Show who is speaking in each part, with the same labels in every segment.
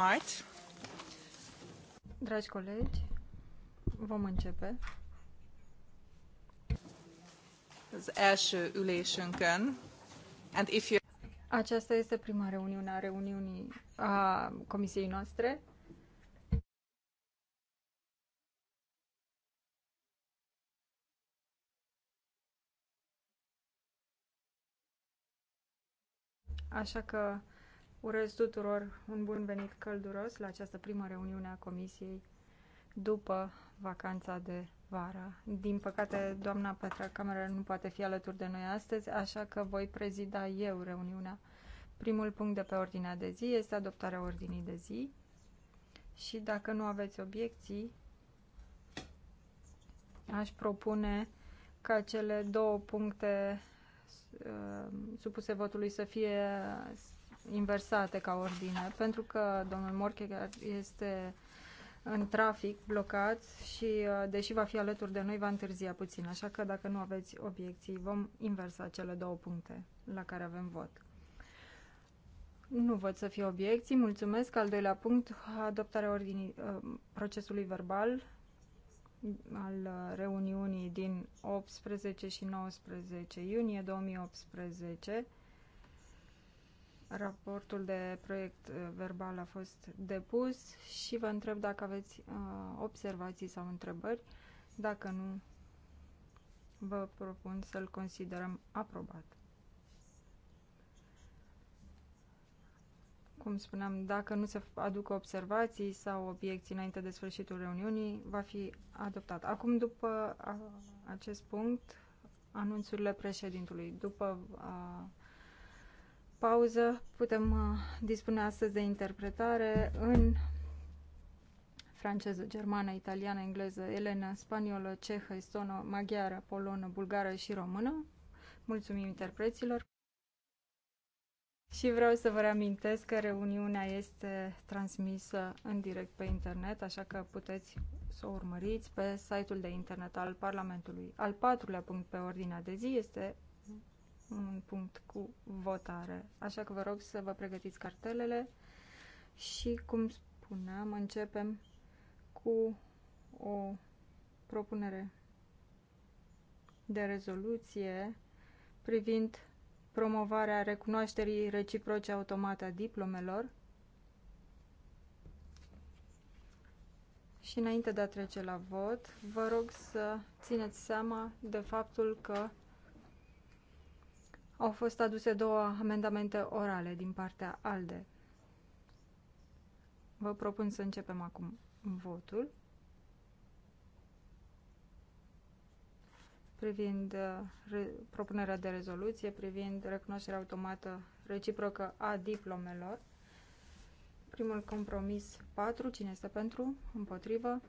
Speaker 1: Mart. Dragi colegi, vom începe. Az első ülésünkön.
Speaker 2: And if you... Aceasta este prima reuniune a reuniunii a comisiei noastre. Așa că Urez tuturor un bun venit călduros la această primă reuniune a Comisiei după vacanța de vară. Din păcate, doamna Petra Cameră nu poate fi alături de noi astăzi, așa că voi prezida eu reuniunea. Primul punct de pe ordinea de zi este adoptarea ordinii de zi și dacă nu aveți obiecții, aș propune ca cele două puncte uh, supuse votului să fie inversate ca ordine, pentru că domnul Morchegar este în trafic, blocat și, uh, deși va fi alături de noi, va întârzia puțin. Așa că, dacă nu aveți obiecții, vom inversa cele două puncte la care avem vot. Nu văd să fie obiecții. Mulțumesc. Al doilea punct, adoptarea ordinii, uh, procesului verbal al uh, reuniunii din 18 și 19 iunie 2018 Raportul de proiect uh, verbal a fost depus și vă întreb dacă aveți uh, observații sau întrebări. Dacă nu, vă propun să-l considerăm aprobat. Cum spuneam, dacă nu se aducă observații sau obiecții înainte de sfârșitul reuniunii, va fi adoptat. Acum, după acest punct, anunțurile președintului. După Uh, pauză. Putem uh, dispune astăzi de interpretare în franceză, germană, italiană, engleză, elenă, spaniolă, cehă, estonă, maghiară, polonă, bulgară și română. Mulțumim interpreților. Și vreau să vă reamintesc că reuniunea este transmisă în direct pe internet, așa că puteți să o urmăriți pe site-ul de internet al Parlamentului. Al patrulea punct pe ordinea de zi este un punct cu votare. Așa că vă rog să vă pregătiți cartelele și, cum spuneam, începem cu o propunere de rezoluție privind promovarea recunoașterii reciproce automate a diplomelor Și înainte de a trece la vot, vă rog să țineți seama de faptul că au fost aduse două amendamente orale din partea ALDE. Vă propun să începem acum votul privind uh, propunerea de rezoluție, privind recunoașterea automată reciprocă a diplomelor. Primul compromis 4. Cine este pentru? Împotrivă?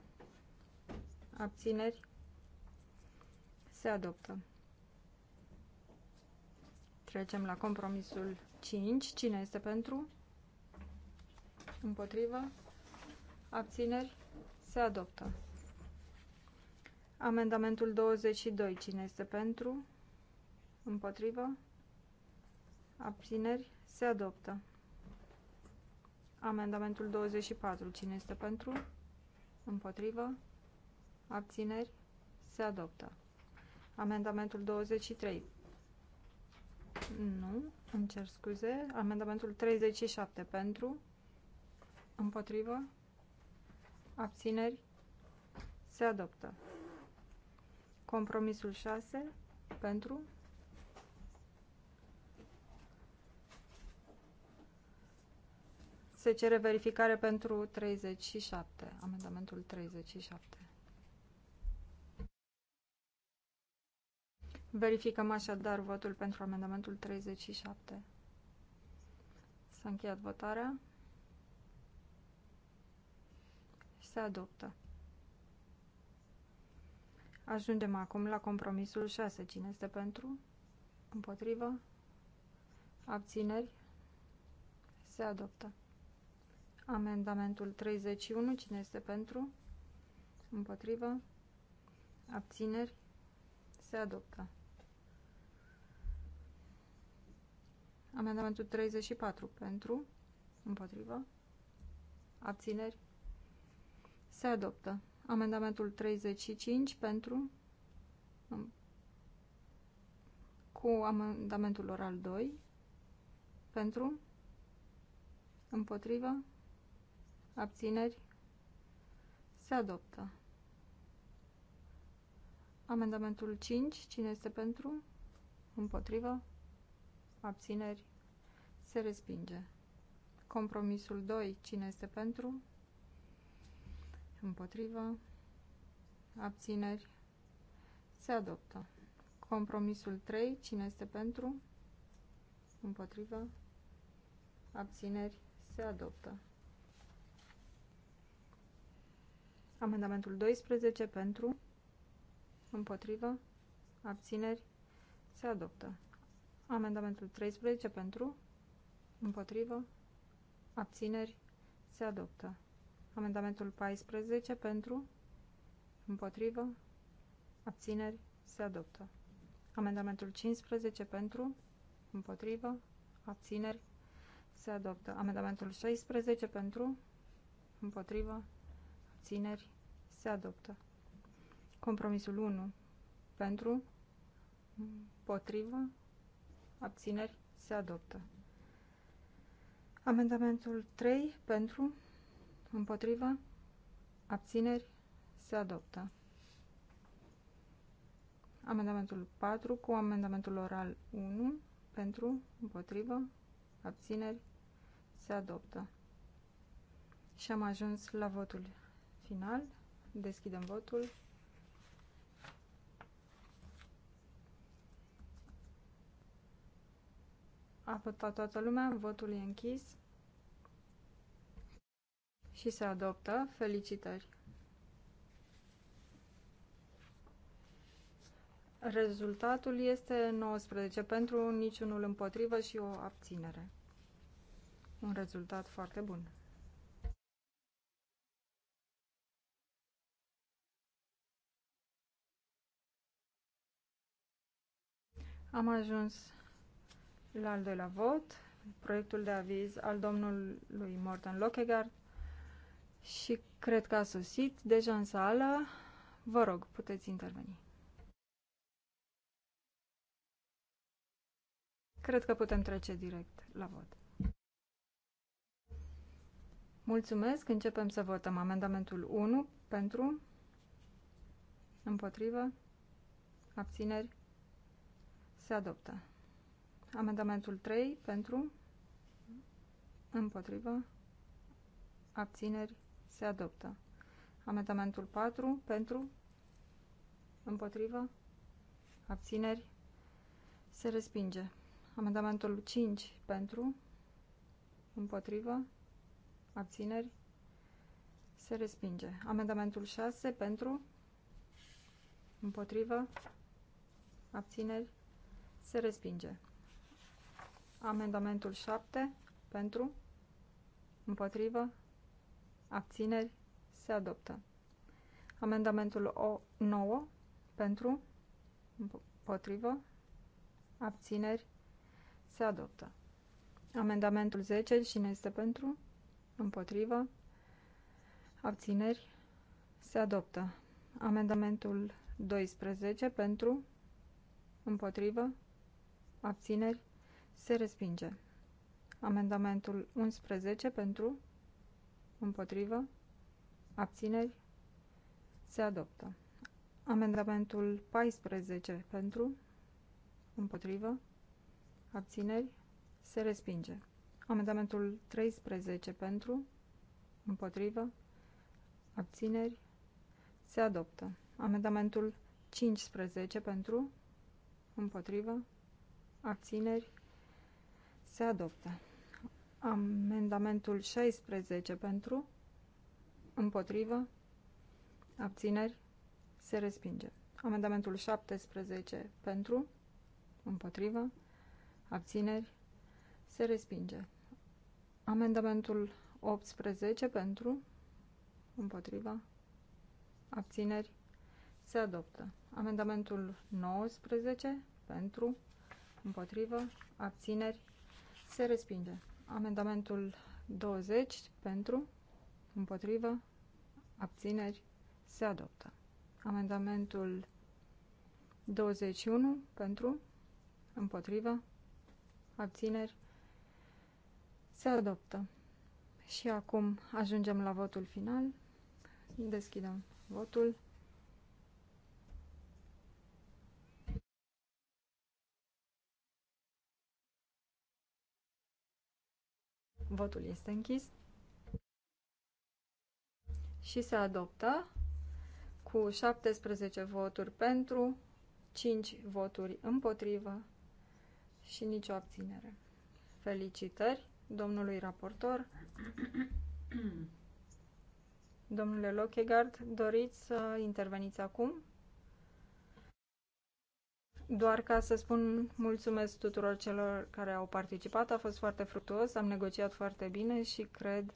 Speaker 2: Abțineri? Se adoptă. Trecem la compromisul 5. Cine este pentru? Împotrivă? Abțineri? Se adoptă. Amendamentul 22. Cine este pentru? Împotrivă? Abțineri? Se adoptă. Amendamentul 24. Cine este pentru? Împotrivă? Abțineri? Se adoptă. Amendamentul 23. Nu, îmi cer scuze. Amendamentul 37 pentru, împotrivă, abțineri, se adoptă. Compromisul 6 pentru, se cere verificare pentru 37, amendamentul 37. Verificăm așadar votul pentru amendamentul 37. S-a încheiat votarea. Se adoptă. Ajungem acum la compromisul 6. Cine este pentru? Împotrivă? Abțineri? Se adoptă. Amendamentul 31. Cine este pentru? Împotrivă? Abțineri? Se adoptă. Amendamentul 34 pentru, împotrivă, abțineri, se adoptă. Amendamentul 35 pentru, cu amendamentul oral 2, pentru, împotrivă, abțineri, se adoptă. Amendamentul 5, cine este pentru, împotrivă, abțineri, se respinge. Compromisul 2, cine este pentru, împotrivă, abțineri, se adoptă. Compromisul 3, cine este pentru, împotrivă, abțineri, se adoptă. Amendamentul 12 pentru, împotrivă, abțineri, se adoptă. Amendamentul 13 pentru, împotrivă, abțineri, se adoptă. Amendamentul 14 pentru, împotrivă, abțineri, se adoptă. Amendamentul 15 pentru, împotrivă, abțineri, se adoptă. Amendamentul 16 pentru, împotrivă, abțineri, se adoptă. Compromisul 1 pentru, împotrivă, abțineri, se adoptă. Amendamentul 3 pentru, împotrivă, abțineri, se adoptă. Amendamentul 4 cu amendamentul oral 1 pentru, împotrivă, abțineri, se adoptă. Și am ajuns la votul final. Deschidem votul. A votat toată lumea, votul e închis și se adoptă. Felicitări! Rezultatul este 19 pentru, niciunul împotrivă și o abținere. Un rezultat foarte bun. Am ajuns la al doilea vot, proiectul de aviz al domnului Morten Lockegaard și cred că a sosit deja în sală. Vă rog, puteți interveni. Cred că putem trece direct la vot. Mulțumesc. Începem să votăm amendamentul 1 pentru, împotrivă, abțineri, se adoptă. Amendamentul 3 pentru, împotrivă, abțineri, se adoptă. Amendamentul 4 pentru, împotrivă, abțineri, se respinge. Amendamentul 5 pentru, împotrivă, abțineri, se respinge. Amendamentul 6 pentru, împotrivă, abțineri, se respinge. Amendamentul 7 pentru, împotrivă, abțineri, se adoptă. Amendamentul 9 pentru, împotrivă, abțineri, se adoptă. Amendamentul 10, cine este pentru, împotrivă, abțineri, se adoptă. Amendamentul 12 pentru, împotrivă, abțineri, se respinge. Amendamentul 11 pentru, împotrivă, abțineri, se adoptă. Amendamentul 14 pentru, împotrivă, abțineri, se respinge. Amendamentul 13 pentru, împotrivă, abțineri, se adoptă. Amendamentul 15 pentru, împotrivă, abțineri, se adoptă. Amendamentul 16 pentru, împotrivă, abțineri, se respinge. Amendamentul 17 pentru, împotrivă, abțineri, se respinge. Amendamentul 18 pentru, împotriva, abțineri, se adoptă. Amendamentul 19 pentru, împotrivă, abțineri, se respinge. Amendamentul 20 pentru, împotrivă, abțineri, se adoptă. Amendamentul 21 pentru, împotrivă, abțineri, se adoptă. Și acum ajungem la votul final. Deschidem votul. Votul este închis. Și se adoptă cu 17 voturi pentru, 5 voturi împotrivă și nicio abținere. Felicitări domnului raportor. Domnule Lochegard, doriți să interveniți acum? Doar ca să spun mulțumesc tuturor celor care au participat, a fost foarte fructuos, am negociat foarte bine și cred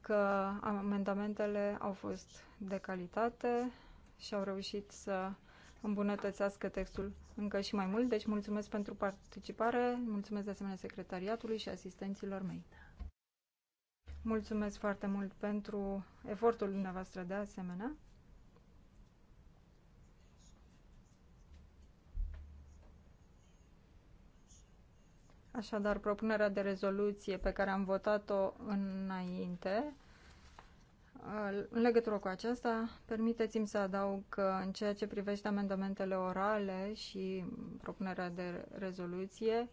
Speaker 2: că amendamentele au fost de calitate și au reușit să îmbunătățească textul încă și mai mult. Deci mulțumesc pentru participare, mulțumesc de asemenea secretariatului și asistenților mei. Mulțumesc foarte mult pentru efortul dumneavoastră de asemenea. Așadar, propunerea de rezoluție pe care am votat-o înainte, în legătură cu aceasta, permiteți-mi să adaug că în ceea ce privește amendamentele orale și propunerea de rezoluție,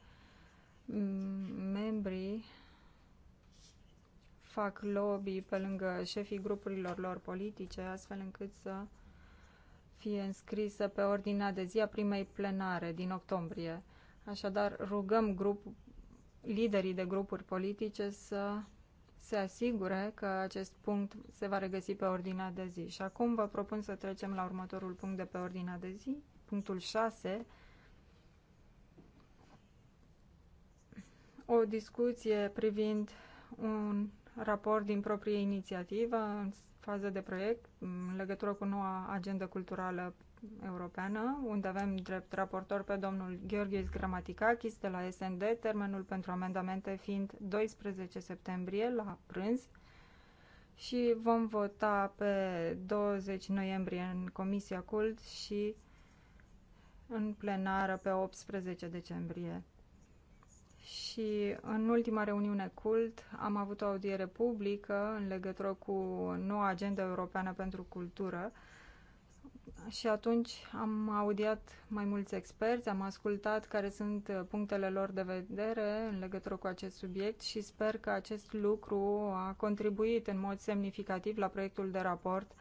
Speaker 2: membrii fac lobby pe lângă șefii grupurilor lor politice, astfel încât să fie înscrisă pe ordinea de zi a primei plenare din octombrie. Așadar, rugăm grup, liderii de grupuri politice să se asigure că acest punct se va regăsi pe ordinea de zi. Și acum vă propun să trecem la următorul punct de pe ordinea de zi, punctul 6, o discuție privind un raport din proprie inițiativă în fază de proiect în legătură cu noua agendă culturală Europeană, unde avem drept raportor pe domnul Gheorghe Gramaticakis de la SND, termenul pentru amendamente fiind 12 septembrie la prânz și vom vota pe 20 noiembrie în Comisia Cult și în plenară pe 18 decembrie. Și în ultima reuniune cult am avut o audiere publică în legătură cu noua agenda europeană pentru cultură, și atunci am audiat mai mulți experți, am ascultat care sunt uh, punctele lor de vedere în legătură cu acest subiect și sper că acest lucru a contribuit în mod semnificativ la proiectul de raport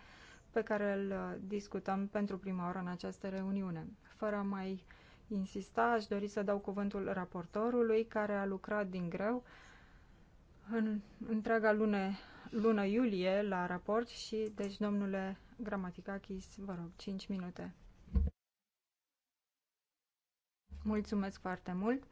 Speaker 2: pe care îl uh, discutăm pentru prima oară în această reuniune. Fără a mai insista, aș dori să dau cuvântul raportorului care a lucrat din greu în întreaga lună lună iulie la raport și, deci, domnule Gramaticakis, vă rog, 5 minute. Mulțumesc foarte mult!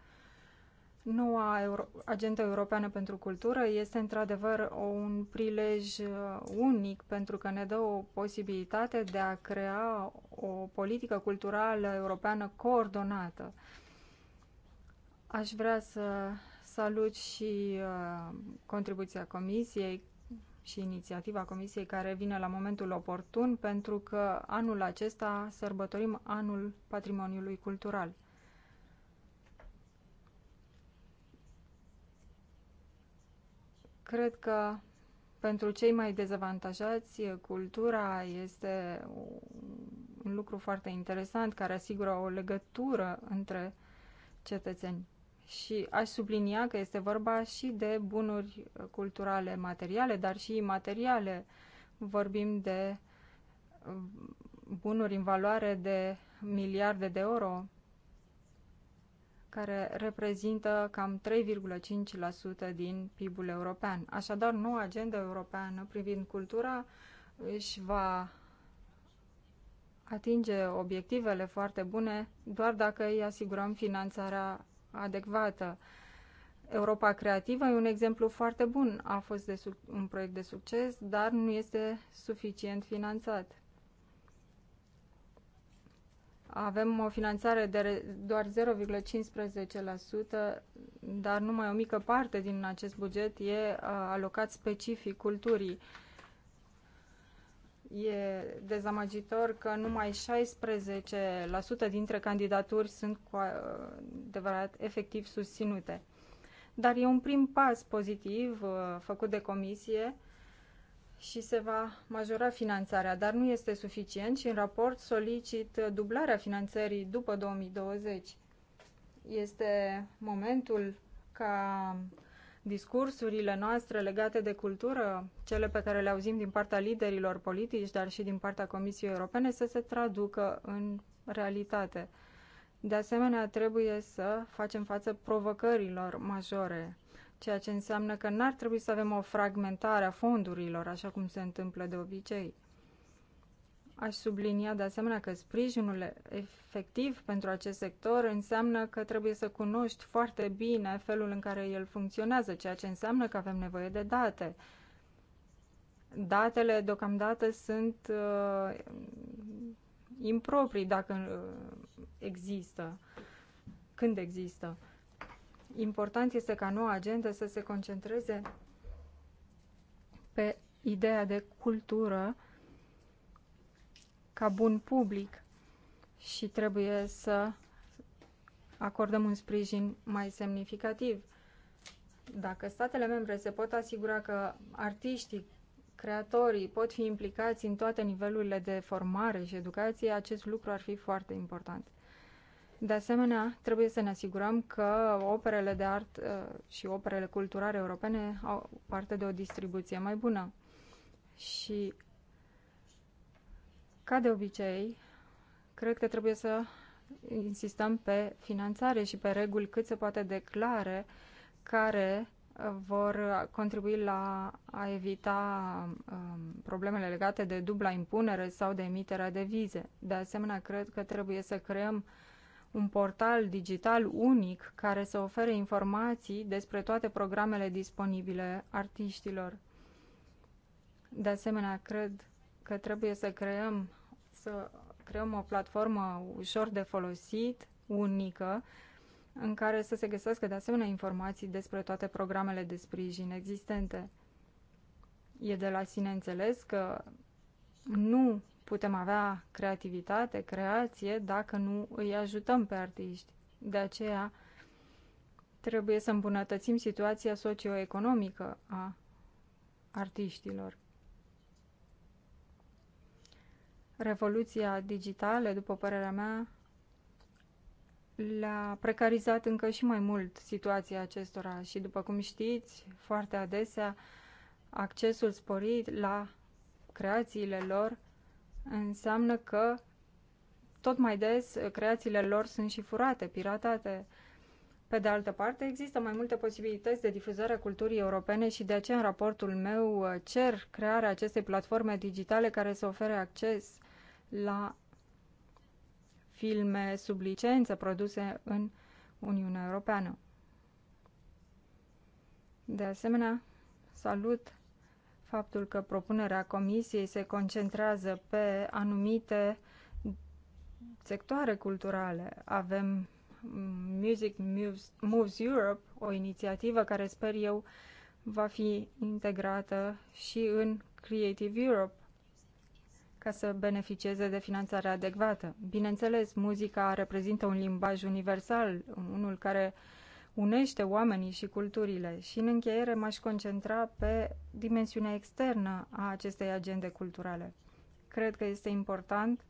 Speaker 2: Noua Euro- Agenda Europeană pentru Cultură este într-adevăr un prilej uh, unic pentru că ne dă o posibilitate de a crea o politică culturală europeană coordonată. Aș vrea să salut și uh, contribuția Comisiei și inițiativa Comisiei care vine la momentul oportun pentru că anul acesta sărbătorim anul patrimoniului cultural. Cred că pentru cei mai dezavantajați, cultura este un lucru foarte interesant care asigură o legătură între cetățeni și aș sublinia că este vorba și de bunuri culturale materiale, dar și imateriale. Vorbim de um, bunuri în valoare de miliarde de euro, care reprezintă cam 3,5% din PIB-ul european. Așadar, noua agenda europeană privind cultura își va atinge obiectivele foarte bune doar dacă îi asigurăm finanțarea adecvată. Europa Creativă e un exemplu foarte bun. A fost de un proiect de succes, dar nu este suficient finanțat. Avem o finanțare de doar 0,15%, dar numai o mică parte din acest buget e uh, alocat specific culturii. E dezamăgitor că numai 16% dintre candidaturi sunt cu adevărat efectiv susținute. Dar e un prim pas pozitiv uh, făcut de comisie și se va majora finanțarea, dar nu este suficient și în raport solicit dublarea finanțării după 2020. Este momentul ca discursurile noastre legate de cultură, cele pe care le auzim din partea liderilor politici, dar și din partea Comisiei Europene, să se traducă în realitate. De asemenea, trebuie să facem față provocărilor majore, ceea ce înseamnă că n-ar trebui să avem o fragmentare a fondurilor, așa cum se întâmplă de obicei. Aș sublinia de asemenea că sprijinul efectiv pentru acest sector înseamnă că trebuie să cunoști foarte bine felul în care el funcționează, ceea ce înseamnă că avem nevoie de date. Datele deocamdată sunt uh, improprii dacă uh, există, când există. Important este ca noua agenda să se concentreze pe ideea de cultură ca bun public și trebuie să acordăm un sprijin mai semnificativ. Dacă statele membre se pot asigura că artiștii, creatorii pot fi implicați în toate nivelurile de formare și educație, acest lucru ar fi foarte important. De asemenea, trebuie să ne asigurăm că operele de art uh, și operele culturale europene au parte de o distribuție mai bună. Și ca de obicei, cred că trebuie să insistăm pe finanțare și pe reguli cât se poate declare care uh, vor contribui la a evita um, problemele legate de dubla impunere sau de emiterea de vize. De asemenea, cred că trebuie să creăm un portal digital unic care să ofere informații despre toate programele disponibile artiștilor. De asemenea, cred că trebuie să creăm să creăm o platformă ușor de folosit, unică, în care să se găsească de asemenea informații despre toate programele de sprijin existente. E de la sine înțeles că nu putem avea creativitate, creație, dacă nu îi ajutăm pe artiști. De aceea trebuie să îmbunătățim situația socioeconomică a artiștilor. Revoluția digitală, după părerea mea, le-a precarizat încă și mai mult situația acestora și, după cum știți, foarte adesea accesul sporit la creațiile lor înseamnă că tot mai des creațiile lor sunt și furate, piratate. Pe de altă parte, există mai multe posibilități de difuzare a culturii europene și de aceea în raportul meu cer crearea acestei platforme digitale care să ofere acces la filme sub licență produse în Uniunea Europeană. De asemenea, salut faptul că propunerea Comisiei se concentrează pe anumite sectoare culturale. Avem Music Moves, Moves Europe, o inițiativă care sper eu va fi integrată și în Creative Europe ca să beneficieze de finanțare adecvată. Bineînțeles, muzica reprezintă un limbaj universal, unul care unește oamenii și culturile și în încheiere m-aș concentra pe dimensiunea externă a acestei agende culturale. Cred că este important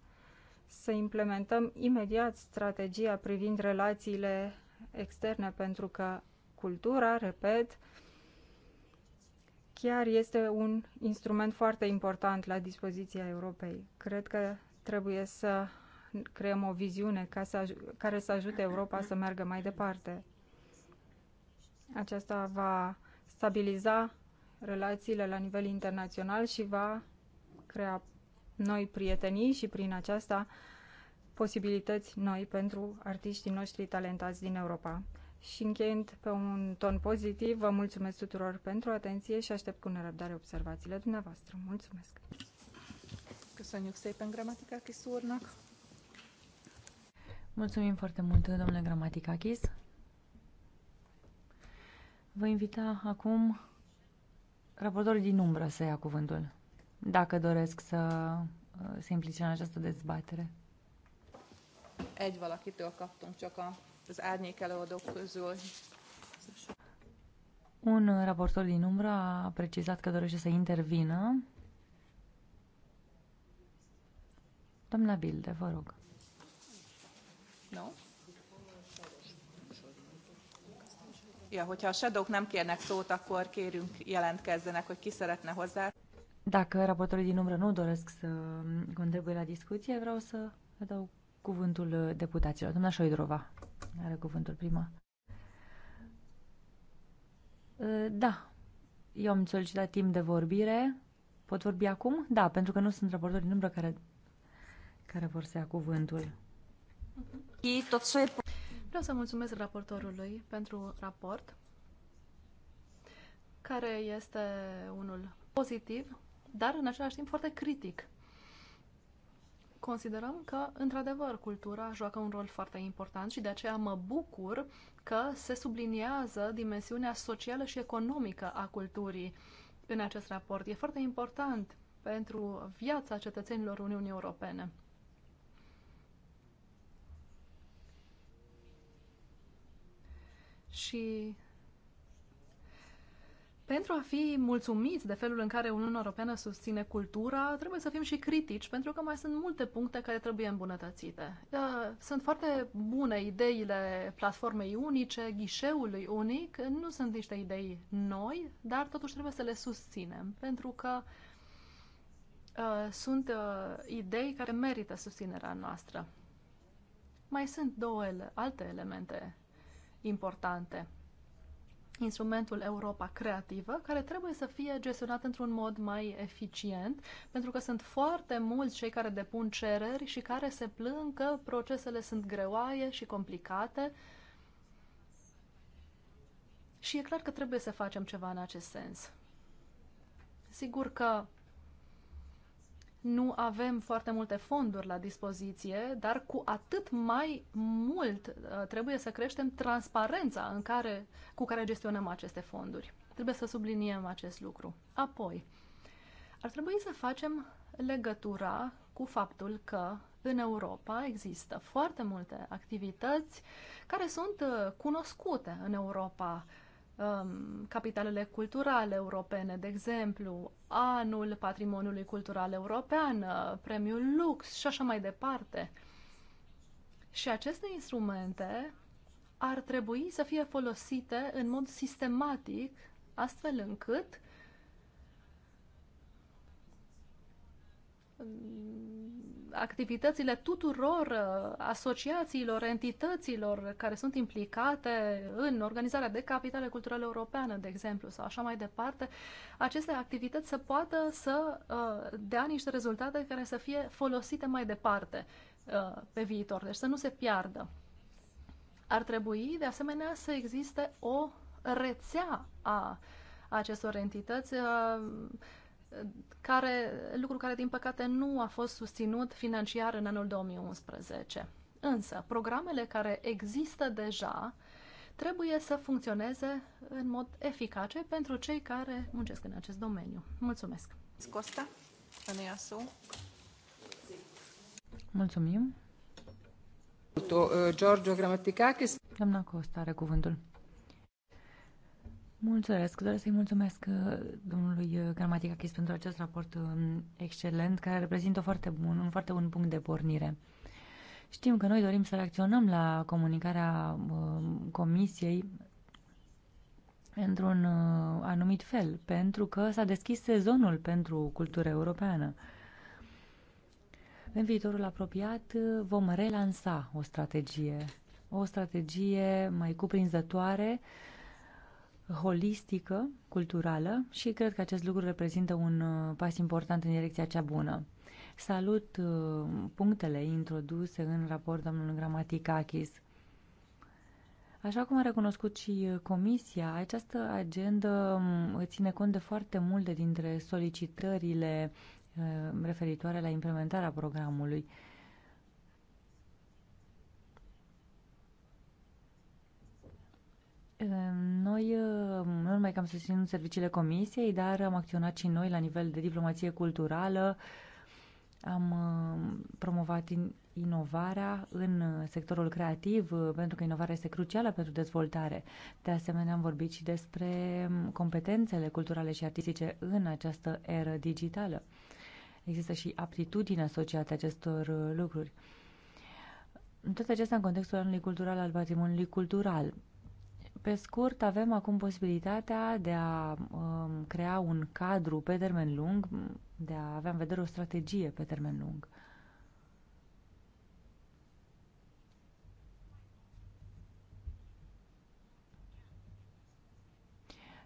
Speaker 2: să implementăm imediat strategia privind relațiile externe pentru că cultura, repet, chiar este un instrument foarte important la dispoziția Europei. Cred că trebuie să creăm o viziune ca să, care să ajute Europa să meargă mai departe. Aceasta va stabiliza relațiile la nivel internațional și va crea noi prietenii și prin aceasta posibilități noi pentru artiștii noștri talentați din Europa. Și încheind pe un ton pozitiv, vă mulțumesc tuturor pentru atenție și aștept cu nerăbdare observațiile dumneavoastră.
Speaker 1: Mulțumesc!
Speaker 3: Mulțumim foarte mult, domnule Gramatikakis! Vă invita acum raportorul din umbră să ia cuvântul, dacă doresc să uh, se implice în această dezbatere.
Speaker 1: Egy valakitől kaptunk csak a az árnyékelőadók közül.
Speaker 3: Un raportor din umbră a precizat că dorește să intervină. Doamna Bilde, vă rog.
Speaker 1: No? Ja, hogyha a shadow nem kérnek szót, akkor kérünk jelentkezzenek, hogy ki szeretne hozzá.
Speaker 3: Dacă raportorii din umbră nu doresc să contribuie la discuție, vreau să adaug cuvântul uh, deputaților. Doamna Șoidrova are cuvântul prima. Uh, da, eu am solicitat timp de vorbire. Pot vorbi acum? Da, pentru că nu sunt raportori în umbră care, care vor să ia cuvântul.
Speaker 4: Vreau să mulțumesc raportorului pentru raport, care este unul pozitiv, dar în același timp foarte critic considerăm că, într-adevăr, cultura joacă un rol foarte important și de aceea mă bucur că se subliniază dimensiunea socială și economică a culturii în acest raport. E foarte important pentru viața cetățenilor Uniunii Europene. Și pentru a fi mulțumiți de felul în care Uniunea Europeană susține cultura, trebuie să fim și critici, pentru că mai sunt multe puncte care trebuie îmbunătățite. Da, sunt foarte bune ideile platformei unice, ghișeului unic, nu sunt niște idei noi, dar totuși trebuie să le susținem, pentru că uh, sunt uh, idei care merită susținerea noastră. Mai sunt două ele, alte elemente importante instrumentul Europa Creativă, care trebuie să fie gestionat într-un mod mai eficient, pentru că sunt foarte mulți cei care depun cereri și care se plâng că procesele sunt greoaie și complicate. Și e clar că trebuie să facem ceva în acest sens. Sigur că nu avem foarte multe fonduri la dispoziție, dar cu atât mai mult uh, trebuie să creștem transparența în care, cu care gestionăm aceste fonduri. Trebuie să subliniem acest lucru. Apoi, ar trebui să facem legătura cu faptul că în Europa există foarte multe activități care sunt uh, cunoscute în Europa um, capitalele culturale europene, de exemplu, anul patrimoniului cultural european, uh, premiul Lux și așa mai departe. Și aceste instrumente ar trebui să fie folosite în mod sistematic, astfel încât activitățile tuturor uh, asociațiilor, entităților care sunt implicate în organizarea de capitale culturale europeană, de exemplu, sau așa mai departe, aceste activități să poată să uh, dea niște rezultate care să fie folosite mai departe uh, pe viitor, deci să nu se piardă. Ar trebui, de asemenea, să existe o rețea a acestor entități care, lucru care, din păcate, nu a fost susținut financiar în anul 2011. Însă, programele care există deja trebuie să funcționeze în mod eficace pentru cei care muncesc în acest domeniu. Mulțumesc!
Speaker 1: Costa, Aneasu.
Speaker 3: Mulțumim! Eh, Giorgio Gramaticakis. Doamna Costa are cuvântul. Mulțumesc. Doresc să-i mulțumesc uh, domnului uh, Chis pentru acest raport um, excelent, care reprezintă foarte bun, un foarte bun punct de pornire. Știm că noi dorim să reacționăm la comunicarea um, Comisiei într-un uh, anumit fel, pentru că s-a deschis sezonul pentru cultura europeană. În viitorul apropiat vom relansa o strategie, o strategie mai cuprinzătoare holistică, culturală și cred că acest lucru reprezintă un uh, pas important în direcția cea bună. Salut uh, punctele introduse în raport domnul Gramaticakis. Așa cum a recunoscut și uh, Comisia, această agendă um, ține cont de foarte multe dintre solicitările referitoare la implementarea programului. Noi nu numai că am susținut serviciile comisiei, dar am acționat și noi la nivel de diplomație culturală, am promovat inovarea în sectorul creativ, eh, pentru că inovarea este crucială pentru dezvoltare. De asemenea, am vorbit și despre competențele culturale și artistice în această eră digitală. Există și aptitudini asociate acestor eh, lucruri. Toate acestea în contextul anului cultural al patrimoniului cultural. Pe scurt, avem acum posibilitatea de a um, crea un cadru pe termen lung, de a avea în vedere o strategie pe termen lung.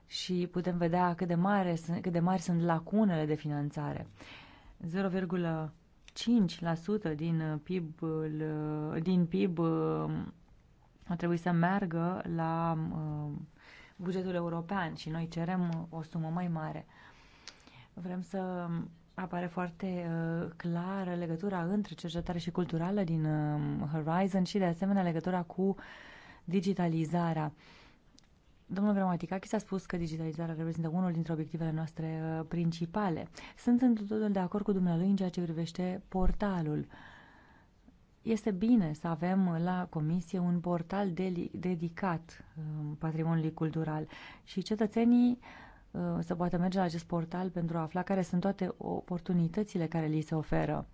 Speaker 3: Și putem vedea cât de, mare, cât de mari sunt lacunele de finanțare. 0,5% din PIB-ul din PIB um, a trebui să meargă la uh, bugetul european și noi cerem o sumă mai mare. Vrem să apare foarte uh, clară legătura între cercetare și culturală din uh, Horizon și de asemenea legătura cu digitalizarea. Domnul Gramaticachis a spus că digitalizarea reprezintă unul dintre obiectivele noastre principale. Sunt într totul de acord cu dumnealui în ceea ce privește portalul. Uh, este bine să avem la Comisie un portal de dedicat um, patrimoniului cultural și cetățenii uh, să poată merge la acest portal pentru a afla care sunt toate oportunitățile care li se oferă.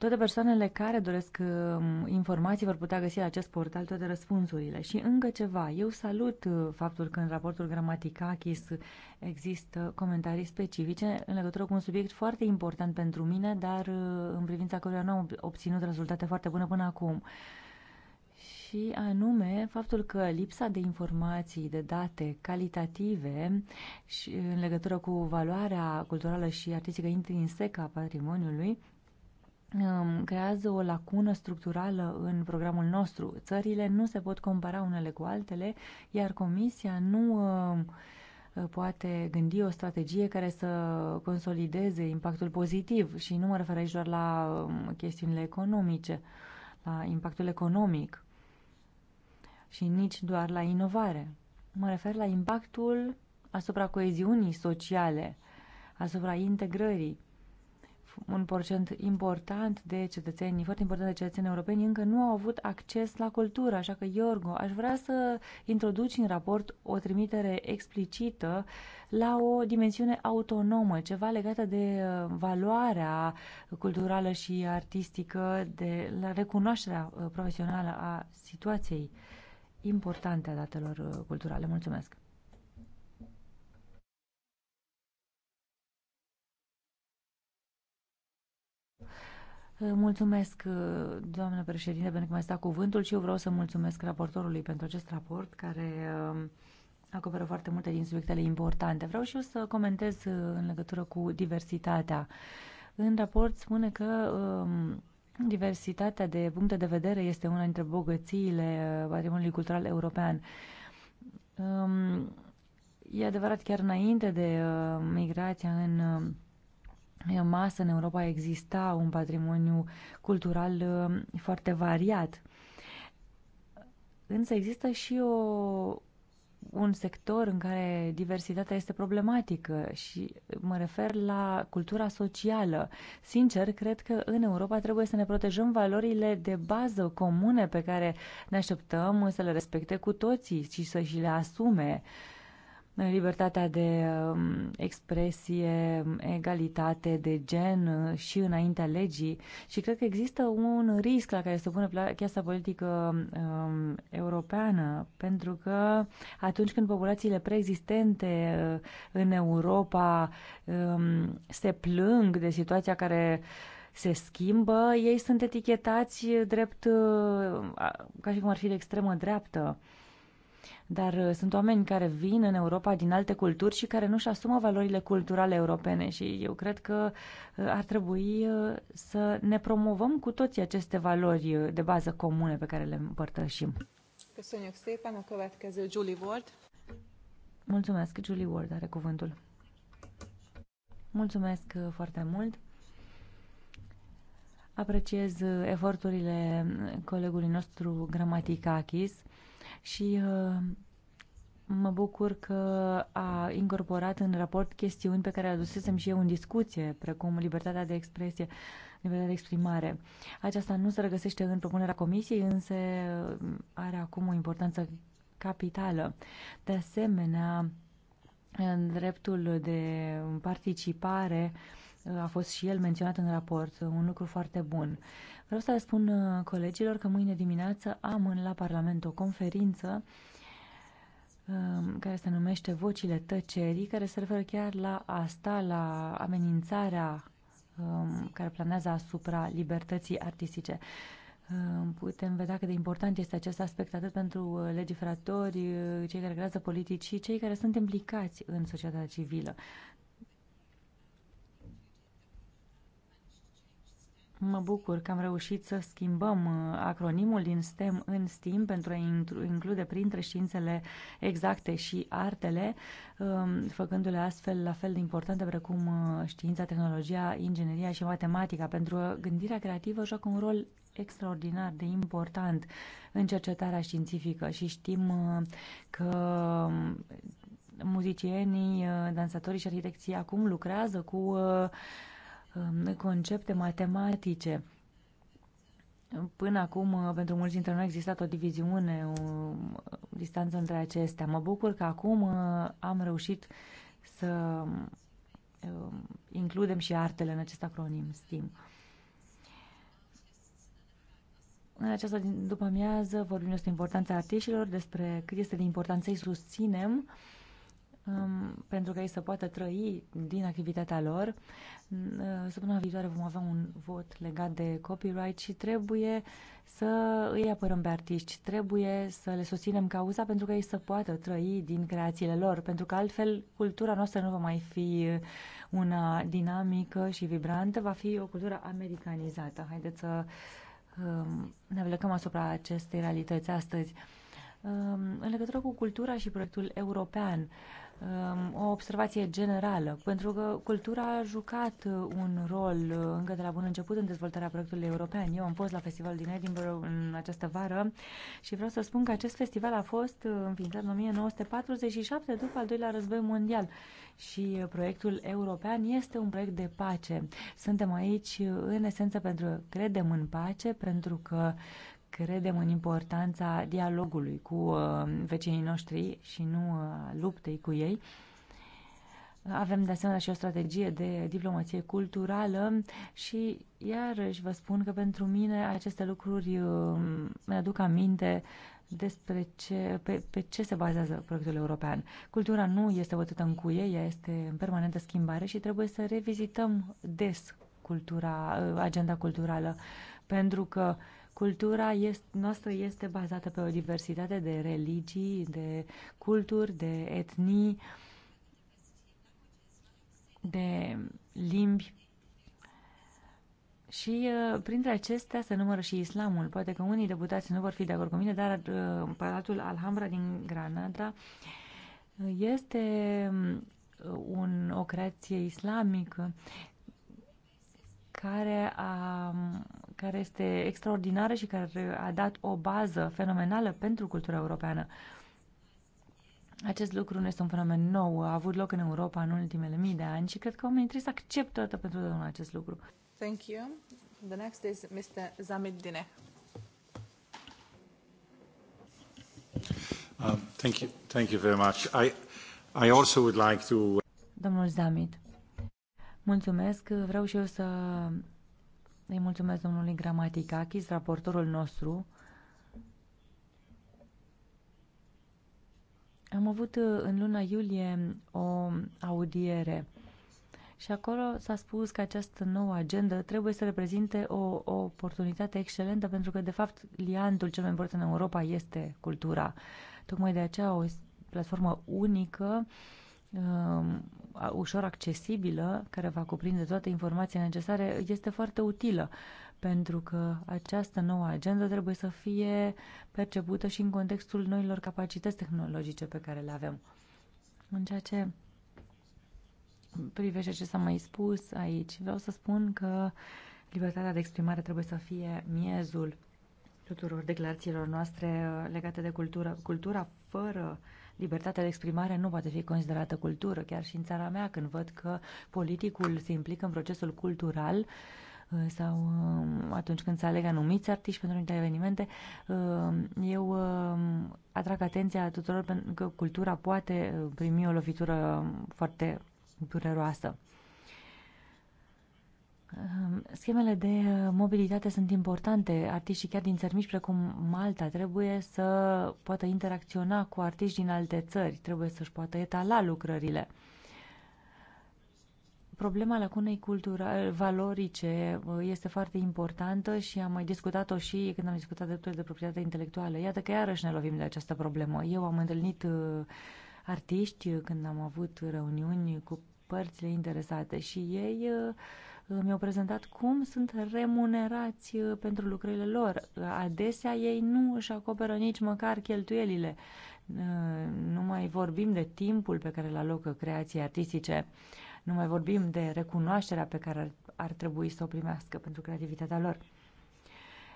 Speaker 3: toate persoanele care doresc um, informații vor putea găsi la acest portal toate răspunsurile. Și încă ceva, eu salut uh, faptul că în raportul Gramaticachis există comentarii specifice în legătură cu un subiect foarte important pentru mine, dar uh, în privința căruia nu am obținut rezultate foarte bune până acum. Și anume faptul că lipsa de informații, de date calitative și în legătură cu valoarea culturală și artistică intrinsecă a patrimoniului creează o lacună structurală în programul nostru. Țările nu se pot compara unele cu altele, iar Comisia nu uh, poate gândi o strategie care să consolideze impactul pozitiv și nu mă refer aici doar la um, chestiunile economice, la impactul economic și nici doar la inovare. Mă refer la impactul asupra coeziunii sociale, asupra integrării un procent important de cetățeni, foarte important de cetățeni europeni, încă nu au avut acces la cultură. Așa că, Iorgo, aș vrea să introduci în raport o trimitere explicită la o dimensiune autonomă, ceva legată de uh, valoarea culturală și artistică, de la recunoașterea uh, profesională a situației importante a datelor uh, culturale. Mulțumesc! Eh, mulțumesc, eh, doamnă președinte, pentru că mi sta stat cuvântul și eu vreau să mulțumesc raportorului pentru acest raport care eh, acoperă foarte multe din subiectele importante. Vreau și eu să comentez în legătură cu diversitatea. În raport spune că diversitatea de puncte de vedere este una dintre bogățiile patrimoniului cultural european. Ehm, e adevărat, chiar înainte de migrația în masă în Europa exista un patrimoniu cultural uh, foarte variat. Însă există și o, un sector în care diversitatea este problematică și mă refer la cultura socială. Sincer, cred că în Europa trebuie să ne protejăm valorile de bază comune pe care ne așteptăm să le respecte cu toții și să și le asume uh, libertatea de um, expresie, um, egalitate de gen uh, și înaintea legii și cred că există un risc la care se pune piața politică um, europeană, pentru că atunci când populațiile preexistente uh, în Europa um, se plâng de situația care se schimbă, ei sunt etichetați drept, uh, ca și cum ar fi de extremă dreaptă. Uh, dar uh, sunt oameni care vin în Europa din alte culturi și care nu-și asumă valorile culturale europene și eu cred că uh, ar trebui uh, să ne promovăm cu toții aceste valori de bază comune pe care le împărtășim.
Speaker 1: a Julie Ward.
Speaker 3: Mulțumesc, Julie Ward are cuvântul. Mulțumesc foarte mult. Apreciez eforturile colegului nostru Gramaticakis și uh, mă bucur că a incorporat în raport chestiuni pe care le adusesem și eu în discuție, precum libertatea de expresie, libertatea de exprimare. Aceasta nu se regăsește în propunerea comisiei, însă uh, are acum o importanță capitală. De asemenea, dreptul de participare uh, a fost și el menționat în raport, un lucru foarte bun. Vreau să le spun uh, colegilor că mâine dimineață am în la Parlament o conferință um, care se numește Vocile Tăcerii, care se referă chiar la asta, la amenințarea um, care planează asupra libertății artistice. Um, putem vedea cât de important este acest aspect atât pentru uh, legiferatori, uh, cei care creează politici și cei care sunt implicați în societatea civilă. Mă bucur că am reușit să schimbăm uh, acronimul din STEM în STEAM pentru a include printre științele exacte și artele, um, făcându-le astfel la fel de importante precum uh, știința, tehnologia, ingineria și matematica. Pentru gândirea creativă joacă un rol extraordinar de important în cercetarea științifică și știm uh, că um, muzicienii, dansatorii și arhitecții acum lucrează cu Um, concepte matematice. Până acum, uh, pentru mulți dintre noi, a existat o diviziune, o distanță între acestea. Mă bucur că acum uh, am reușit să um, um, includem și artele în acest acronim STEAM. În această după amiază vorbim despre importanța artiștilor, despre cât este de important să-i susținem um, pentru că ei să poată trăi din activitatea lor. Mm, uh, săptămâna viitoare vom avea un vot legat de copyright și trebuie să îi apărăm pe artiști, trebuie să le susținem cauza pentru că ei să poată trăi din creațiile lor, pentru că altfel cultura noastră nu va mai fi una dinamică și vibrantă, va fi o cultură americanizată. Haideți să um, ne plecăm asupra acestei realități astăzi um, în legătură cu cultura și proiectul european. Um, o observație generală, pentru că cultura a jucat uh, un rol uh, încă de la bun început în dezvoltarea proiectului european. Eu am fost la festivalul din Edinburgh în această vară și vreau să spun că acest festival a fost uh, înființat în 1947 după al doilea război mondial și proiectul european este un proiect de pace. Suntem aici în esență pentru că credem în pace, pentru că uh, credem în importanța dialogului cu uh, vecinii noștri și nu uh, luptei cu ei. Avem de asemenea și o strategie de diplomație culturală și iarăși vă spun că pentru mine aceste lucruri îmi uh, aduc aminte despre ce, pe, pe ce se bazează proiectul european. Cultura nu este bătută în cuie, ea este în permanentă schimbare și trebuie să revizităm des cultura, agenda culturală, pentru că uh, Cultura este, noastră este bazată pe o diversitate de religii, de culturi, de etnii, de limbi. Și uh, printre acestea se numără și islamul. Poate că unii deputați nu vor fi de acord cu mine, dar uh, Palatul Alhambra din Granada uh, este um, un, o creație islamică care a care este extraordinară și care a dat o bază fenomenală pentru cultura europeană. Acest lucru nu este un fenomen nou, a avut loc în Europa în ultimele mii de ani și cred că oamenii trebuie să accepte toată pentru totdeauna acest lucru.
Speaker 1: Thank you. The next is Mr. Zamid Dineh. Uh, um, thank you. Thank you very much. I, I also would like to...
Speaker 3: Domnul Zamit, mulțumesc. Vreau și eu să îi mulțumesc domnului Gramaticakis, raportorul nostru. Am avut uh, în luna iulie o audiere și acolo s-a spus că această nouă agendă trebuie să reprezinte o, o oportunitate excelentă pentru că, de fapt, liantul cel mai important în Europa este cultura. Tocmai de aceea o platformă unică uh, Um, ușor accesibilă, care va cuprinde toate informațiile necesare, este foarte utilă, pentru că această nouă agendă trebuie să fie percepută și în contextul noilor capacități tehnologice pe care le avem. În ceea ce privește ce s-a mai spus aici, vreau să spun că libertatea de exprimare trebuie să fie miezul tuturor declarațiilor noastre uh, legate de cultură. Cultura fără uh, libertatea de exprimare nu poate fi considerată cultură. Chiar și în țara mea, când văd că politicul se implică în procesul cultural, uh, sau um, atunci când se aleg anumiți artiști pentru anumite evenimente, uh, eu um, atrag atenția tuturor pentru că cultura poate uh, primi o lovitură foarte dureroasă. Ehm, schemele de eh, mobilitate sunt importante. Artiștii chiar din țări mici precum Malta trebuie să poată interacționa cu artiști din alte țări, trebuie să-și poată etala lucrările. Problema lacunei culturale, valorice, eh, este foarte importantă și am mai discutat-o și când am discutat drepturile de proprietate intelectuală. Iată că iarăși ne lovim de această problemă. Eu am întâlnit eh, artiști când am avut reuniuni cu părțile interesate și ei uh, mi-au prezentat cum sunt remunerați uh, pentru lucrurile lor. Adesea ei nu își acoperă nici măcar cheltuielile. Uh, nu mai vorbim de timpul pe care îl alocă creații artistice, nu mai vorbim de recunoașterea pe care ar, ar trebui să o primească pentru creativitatea lor.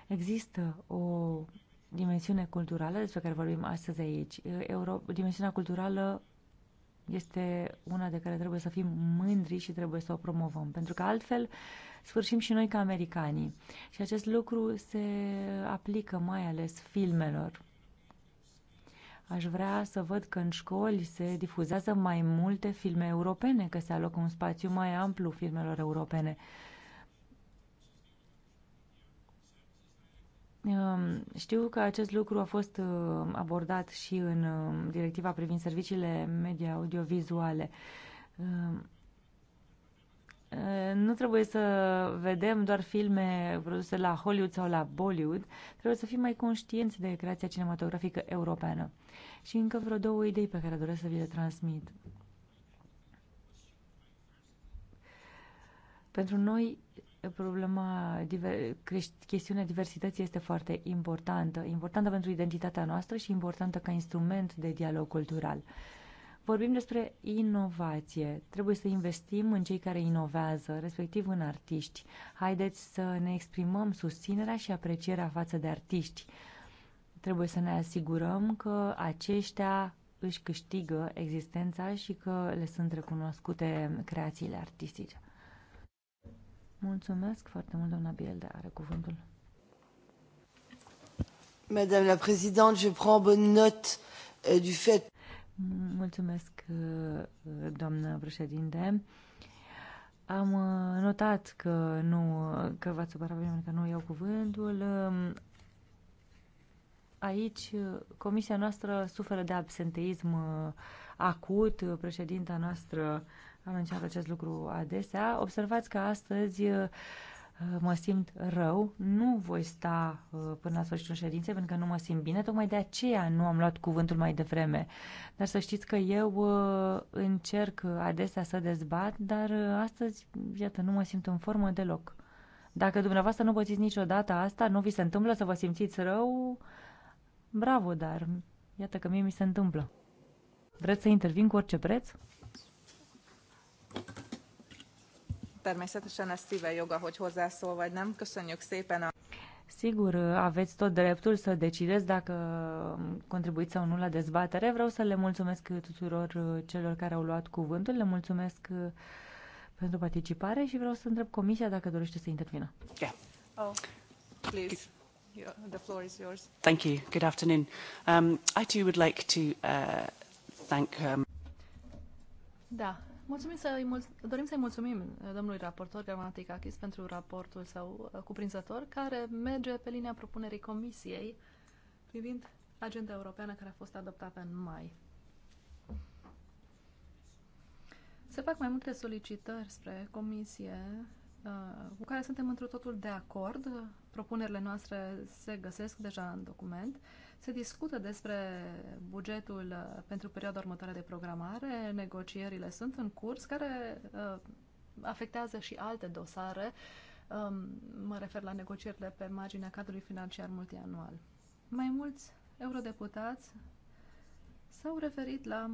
Speaker 3: Există o dimensiune culturală despre care vorbim astăzi aici. Uh, Euro, dimensiunea culturală este una de care trebuie să fim mândri și trebuie să o promovăm, pentru că altfel sfârșim și noi ca americanii. Și acest lucru se aplică mai ales filmelor. Aș vrea să văd că în școli se difuzează mai multe filme europene, că se alocă un spațiu mai amplu filmelor europene. Uh, Știu că acest lucru a fost uh, abordat și în um, directiva privind serviciile media audiovizuale. Um, uh, nu trebuie să vedem doar filme produse la Hollywood sau la Bollywood, trebuie să fim mai conștienți de creația cinematografică europeană. Și încă vreo două idei pe care doresc să vi le transmit. Pentru noi, problema, diver, chestiunea diversității este foarte importantă, importantă pentru identitatea noastră și importantă ca instrument de dialog cultural. Vorbim despre inovație. Trebuie să investim în cei care inovează, respectiv în artiști. Haideți să ne exprimăm susținerea și aprecierea față de artiști. Trebuie să ne asigurăm că aceștia își câștigă existența și că le sunt recunoscute creațiile artistice. Mulțumesc foarte mult, doamna Bielde. Are cuvântul. Madame la Présidente, je prends bonne note euh, du fait... Mulțumesc, euh, doamnă președinte. Am uh, notat că nu, că v-ați supărat pe că nu iau cuvântul. Um, aici, uh, comisia noastră suferă de absenteism uh, acut. Președinta noastră am încercat acest lucru adesea, observați că astăzi uh, mă simt rău, nu voi sta uh, până la sfârșitul ședinței pentru că nu mă simt bine, tocmai de aceea nu am luat cuvântul mai devreme. Dar să știți că eu uh, încerc adesea să dezbat, dar astăzi, iată, nu mă simt în formă deloc. Dacă dumneavoastră nu pățiți niciodată asta, nu vi se întâmplă să vă simțiți rău, bravo, dar iată că mie mi se întâmplă. Vreți să intervin cu orice preț?
Speaker 1: Természetesen ez szíve joga, hogy hozzászól vagy nem. Köszönjük szépen a...
Speaker 3: Sigur, aveți tot dreptul să decideți dacă um, contribuiți sau nu la dezbatere. Vreau să le mulțumesc tuturor uh, celor care au luat cuvântul, le mulțumesc uh, pentru participare și vreau să întreb comisia dacă dorește să intervină.
Speaker 1: Yeah. Oh, please. The floor is yours.
Speaker 3: Thank you. Good afternoon. Um, I too would like to uh, thank... Um...
Speaker 4: Da, Mulțumim să mulț- dorim să-i mulțumim uh, domnului raportor Gramaticakis pentru raportul său uh, cuprinzător, care merge pe linia propunerii Comisiei privind agenda europeană care a fost adoptată în mai. Se fac mai multe solicitări spre Comisie uh, cu care suntem într totul de acord. Propunerile noastre se găsesc deja în document. Se discută despre bugetul uh, pentru perioada următoare de programare, negocierile sunt în curs, care uh, afectează și alte dosare. Um, mă refer la negocierile pe marginea cadrului financiar multianual. Mai mulți eurodeputați s-au referit la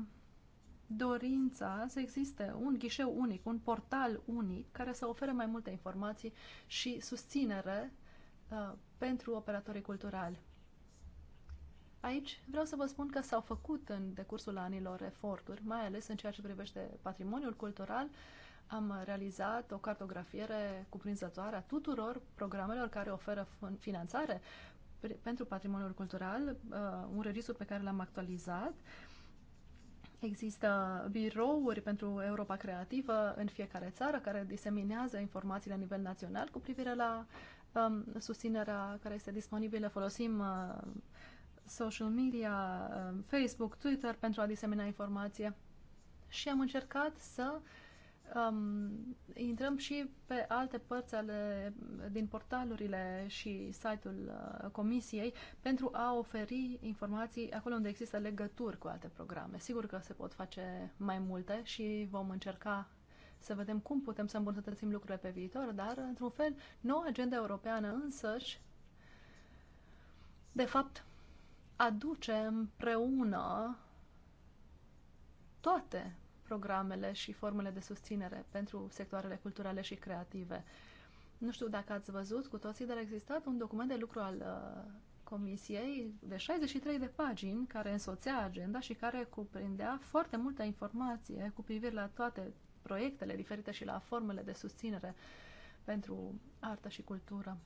Speaker 4: dorința să existe un ghișeu unic, un portal unic care să ofere mai multe informații și susținere uh, pentru operatorii culturali. Aici vreau să vă spun că s-au făcut în decursul anilor eforturi, mai ales în ceea ce privește patrimoniul cultural. Am realizat o cartografiere cuprinzătoare a tuturor programelor care oferă finanțare pentru patrimoniul cultural, uh, un registru pe care l-am actualizat. Există birouri pentru Europa Creativă în fiecare țară care diseminează informații la nivel național cu privire la um, susținerea care este disponibilă. Folosim uh, social media, um, Facebook, Twitter pentru a disemina informație. Și am încercat să um, intrăm și pe alte părți ale, din portalurile și site-ul uh, comisiei pentru a oferi informații acolo unde există legături cu alte programe. Sigur că se pot face mai multe și vom încerca să vedem cum putem să îmbunătățim lucrurile pe viitor, dar, într-un fel, noua agenda europeană însăși, de fapt, aduce împreună toate programele și formele de susținere pentru sectoarele culturale și creative. Nu știu dacă ați văzut cu toții, dar a existat un document de lucru al uh, Comisiei de 63 de pagini care însoțea agenda și care cuprindea foarte multă informație cu privire la toate proiectele diferite și la formele de susținere pentru artă și cultură.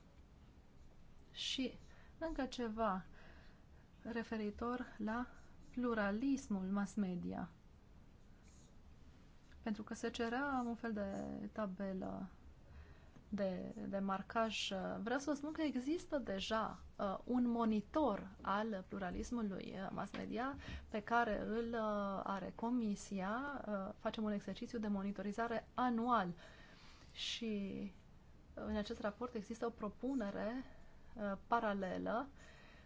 Speaker 4: Și încă ceva, referitor la pluralismul mass media. Pentru că se cerea un fel de tabelă de, de marcaj. Vreau să vă spun că există deja uh, un monitor al pluralismului uh, mass media pe care îl uh, are comisia. Uh, facem un exercițiu de monitorizare anual și uh, în acest raport există o propunere uh, paralelă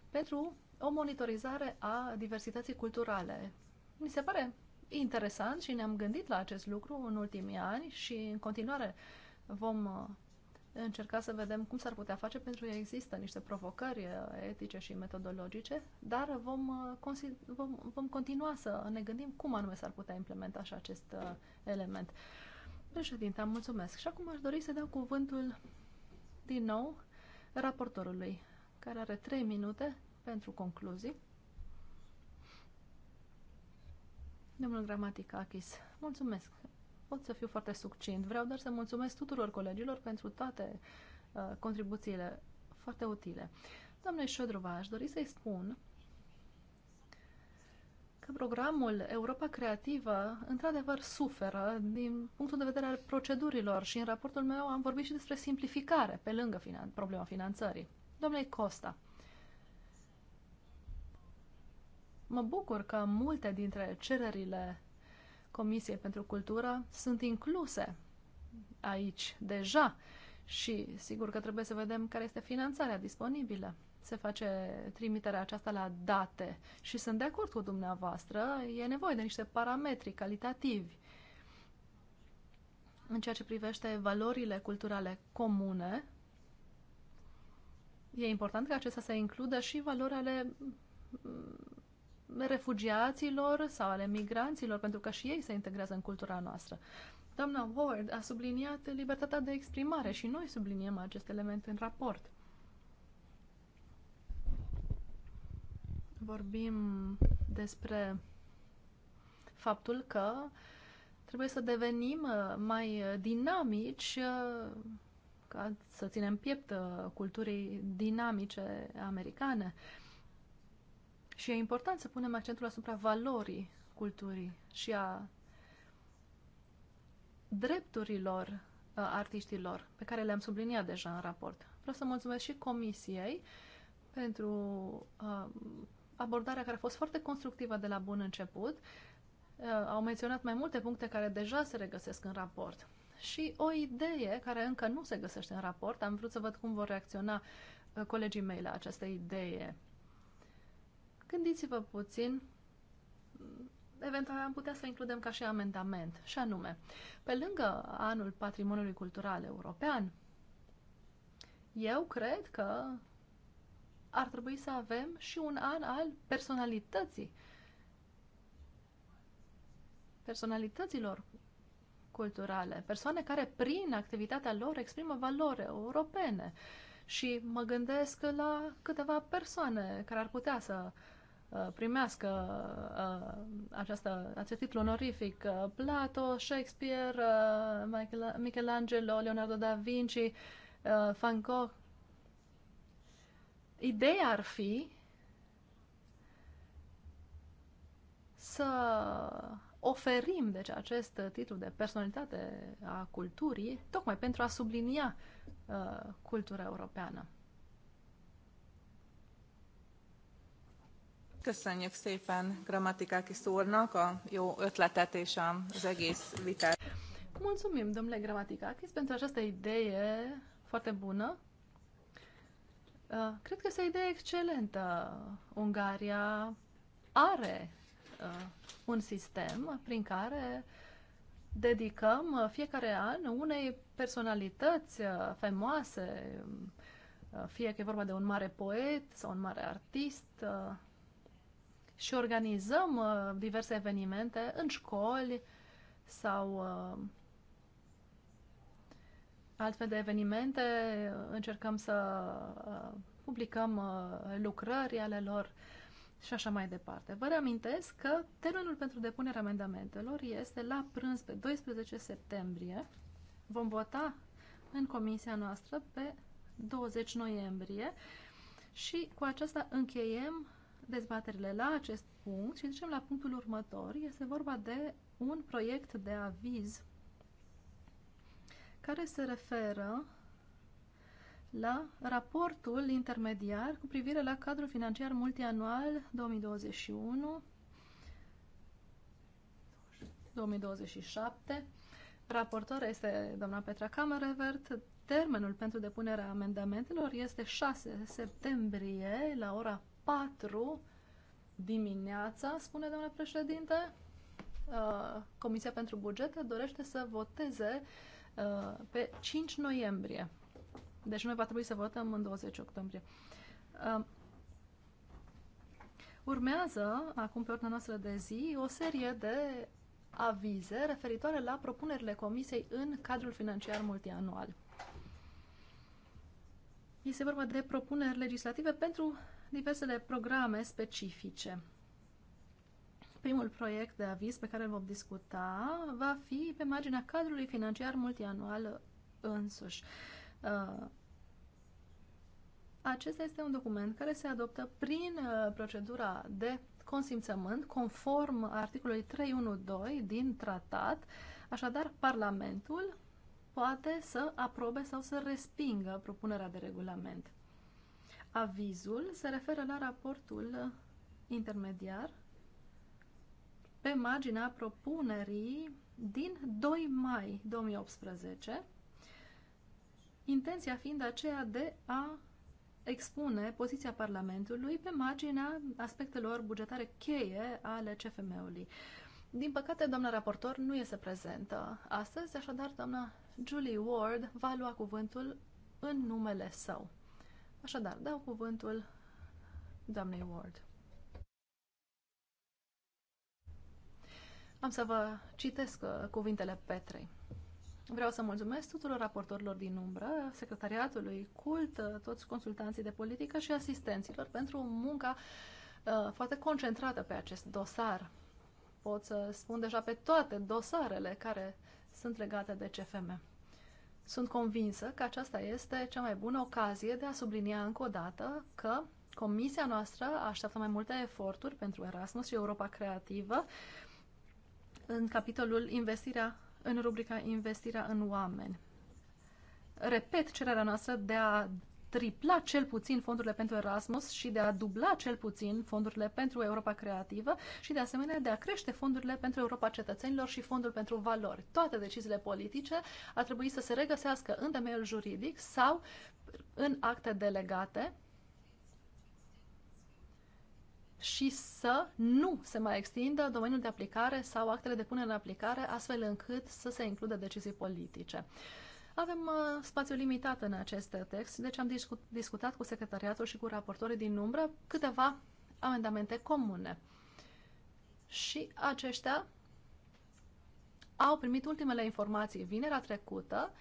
Speaker 4: pentru o monitorizare a diversității culturale. Mi se pare interesant și ne-am gândit la acest lucru în ultimii ani și în continuare vom uh, încerca să vedem cum s-ar putea face pentru că există niște provocări uh, etice și metodologice, dar vom, uh, vom, vom continua să ne gândim cum anume s-ar putea implementa și acest element. Președinte, am mulțumesc. Și acum aș dori să dau cuvântul din nou raportorului, care are trei minute pentru concluzii. Domnul Gramaticakis, mulțumesc. Pot să fiu foarte succint. Vreau doar să mulțumesc tuturor colegilor pentru toate uh, contribuțiile foarte utile. Doamne Șodrova, aș dori să-i spun că programul Europa Creativă într-adevăr suferă din punctul de vedere al procedurilor și în raportul meu am vorbit și despre simplificare pe lângă finan- problema finanțării. Domnule Costa, Mă bucur că multe dintre cererile Comisiei pentru Cultură sunt incluse aici deja și sigur că trebuie să vedem care este finanțarea disponibilă. Se face trimiterea aceasta la date și sunt de acord cu dumneavoastră, e nevoie de niște parametri calitativi în ceea ce privește valorile culturale comune, e important ca acestea să includă și valorile refugiaților sau ale migranților, pentru că și ei se integrează în cultura noastră. Doamna Ward a subliniat libertatea de exprimare și noi subliniem acest element în raport. Vorbim despre faptul că trebuie să devenim uh, mai dinamici uh, ca să ținem piept uh, culturii dinamice americane. Și e important să punem accentul asupra valorii culturii și a drepturilor uh, artiștilor, pe care le-am subliniat deja în raport. Vreau să mulțumesc și comisiei pentru uh, abordarea care a fost foarte constructivă de la bun început. Uh, au menționat mai multe puncte care deja se regăsesc în raport. Și o idee care încă nu se găsește în raport, am vrut să văd cum vor reacționa uh, colegii mei la această idee Gândiți-vă puțin, eventual am putea să includem ca și amendament, și anume, pe lângă anul patrimoniului cultural european, eu cred că ar trebui să avem și un an al personalității, personalităților culturale, persoane care prin activitatea lor exprimă valori europene. Și mă gândesc la câteva persoane care ar putea să uh, Uh, primească uh, această, acest titlu onorific. Uh, Plato, Shakespeare, Michelangelo, Leonardo da Vinci, Van Gogh. Ideea ar fi să oferim deci, acest titlu de personalitate a culturii tocmai pentru a sublinia uh, cultura europeană.
Speaker 1: Köszönjük szépen Grammatikákis úrnak a jó ötletet és az egész vitát.
Speaker 4: Mulțumim, domnule Gramaticakis, pentru această idee foarte bună. Uh, cred că este o idee excelentă. Ungaria are uh, un sistem prin care dedicăm uh, fiecare an unei personalități faimoase, fie că e vorba de un mare poet sau un mare artist, și organizăm uh, diverse evenimente în școli sau uh, altfel de evenimente. Încercăm să uh, publicăm lucrări ale lor și așa mai departe. Vă reamintesc că termenul pentru depunerea amendamentelor este la prânz pe 12 septembrie. Vom vota în comisia noastră pe 20 noiembrie și cu aceasta încheiem dezbaterile la acest punct și trecem la punctul următor. Este vorba de un proiect de aviz care se referă la raportul intermediar cu privire la cadrul financiar multianual 2021 2027. Raportor este doamna Petra Camerevert. Termenul pentru depunerea amendamentelor este 6 septembrie la ora 4 dimineața, spune domnule președinte, uh, Comisia pentru Bugete dorește să voteze uh, pe 5 noiembrie. Deci noi va trebui să votăm în 20 octombrie. Uh, Urmează, acum pe ordinea noastră de zi, o serie de avize referitoare la propunerile Comisiei în cadrul financiar multianual. Este vorba de propuneri legislative pentru diversele programe specifice. Primul proiect de aviz pe care îl vom discuta va fi pe marginea cadrului financiar multianual însuși. Uh, acesta este un document care se adoptă prin uh, procedura de consimțământ conform articolului 312 din tratat. Așadar, Parlamentul poate să aprobe sau să respingă propunerea de regulament. Avizul se referă la raportul intermediar pe marginea propunerii din 2 mai 2018, intenția fiind aceea de a expune poziția Parlamentului pe marginea aspectelor bugetare cheie ale CFM-ului. Din păcate, doamna raportor nu este prezentă astăzi, așadar doamna Julie Ward va lua cuvântul în numele său. Așadar, dau cuvântul doamnei Ward. Am să vă citesc uh, cuvintele Petrei. Vreau să mulțumesc tuturor raportorilor din umbră, secretariatului, cult, uh, toți consultanții de politică și asistenților pentru munca uh, foarte concentrată pe acest dosar. Pot să spun deja pe toate dosarele care sunt legate de CFM. Sunt convinsă că aceasta este cea mai bună ocazie de a sublinia încă o dată că comisia noastră așteaptă mai multe eforturi pentru Erasmus și Europa Creativă în capitolul investirea, în rubrica investirea în oameni. Repet cererea noastră de a tripla cel puțin fondurile pentru Erasmus și de a dubla cel puțin fondurile pentru Europa Creativă și de asemenea de a crește fondurile pentru Europa Cetățenilor și fondul pentru valori. Toate deciziile politice ar trebui să se regăsească în temeiul juridic sau în acte delegate și să nu se mai extindă domeniul de aplicare sau actele de punere în aplicare, astfel încât să se includă decizii politice. Avem uh, spațiu limitat în acest text, deci am discutat cu secretariatul și cu raportorii din umbră câteva amendamente comune. Și aceștia au primit ultimele informații vinerea trecută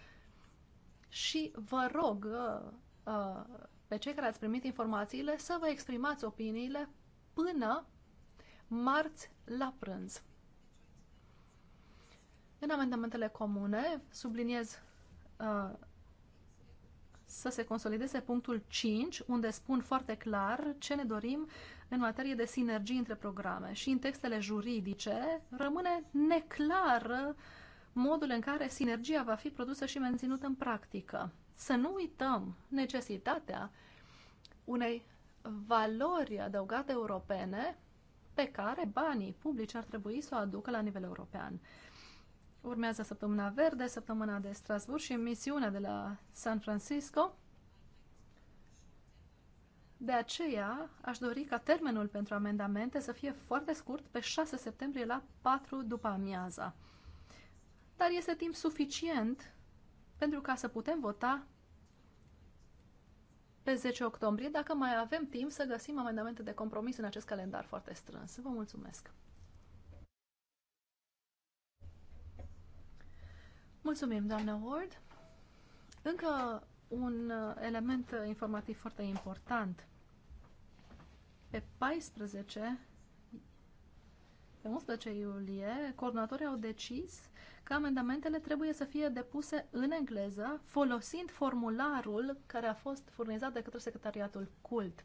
Speaker 4: și vă rog uh, uh, pe cei care ați primit informațiile să vă exprimați opiniile până marți la prânz. În amendamentele comune subliniez Uh, să se consolideze punctul 5, unde spun foarte clar ce ne dorim în materie de sinergii între programe. Și în textele juridice rămâne neclar modul în care sinergia va fi produsă și menținută în practică. Să nu uităm necesitatea unei valori adăugate europene pe care banii publici ar trebui să o aducă la nivel european. Urmează săptămâna verde, săptămâna de Strasburg și misiunea de la San Francisco. De aceea, aș dori ca termenul pentru amendamente să fie foarte scurt, pe 6 septembrie la 4 după amiaza. Dar este timp suficient pentru ca să putem vota pe 10 octombrie, dacă mai avem timp să găsim amendamente de compromis în acest calendar foarte strâns. Vă mulțumesc! Mulțumim, doamna Ward. Încă un uh, element uh, informativ foarte important. Pe 14, pe 11 iulie, coordonatorii au decis că amendamentele trebuie să fie depuse în engleză, folosind formularul care a fost furnizat de către Secretariatul CULT.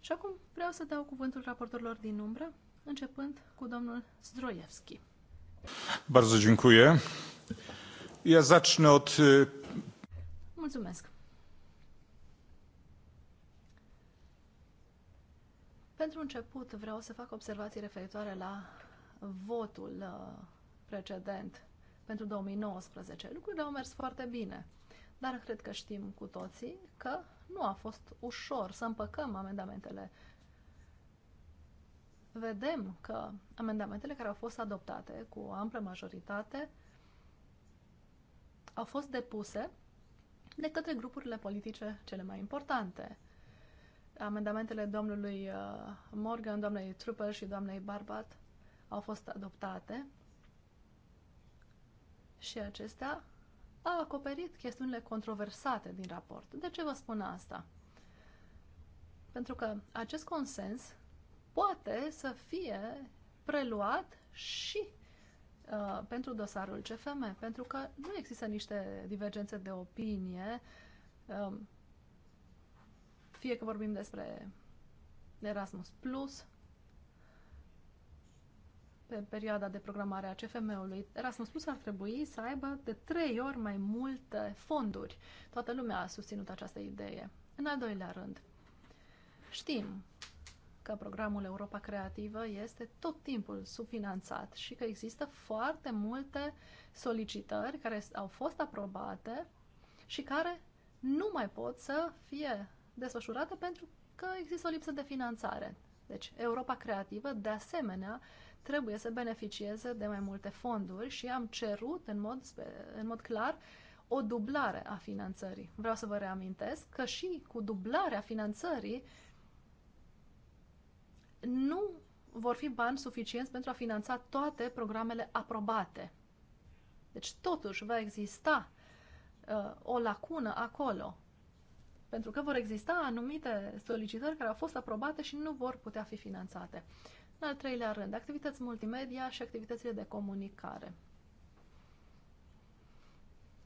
Speaker 4: Și acum vreau să dau cuvântul raportorilor din umbră, începând cu domnul Zdroievski.
Speaker 1: Bardzo dziękuję. Ja zacznę od...
Speaker 4: Mulțumesc. Pentru început vreau să fac observații referitoare la votul uh, precedent pentru 2019. Lucrurile au mers foarte bine, dar cred că știm cu toții că nu a fost ușor să împăcăm amendamentele. Vedem că amendamentele care au fost adoptate cu amplă majoritate au fost depuse de către grupurile politice cele mai importante. Amendamentele domnului uh, Morgan, doamnei Trooper și doamnei Barbat au fost adoptate și acestea au acoperit chestiunile controversate din raport. De ce vă spun asta? Pentru că acest consens poate să fie preluat și Uh, pentru dosarul CFM, pentru că nu există niște divergențe de opinie, um, fie că vorbim despre Erasmus Plus, pe perioada de programare a CFM-ului, Erasmus Plus ar trebui să aibă de trei ori mai multe fonduri. Toată lumea a susținut această idee. În al doilea rând, știm că programul Europa Creativă este tot timpul subfinanțat și că există foarte multe solicitări care au fost aprobate și care nu mai pot să fie desfășurate pentru că există o lipsă de finanțare. Deci Europa Creativă, de asemenea, trebuie să beneficieze de mai multe fonduri și am cerut în mod, în mod clar o dublare a finanțării. Vreau să vă reamintesc că și cu dublarea finanțării nu vor fi bani suficienți pentru a finanța toate programele aprobate. Deci totuși va exista uh, o lacună acolo, pentru că vor exista anumite solicitări care au fost aprobate și nu vor putea fi finanțate. În al treilea rând, activități multimedia și activitățile de comunicare.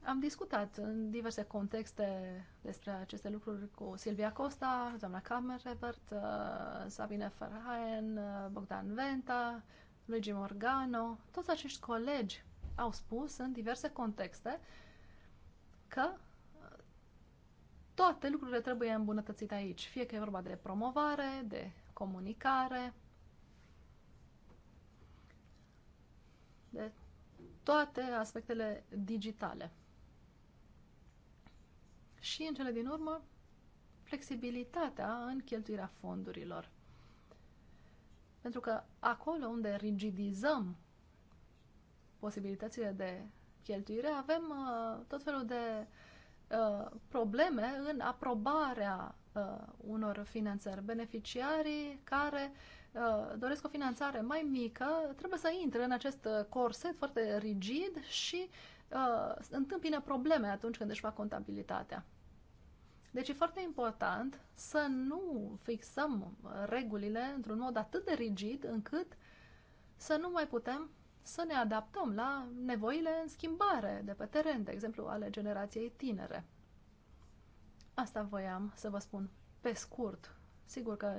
Speaker 4: Am discutat în diverse contexte despre aceste lucruri cu Silvia Costa, doamna Kamerevert, uh, Sabine Ferhaen, uh, Bogdan Venta, Luigi Morgano. Toți acești colegi au spus în diverse contexte că uh, toate lucrurile trebuie îmbunătățite aici, fie că e vorba de promovare, de comunicare, de toate aspectele digitale și, în cele din urmă, flexibilitatea în cheltuirea fondurilor. Pentru că acolo unde rigidizăm posibilitățile de cheltuire, avem uh, tot felul de uh, probleme în aprobarea uh, unor finanțări. Beneficiarii care uh, doresc o finanțare mai mică trebuie să intre în acest corset foarte rigid și uh, uh, întâmpină probleme atunci când își fac contabilitatea. Deci e foarte important să nu fixăm regulile într-un mod atât de rigid încât să nu mai putem să ne adaptăm la nevoile în schimbare de pe teren, de exemplu, ale generației tinere. Asta voiam să vă spun pe scurt Sigur că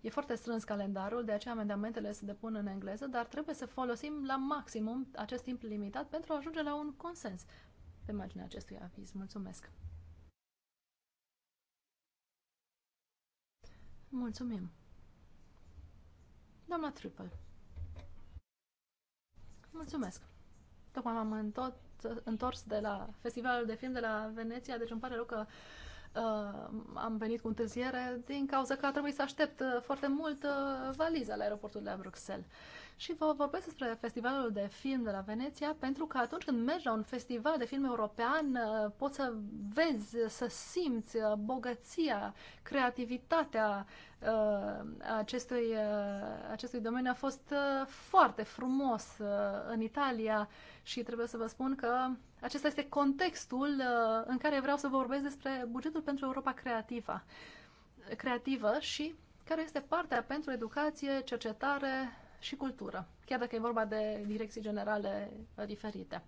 Speaker 4: e foarte strâns calendarul, de aceea amendamentele se depun în engleză, dar trebuie să folosim la maximum acest timp limitat pentru a ajunge la un consens pe marginea acestui aviz. Mulțumesc! Mulțumim! Doamna Triple. Mulțumesc! Tocmai m-am întors de la festivalul de film de la Veneția, deci îmi pare rău că uh, uh, am venit cu întârziere din cauza că a trebuit să aștept uh, foarte mult uh, valiza la aeroportul de la Bruxelles și vă vorbesc despre festivalul de film de la Veneția, pentru că atunci când mergi la un festival de film european, uh, poți să vezi, să simți uh, bogăția, creativitatea uh, acestui, acestui domeniu. A fost foarte frumos în Italia și trebuie să vă spun că acesta este contextul în care vreau să vorbesc despre bugetul pentru Europa creativă, creativă și care este partea pentru educație, cercetare, și cultură, chiar dacă e vorba de direcții generale uh, diferite.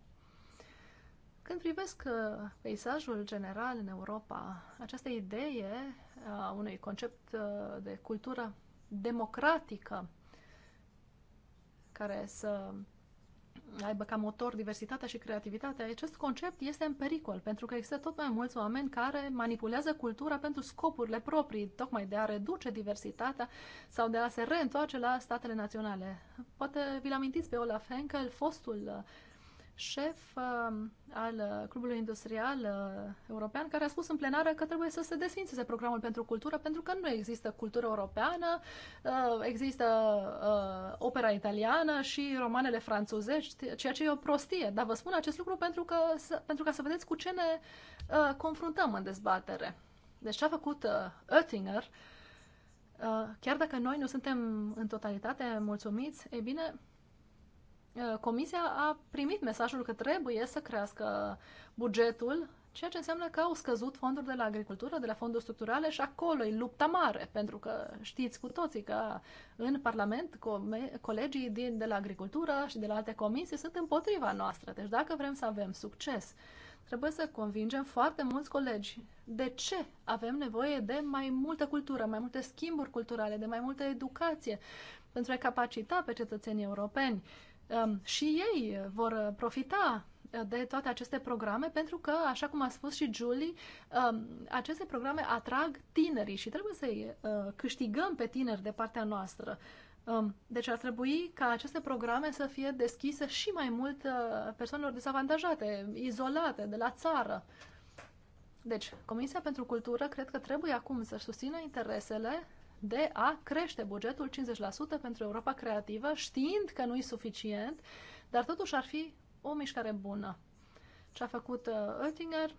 Speaker 4: Când privesc uh, peisajul general în Europa, această idee a uh, unui concept de cultură democratică care să aibă ca motor diversitatea și creativitatea, acest concept este în pericol, pentru că există tot mai mulți oameni care manipulează cultura pentru scopurile proprii, tocmai de a reduce diversitatea sau de a se reîntoarce la statele naționale. Poate vi-l amintiți pe Olaf Henkel, fostul șef uh, al uh, Clubului Industrial uh, European, care a spus în plenară că trebuie să se desfințeze programul pentru cultură, pentru că nu există cultură europeană, există opera italiană și romanele franțuzești, ceea ce e o prostie. Dar vă spun acest lucru pentru, că, pentru ca să vedeți cu ce ne confruntăm în dezbatere. Deci ce a făcut Oettinger, chiar dacă noi nu suntem în totalitate mulțumiți, e bine, Uh, comisia a primit mesajul că trebuie să crească bugetul, ceea ce înseamnă că au scăzut fonduri de la agricultură, de la fonduri structurale și acolo e lupta mare, pentru că știți cu toții că în Parlament colegii din, de la agricultură și de la alte comisii sunt împotriva noastră. Deci dacă vrem să avem succes, trebuie să convingem foarte mulți colegi de ce avem nevoie de mai multă cultură, mai multe schimburi culturale, de mai multă educație, pentru a capacita pe cetățenii europeni și ei vor uh, profita uh, de toate aceste programe, pentru că, așa cum a spus și Julie, um, aceste programe atrag tinerii și trebuie să-i uh, câștigăm pe tineri de partea noastră. Um, deci ar trebui ca aceste programe să fie deschise și mai mult persoanelor dezavantajate, izolate, de la țară. Deci, Comisia pentru Cultură cred că trebuie acum să susțină interesele de a crește bugetul 50% pentru Europa Creativă, știind că nu e suficient, dar totuși ar fi o mișcare bună. Ce a făcut uh, Oettinger,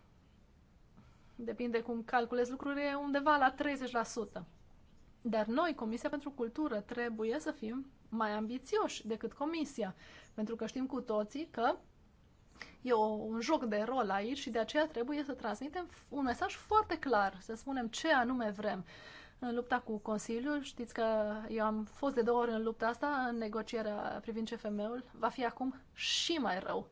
Speaker 4: depinde cum calculezi lucrurile, undeva la 30%. Dar noi, Comisia pentru Cultură, trebuie să fim mai ambițioși decât Comisia, pentru că știm cu toții că e o, un joc de rol aici și de aceea trebuie să transmitem un mesaj foarte clar, să spunem ce anume vrem. Uh, în lupta cu Consiliul. Știți că eu am fost de două ori în lupta asta, în negocierea privind CFM-ul. Va fi acum și mai rău.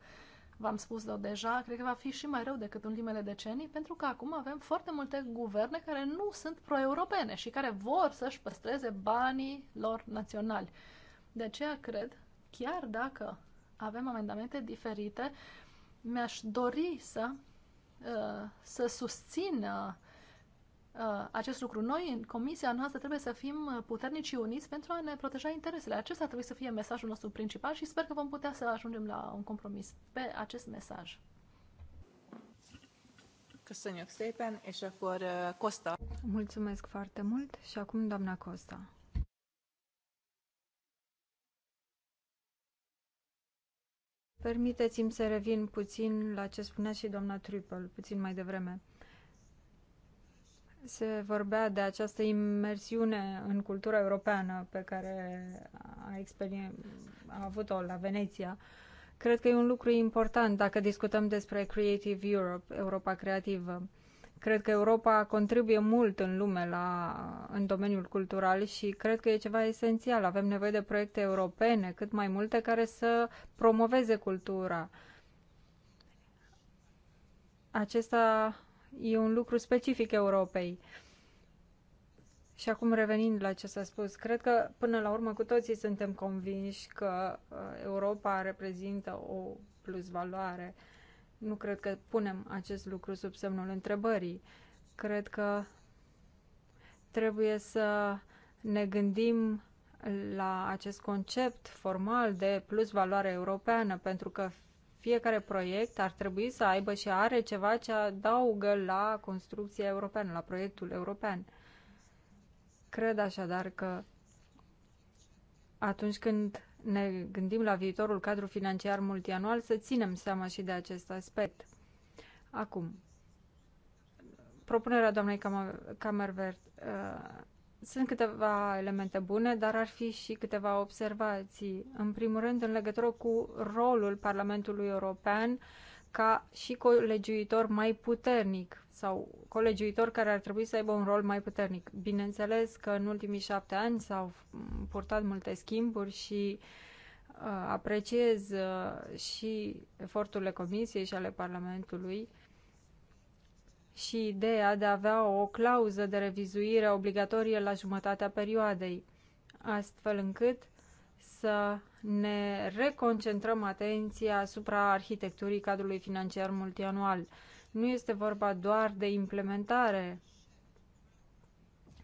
Speaker 4: V-am spus-o deja, cred că va fi și mai rău decât în ultimele decenii, pentru că acum avem foarte multe guverne care nu sunt pro-europene și care vor să-și păstreze banii lor naționali. De aceea cred, chiar dacă avem amendamente diferite, mi-aș dori să, uh, să susțină Uh, acest lucru. Noi, în comisia noastră, trebuie să fim uh, puternici și uniți pentru a ne proteja interesele. Acesta trebuie să fie mesajul nostru principal și sper că vom putea să ajungem la un compromis pe acest mesaj.
Speaker 1: Köszönjük szépen, és uh, Costa.
Speaker 2: Mulțumesc foarte mult și acum doamna Costa. Permiteți-mi să revin puțin la ce spunea și doamna Triple, puțin mai devreme se vorbea de această imersiune în cultura europeană pe care a, a avut-o la Veneția. Cred că e un lucru important dacă discutăm despre Creative Europe, Europa creativă. Cred că Europa contribuie mult în lume la, în domeniul cultural și cred că e ceva esențial. Avem nevoie de proiecte europene, cât mai multe, care să promoveze cultura. Acesta E un lucru specific Europei. Și acum revenind la ce s-a spus, cred că până la urmă cu toții suntem convinși că uh, Europa reprezintă o plusvaloare. Nu cred că punem acest lucru sub semnul întrebării. Cred că trebuie să ne gândim la acest concept formal de plus valoare europeană, pentru că fiecare proiect ar trebui să aibă și are ceva ce adaugă la construcția europeană, la proiectul european. Cred așadar că atunci când ne gândim la viitorul cadru financiar multianual, să ținem seama și de acest aspect. Acum, propunerea doamnei Camervert uh, sunt câteva elemente bune, dar ar fi și câteva observații. În primul rând, în legătură cu rolul Parlamentului European ca și colegiuitor mai puternic sau colegiuitor care ar trebui să aibă un rol mai puternic. Bineînțeles că în ultimii șapte ani s-au purtat multe schimburi și uh, apreciez uh, și eforturile Comisiei și ale Parlamentului și ideea de a avea o clauză de revizuire obligatorie la jumătatea perioadei, astfel încât să ne reconcentrăm atenția asupra arhitecturii cadrului financiar multianual. Nu este vorba doar de implementare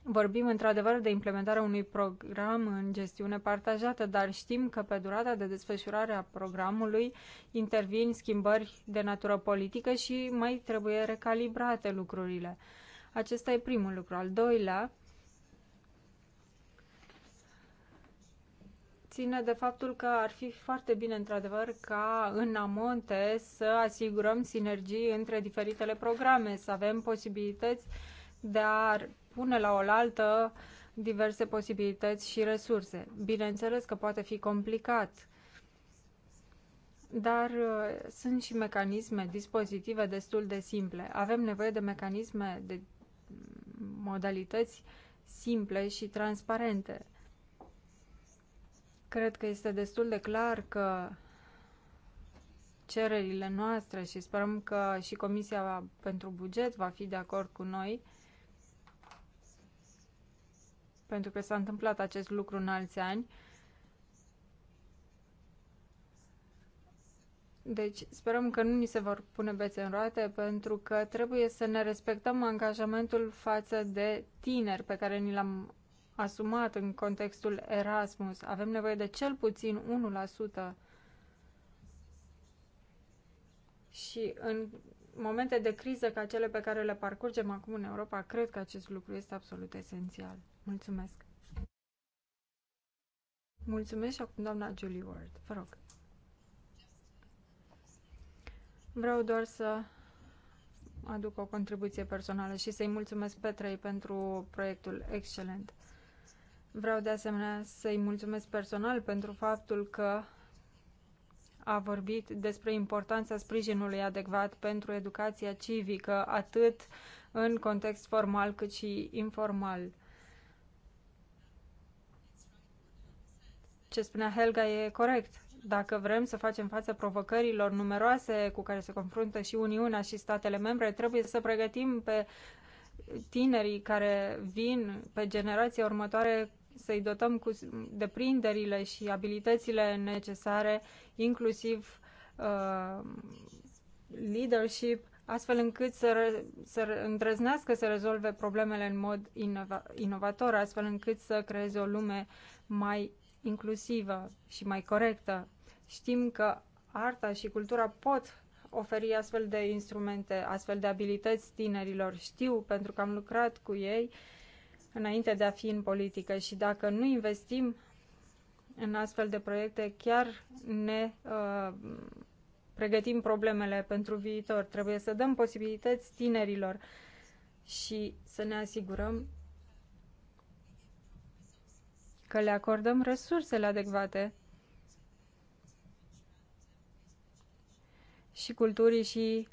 Speaker 2: Vorbim într-adevăr de implementarea unui program în gestiune partajată, dar știm că pe durata de desfășurare a programului intervin schimbări de natură politică și mai trebuie recalibrate lucrurile. Acesta e primul lucru. Al doilea ține de faptul că ar fi foarte bine, într-adevăr, ca în amonte să asigurăm sinergii între diferitele programe, să avem posibilități de a pune la oaltă diverse posibilități și resurse. Bineînțeles că poate fi complicat, dar uh, sunt și mecanisme, dispozitive destul de simple. Avem nevoie de mecanisme, de mm, modalități simple și transparente. Cred că este destul de clar că cererile noastre și sperăm că și Comisia pentru Buget va fi de acord cu noi, pentru că s-a întâmplat acest lucru în alți ani. Deci sperăm că nu ni se vor pune bețe în roate pentru că trebuie să ne respectăm angajamentul față de tineri pe care ni l-am asumat în contextul Erasmus. Avem nevoie de cel puțin 1% și în momente de criză ca cele pe care le parcurgem acum în Europa, cred că acest lucru este absolut esențial. Mulțumesc. Mulțumesc și acum doamna Julie Ward. Vă rog. Vreau doar să aduc o contribuție personală și să-i mulțumesc Petrei pentru proiectul excelent. Vreau de asemenea să-i mulțumesc personal pentru faptul că a vorbit despre importanța sprijinului adecvat pentru educația civică, atât în context formal cât și informal. ce spunea Helga e corect. Dacă vrem să facem față provocărilor numeroase cu care se confruntă și Uniunea și statele membre, trebuie să pregătim pe tinerii care vin, pe generația următoare, să-i dotăm cu deprinderile și abilitățile necesare, inclusiv uh, leadership, astfel încât să, re, să îndrăznească să rezolve problemele în mod inova, inovator, astfel încât să creeze o lume mai inclusivă și mai corectă. Știm că arta și cultura pot oferi astfel de instrumente, astfel de abilități tinerilor. Știu, pentru că am lucrat cu ei înainte de a fi în politică și dacă nu investim în astfel de proiecte, chiar ne uh, pregătim problemele pentru viitor. Trebuie să dăm posibilități tinerilor și să ne asigurăm că le acordăm resursele adecvate și culturii și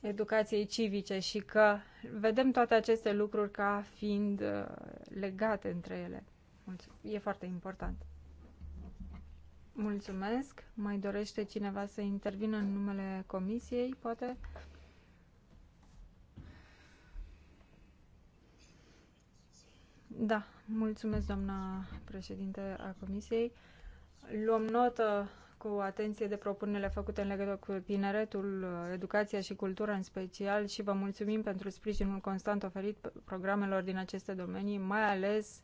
Speaker 2: educației civice și că vedem toate aceste lucruri ca fiind uh, legate între ele. E foarte important. Mulțumesc. Mai dorește cineva să intervină în numele comisiei, poate? Da, mulțumesc, doamna președinte a Comisiei. Luăm notă cu atenție de propunerile făcute în legătură cu tineretul, educația și cultura în special și vă mulțumim pentru sprijinul constant oferit programelor din aceste domenii, mai ales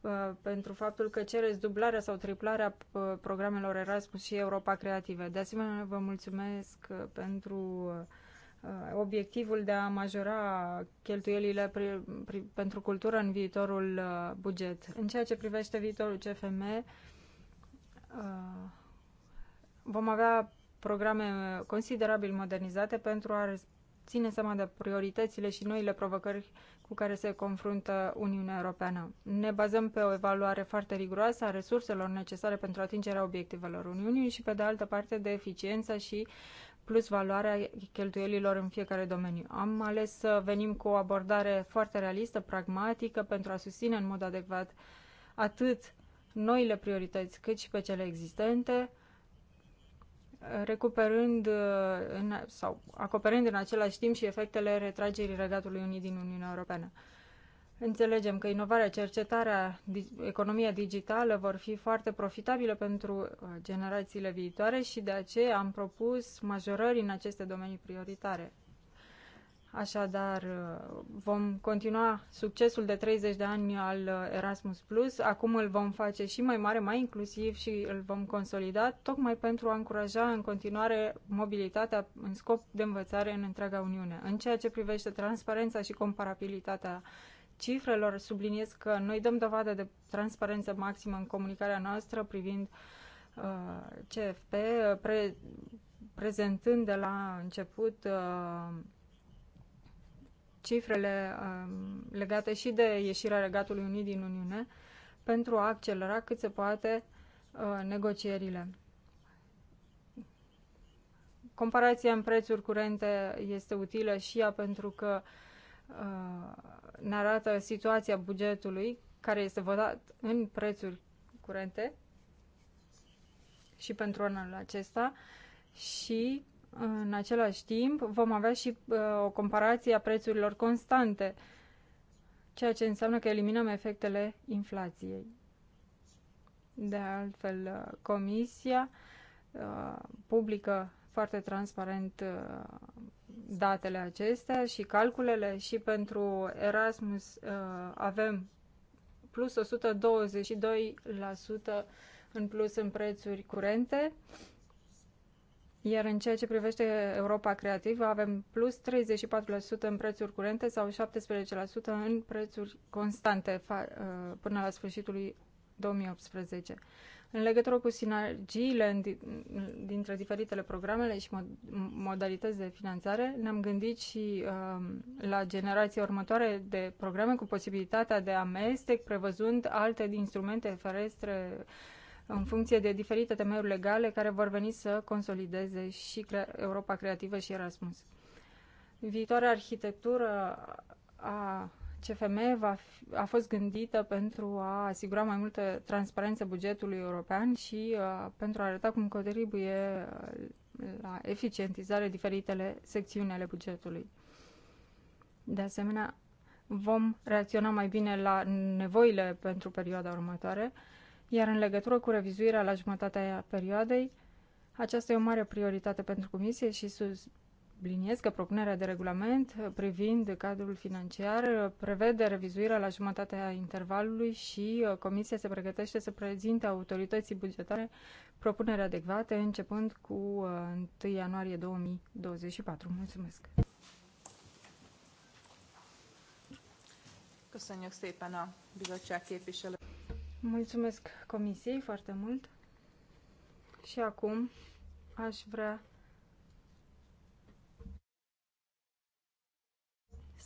Speaker 2: uh, pentru faptul că cereți dublarea sau triplarea uh, programelor Erasmus și Europa Creative. De asemenea, vă mulțumesc uh, pentru uh, Uh, obiectivul de a majora cheltuielile pri, pri, pentru cultură în viitorul uh, buget. În ceea ce privește viitorul CFM, uh, vom avea programe considerabil modernizate pentru a ține seama de prioritățile și noile provocări cu care se confruntă Uniunea Europeană. Ne bazăm pe o evaluare foarte riguroasă a resurselor necesare pentru atingerea obiectivelor Uniunii și, pe de altă parte, de eficiență și plus valoarea cheltuielilor în fiecare domeniu. Am ales să venim cu o abordare foarte realistă, pragmatică, pentru a susține în mod adecvat atât noile priorități cât și pe cele existente, recuperând uh, în, sau acoperând în același timp și efectele retragerii Regatului unii din Uniunea Europeană. Înțelegem că inovarea, cercetarea, economia digitală vor fi foarte profitabile pentru uh, generațiile viitoare și de aceea am propus majorări în aceste domenii prioritare. Așadar, uh, vom continua succesul de 30 de ani al uh, Erasmus Plus. Acum îl vom face și mai mare, mai inclusiv și îl vom consolida, tocmai pentru a încuraja în continuare mobilitatea în scop de învățare în întreaga Uniune. În ceea ce privește transparența și comparabilitatea cifrelor, subliniez că noi dăm dovadă de transparență maximă în comunicarea noastră privind uh, CFP, pre, prezentând de la început uh, cifrele uh, legate și de ieșirea Regatului Unit din Uniune pentru a accelera cât se poate uh, negocierile. Comparația în prețuri curente este utilă și ea pentru că uh, Uh, ne arată situația bugetului care este votat în prețuri curente și pentru anul acesta și în același timp vom avea și uh, o comparație a prețurilor constante, ceea ce înseamnă că eliminăm efectele inflației. De altfel, uh, Comisia uh, publică foarte transparent uh, datele acestea și calculele și pentru Erasmus uh, avem plus 122% în plus în prețuri curente, iar în ceea ce privește Europa Creativă avem plus 34% în prețuri curente sau 17% în prețuri constante uh, până la sfârșitul 2018. În legătură cu sinergiile dintre diferitele programele și modalități de finanțare, ne-am gândit și um, la generația următoare de programe cu posibilitatea de amestec, prevăzând alte instrumente ferestre în funcție de diferite temeiuri legale care vor veni să consolideze și Europa Creativă și Erasmus. Viitoarea arhitectură a CFM va fi, a fost gândită pentru a asigura mai multă transparență bugetului european și uh, pentru a arăta cum contribuie uh, la eficientizare diferitele secțiuni ale bugetului. De asemenea, vom reacționa mai bine la nevoile pentru perioada următoare, iar în legătură cu revizuirea la jumătatea perioadei, aceasta e o mare prioritate pentru Comisie și sus, subliniez că propunerea de regulament privind cadrul financiar prevede revizuirea la jumătatea intervalului și uh, Comisia se pregătește să prezinte autorității bugetare propunere adecvate începând cu 1 uh, ianuarie 2024. Mulțumesc! Mulțumesc Comisiei foarte mult. Și acum aș vrea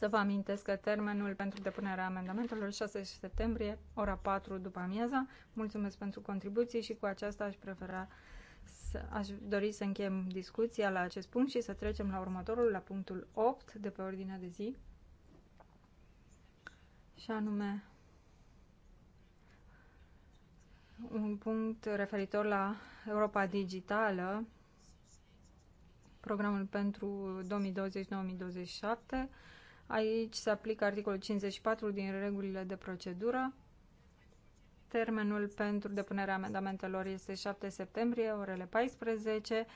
Speaker 2: Să vă amintesc că termenul pentru depunerea amendamentelor 6 septembrie, ora 4 după amiaza. Mulțumesc pentru contribuții și cu aceasta aș prefera să, aș dori să încheiem discuția la acest punct și să trecem la următorul, la punctul 8 de pe ordinea de zi. Și anume un punct referitor la Europa Digitală, programul pentru 2020-2027 Aici se aplică articolul 54 din regulile de procedură. Termenul pentru depunerea amendamentelor este 7 septembrie, orele 14.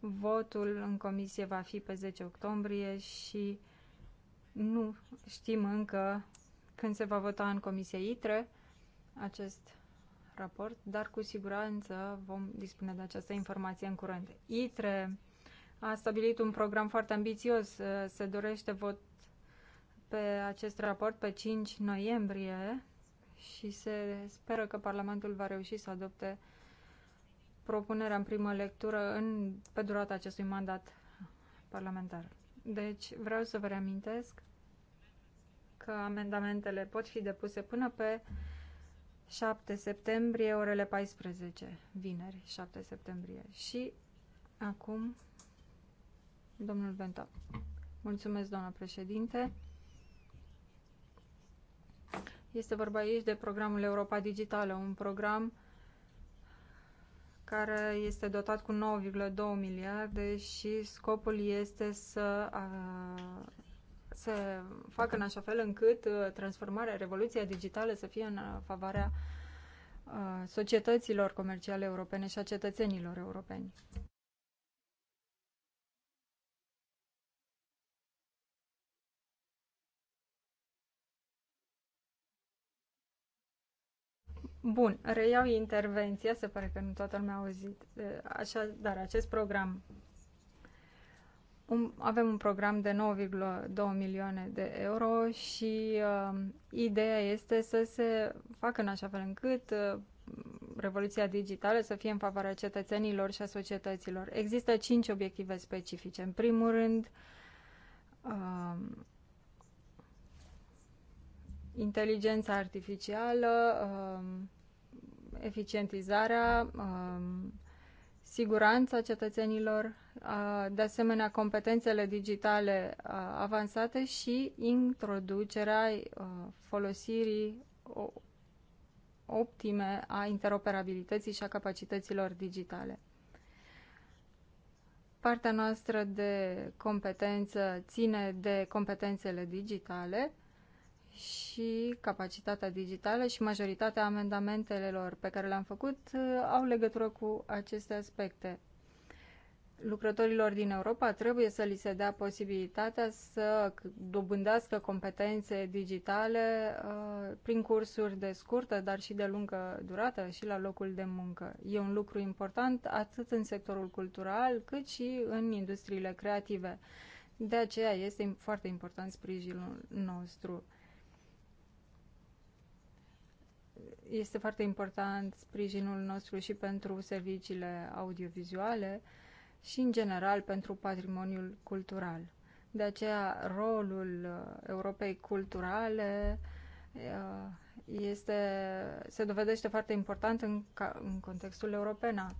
Speaker 2: Votul în comisie va fi pe 10 octombrie și nu știm încă când se va vota în comisie ITRE acest raport, dar cu siguranță vom dispune de această informație în curând. ITRE a stabilit un program foarte ambițios. Se dorește vot pe acest raport pe 5 noiembrie și se speră că Parlamentul va reuși să adopte propunerea în primă lectură în, pe durata acestui mandat parlamentar. Deci vreau să vă reamintesc că amendamentele pot fi depuse până pe 7 septembrie, orele 14, vineri, 7 septembrie. Și acum, domnul Venta. Mulțumesc, doamna președinte. Este vorba aici de programul Europa Digitală, un program care este dotat cu 9,2 miliarde și scopul este să, a, să facă în așa fel încât uh, transformarea, revoluția digitală să fie în favoarea uh, societăților comerciale europene și a cetățenilor europeni. Bun, reiau intervenția, se pare că nu toată lumea a auzit. Așa, dar acest program, un, avem un program de 9,2 milioane de euro și uh, ideea este să se facă în așa fel încât uh, revoluția digitală să fie în favoarea cetățenilor și a societăților. Există cinci obiective specifice. În primul rând, uh, inteligența artificială, um, eficientizarea, um, siguranța cetățenilor, de asemenea competențele digitale avansate și introducerea folosirii optime a interoperabilității și a capacităților digitale. Partea noastră de competență ține de competențele digitale, și capacitatea digitală și majoritatea amendamentelor pe care le-am făcut uh, au legătură cu aceste aspecte. Lucrătorilor din Europa trebuie să li se dea posibilitatea să dobândească competențe digitale uh, prin cursuri de scurtă, dar și de lungă durată și la locul de muncă. E un lucru important atât în sectorul cultural cât și în industriile creative. De aceea este foarte important sprijinul nostru este foarte important sprijinul nostru și pentru serviciile audiovizuale și, în general, pentru patrimoniul cultural. De aceea, rolul uh, Europei culturale uh, este, se dovedește foarte important în, în contextul european.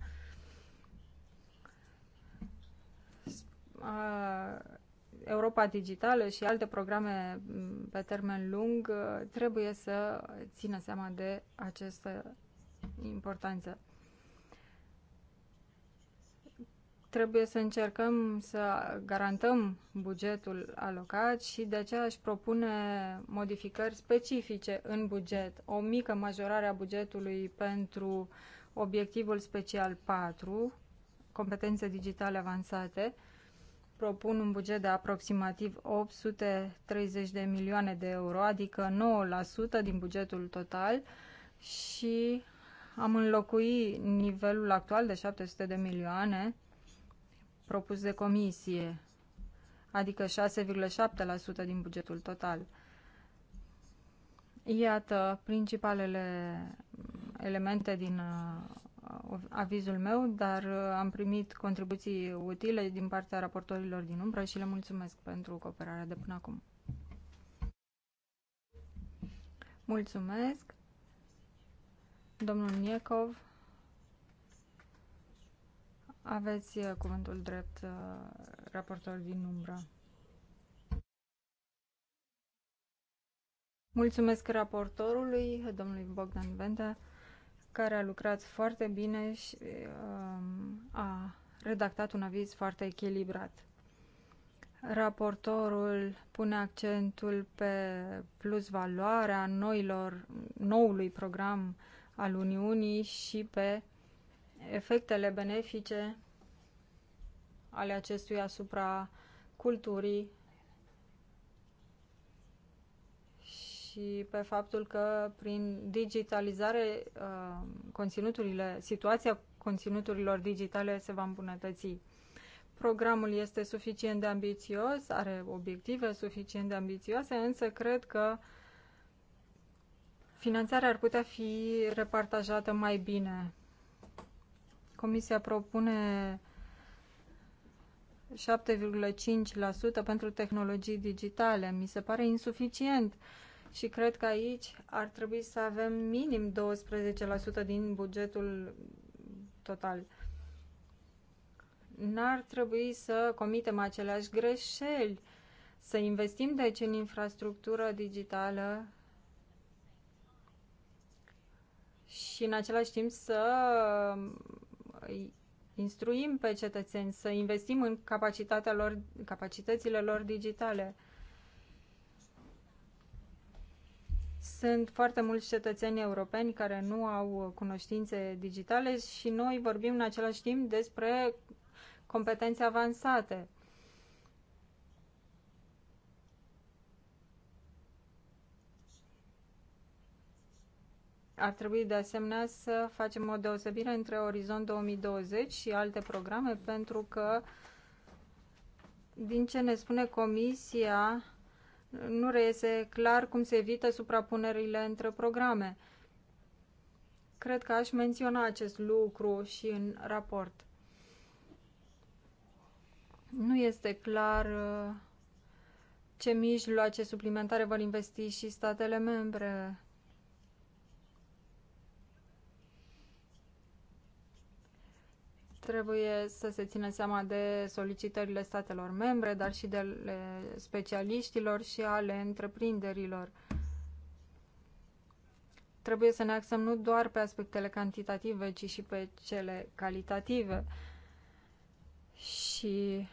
Speaker 2: Uh, Europa Digitală și alte programe mm, pe termen lung uh, trebuie să țină seama de această importanță. Trebuie să încercăm să garantăm bugetul alocat și de aceea își propune modificări specifice în buget. O mică majorare a bugetului pentru obiectivul special 4, competențe digitale avansate, propun un buget de aproximativ 830 de milioane de euro, adică 9% din bugetul total și am înlocui nivelul actual de 700 de milioane propus de comisie, adică 6,7% din bugetul total. Iată principalele elemente din avizul meu, dar uh, am primit contribuții utile din partea raportorilor din umbră și le mulțumesc pentru cooperarea de până acum. Mulțumesc. Domnul Niecov, aveți uh, cuvântul drept uh, raportor din umbră. Mulțumesc raportorului, domnului Bogdan Vente, care a lucrat foarte bine și um, a redactat un aviz foarte echilibrat. Raportorul pune accentul pe plus valoarea noilor, noului program al Uniunii și pe efectele benefice ale acestuia asupra culturii și pe faptul că prin digitalizare uh, conținuturile, situația conținuturilor digitale se va îmbunătăți. Programul este suficient de ambițios, are obiective suficient de ambițioase, însă cred că finanțarea ar putea fi repartajată mai bine. Comisia propune 7,5% pentru tehnologii digitale. Mi se pare insuficient și cred că aici ar trebui să avem minim 12% din bugetul total. N-ar trebui să comitem aceleași greșeli, să investim deci în infrastructură digitală și în același timp să instruim pe cetățeni, să investim în capacitatea lor, capacitățile lor digitale. Sunt foarte mulți cetățeni europeni care nu au cunoștințe digitale și noi vorbim în același timp despre competențe avansate. Ar trebui de asemenea să facem o deosebire între Orizont 2020 și alte programe pentru că din ce ne spune Comisia, nu reiese clar cum se evită suprapunerile între programe. Cred că aș menționa acest lucru și în raport. Nu este clar uh, ce mijloace suplimentare vor investi și statele membre Trebuie să se țină seama de solicitările statelor membre, dar și de specialiștilor și ale întreprinderilor. Trebuie să ne axăm nu doar pe aspectele cantitative, ci și pe cele calitative. Și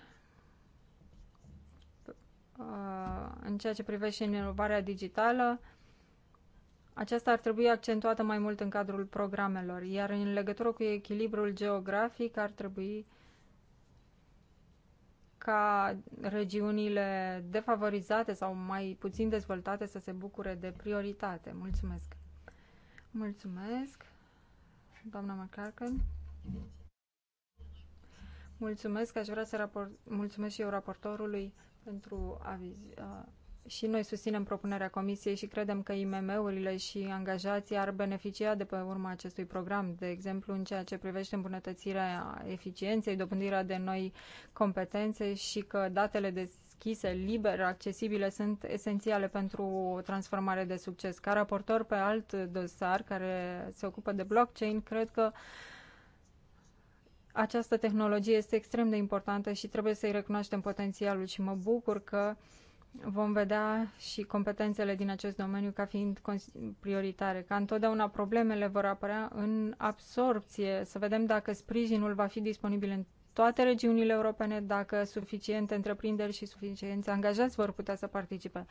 Speaker 2: uh, în ceea ce privește inovarea digitală, aceasta ar trebui accentuată mai mult în cadrul programelor, iar în legătură cu echilibrul geografic ar trebui ca regiunile defavorizate sau mai puțin dezvoltate să se bucure de prioritate. Mulțumesc! Mulțumesc, doamna McCarken. Mulțumesc, aș vrea să raport... mulțumesc și eu raportorului pentru aviz, uh, și noi susținem propunerea Comisiei și credem că IMM-urile și angajații ar beneficia de pe urma acestui program, de exemplu în ceea ce privește îmbunătățirea eficienței, dobândirea de noi competențe și că datele deschise, liber, accesibile sunt esențiale pentru o transformare de succes. Ca raportor pe alt dosar care se ocupă de blockchain, cred că această tehnologie este extrem de importantă și trebuie să-i recunoaștem potențialul și mă bucur că uh, vom vedea și competențele din acest domeniu ca fiind prioritare. Ca întotdeauna problemele vor apărea în absorpție, să vedem dacă sprijinul va fi disponibil în toate regiunile europene, dacă suficiente întreprinderi și suficienți angajați vor putea să participe.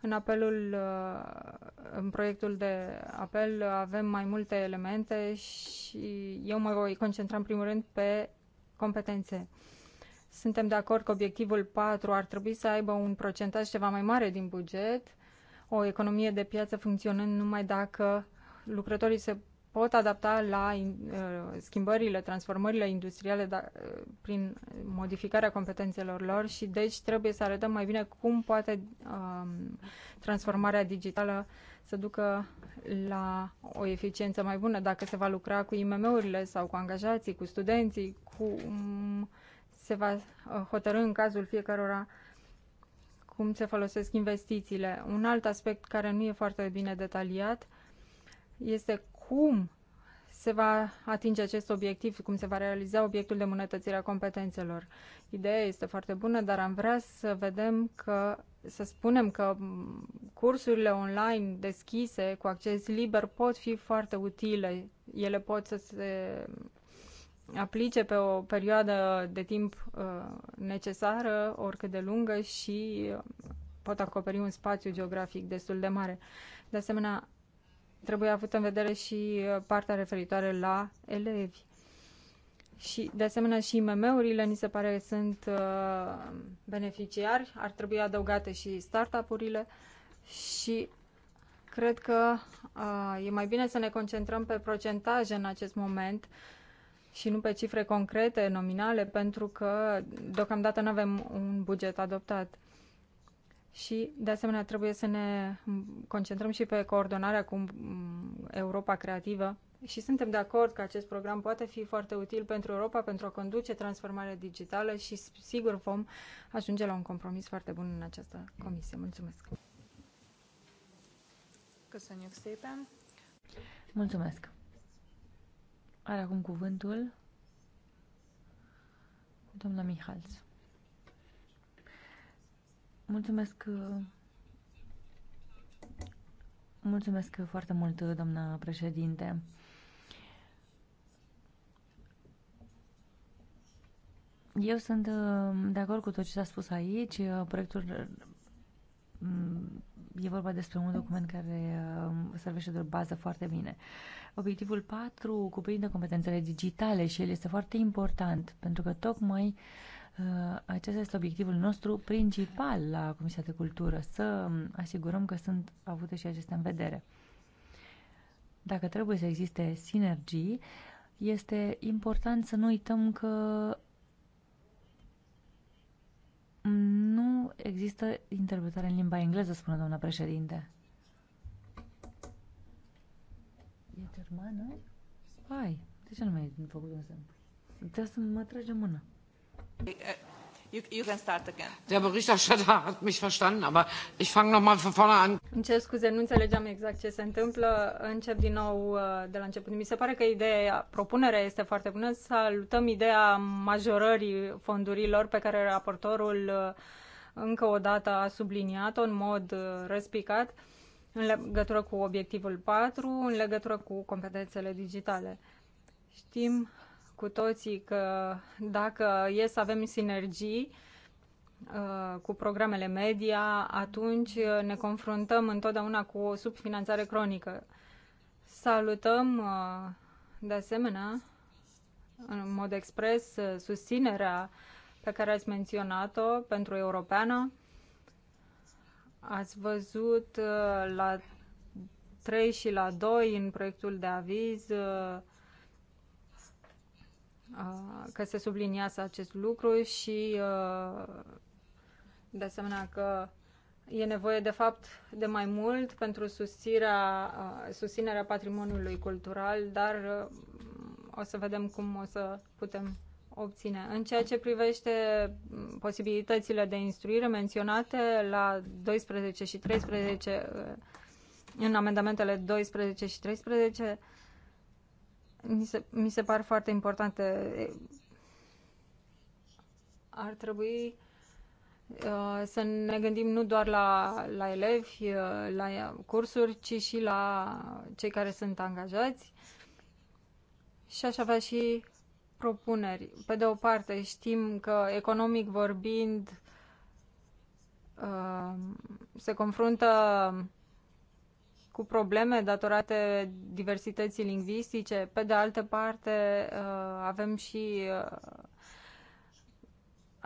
Speaker 2: În apelul, uh, în proiectul de apel avem mai multe elemente și eu mă voi concentra în primul rând pe competențe. Suntem de acord că obiectivul 4 ar trebui să aibă un procentaj ceva mai mare din buget, o economie de piață funcționând numai dacă lucrătorii se pot adapta la uh, schimbările, transformările industriale da, uh, prin modificarea competențelor lor și deci trebuie să arătăm mai bine cum poate um, transformarea digitală să ducă la o eficiență mai bună, dacă se va lucra cu IMM-urile sau cu angajații, cu studenții, cu um, se va uh, hotărâ în cazul fiecărora cum se folosesc investițiile. Un alt aspect care nu e foarte bine detaliat este cum se va atinge acest obiectiv, cum se va realiza obiectul de îmbunătățire a competențelor. Ideea este foarte bună, dar am vrea să vedem că, să spunem că cursurile online deschise, cu acces liber, pot fi foarte utile. Ele pot să se aplice pe o perioadă de timp uh, necesară, oricât de lungă și uh, pot acoperi un spațiu geografic destul de mare. De asemenea, trebuie avut în vedere și uh, partea referitoare la elevi. Și, de asemenea, și IMM-urile, ni se pare, sunt uh, beneficiari, ar trebui adăugate și startup-urile și cred că uh, e mai bine să ne concentrăm pe procentaje în acest moment și nu pe cifre concrete, nominale, pentru că deocamdată nu avem un buget adoptat. Și, de asemenea, trebuie să ne concentrăm și pe coordonarea cu mm, Europa Creativă. Și suntem de acord că acest program poate fi foarte util pentru Europa, pentru a conduce transformarea digitală și, sigur, vom ajunge la un compromis foarte bun în această comisie. Mulțumesc!
Speaker 3: Mulțumesc! Are acum cuvântul doamna Mihals. Mulțumesc Mulțumesc foarte mult, doamna președinte. Eu sunt uh, de acord cu tot ce s-a spus aici. Proiectul Mm, e vorba despre un document care uh, servește de o bază foarte bine. Obiectivul 4 cuprinde competențele digitale și el este foarte important pentru că tocmai uh, acesta este obiectivul nostru principal la Comisia de Cultură, să um, asigurăm că sunt avute și acestea în vedere. Dacă trebuie să existe sinergii, este important să nu uităm că există interpretare în limba engleză, spune doamna președinte. E germană? Hai, de ce nu mai ai făcut un semn? Trebuie să mă trage mână.
Speaker 1: You, you can start again. Der Berichterstatter hat mich verstanden, aber ich fange noch von vorne an. Îmi cer scuze, nu
Speaker 2: înțelegeam exact ce se întâmplă. Încep din nou uh, de la început. Mi se pare că ideea, propunerea este foarte bună. Salutăm ideea majorării fondurilor pe care raportorul uh, încă o dată a subliniat-o în mod uh, răspicat în legătură cu obiectivul 4, în legătură cu competențele digitale. Știm cu toții că dacă e să avem sinergii uh, cu programele media, atunci uh, ne confruntăm întotdeauna cu o subfinanțare cronică. Salutăm de asemenea în mod expres susținerea uh, pe care ați menționat-o pentru europeană. Ați văzut uh, la 3 și la 2 în proiectul de aviz uh, uh, că se subliniază acest lucru și de asemenea că e nevoie de fapt de mai mult pentru susținerea, susținerea patrimoniului cultural, dar o să vedem cum o să putem obține. În ceea ce privește posibilitățile de instruire menționate la 12 și 13, în amendamentele 12 și 13, mi se, mi se par foarte importante. Ar trebui uh, să ne gândim nu doar la, la elevi, uh, la cursuri, ci și la cei care sunt angajați. Și aș avea și propuneri. Pe de o parte, știm că economic vorbind uh, se confruntă cu probleme datorate diversității lingvistice. Pe de altă parte, uh, avem și uh,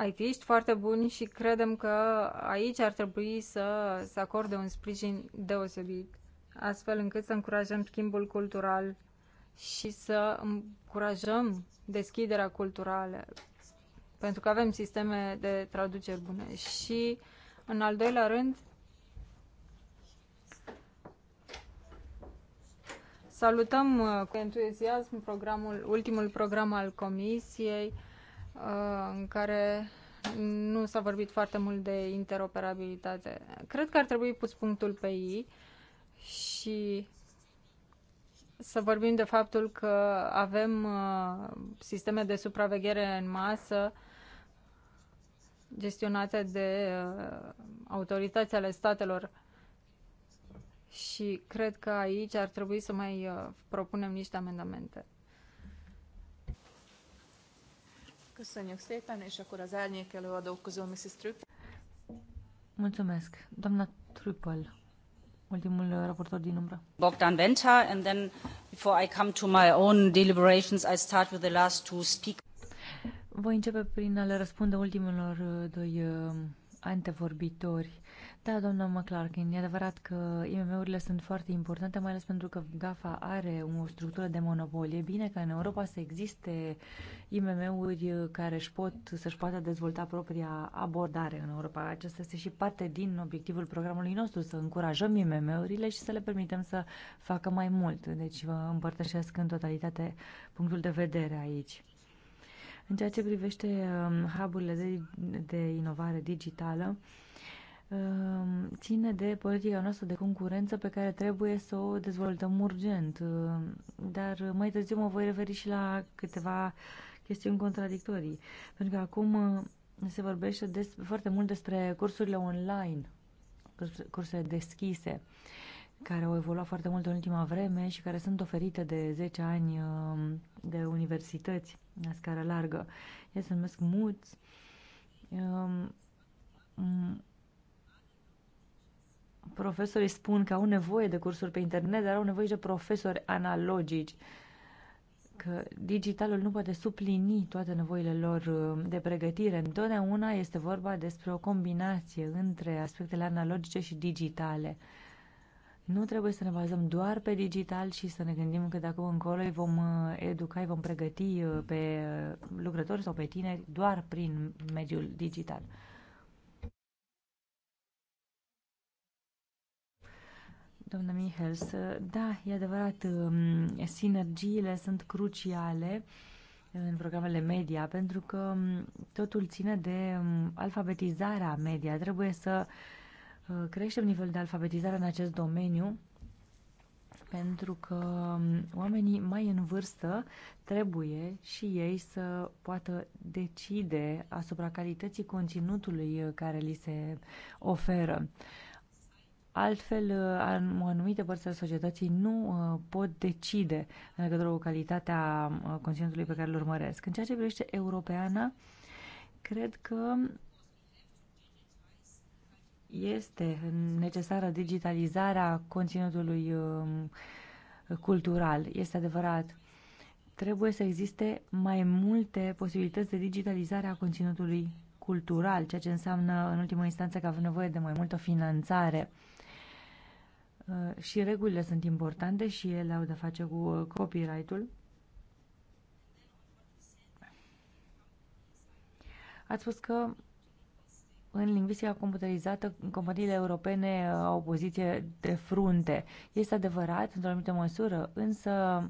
Speaker 2: IT-ști foarte buni și credem că aici ar trebui să se acorde un sprijin deosebit, astfel încât să încurajăm schimbul cultural și să încurajăm deschiderea culturală, pentru că avem sisteme de traduceri bune. Și, în al doilea rând, salutăm uh, cu entuziasm programul, ultimul program al Comisiei, uh, în care nu s-a vorbit foarte mult de interoperabilitate. Cred că ar trebui pus punctul pe ei și să vorbim de faptul că avem uh, sisteme de supraveghere în masă gestionate de uh, autorități ale statelor și cred că aici ar trebui să mai uh, propunem niște amendamente.
Speaker 1: Köszönjük szépen, és akkor az árnyék előadók közül Mrs. Trüppel.
Speaker 3: Mulțumesc. Doamna Trüppel ultimul uh, raportor din umbră. Bogdan Benta, and then before I come to my own deliberations, I start with the last two speakers. Voi începe prin a le răspunde ultimilor uh, doi uh, antevorbitori. Da, doamna McClarkin, e adevărat că IMM-urile sunt foarte importante, mai ales pentru că GAFA are o structură de monopol. E bine că în Europa să existe IMM-uri care își pot, să-și poată dezvolta propria abordare în Europa. Acesta este și parte din obiectivul programului nostru, să încurajăm IMM-urile și să le permitem să facă mai mult. Deci vă împărtășesc în totalitate punctul de vedere aici. În ceea ce privește um, hub-urile de, de inovare digitală, uh, Um, ține de politica noastră de concurență pe care trebuie să o dezvoltăm urgent. Um, dar mai târziu mă voi referi și la câteva chestiuni contradictorii. Pentru că acum uh, se vorbește des, foarte mult despre cursurile online, cursurile deschise, care au evoluat foarte mult în ultima vreme și care sunt oferite de 10 ani um, de universități la scară largă. Ele se numesc MUTS profesorii spun că au nevoie de cursuri pe internet, dar au nevoie de profesori analogici, că digitalul nu poate suplini toate nevoile lor uh, de pregătire. Întotdeauna este vorba despre o combinație între aspectele analogice și digitale. Nu trebuie să ne bazăm doar pe digital și să ne gândim că de acum încolo îi vom uh, educa, îi vom pregăti uh, pe lucrători sau pe tineri doar prin mediul digital. doamna Mihels. Da, e adevărat, um, sinergiile sunt cruciale în programele media, pentru că um, totul ține de um, alfabetizarea media. Trebuie să uh, creștem nivelul de alfabetizare în acest domeniu, pentru că oamenii mai în vârstă trebuie și ei să poată decide asupra calității conținutului uh, care li se oferă. Uh, Altfel, uh, anumite părți ale societății nu uh, pot decide în legătură cu calitatea uh, conținutului pe care îl urmăresc. În ceea ce privește europeana, cred că este necesară digitalizarea conținutului um, cultural. Este adevărat. Trebuie să existe mai multe posibilități de digitalizare a conținutului cultural, ceea ce înseamnă, în ultimă instanță, că avem nevoie de mai multă finanțare Uh, și regulile sunt importante și ele au de face cu uh, copyright-ul. Ați spus că în lingvistica computerizată, companiile europene uh, au o poziție de frunte. Este adevărat, într-o anumită măsură, însă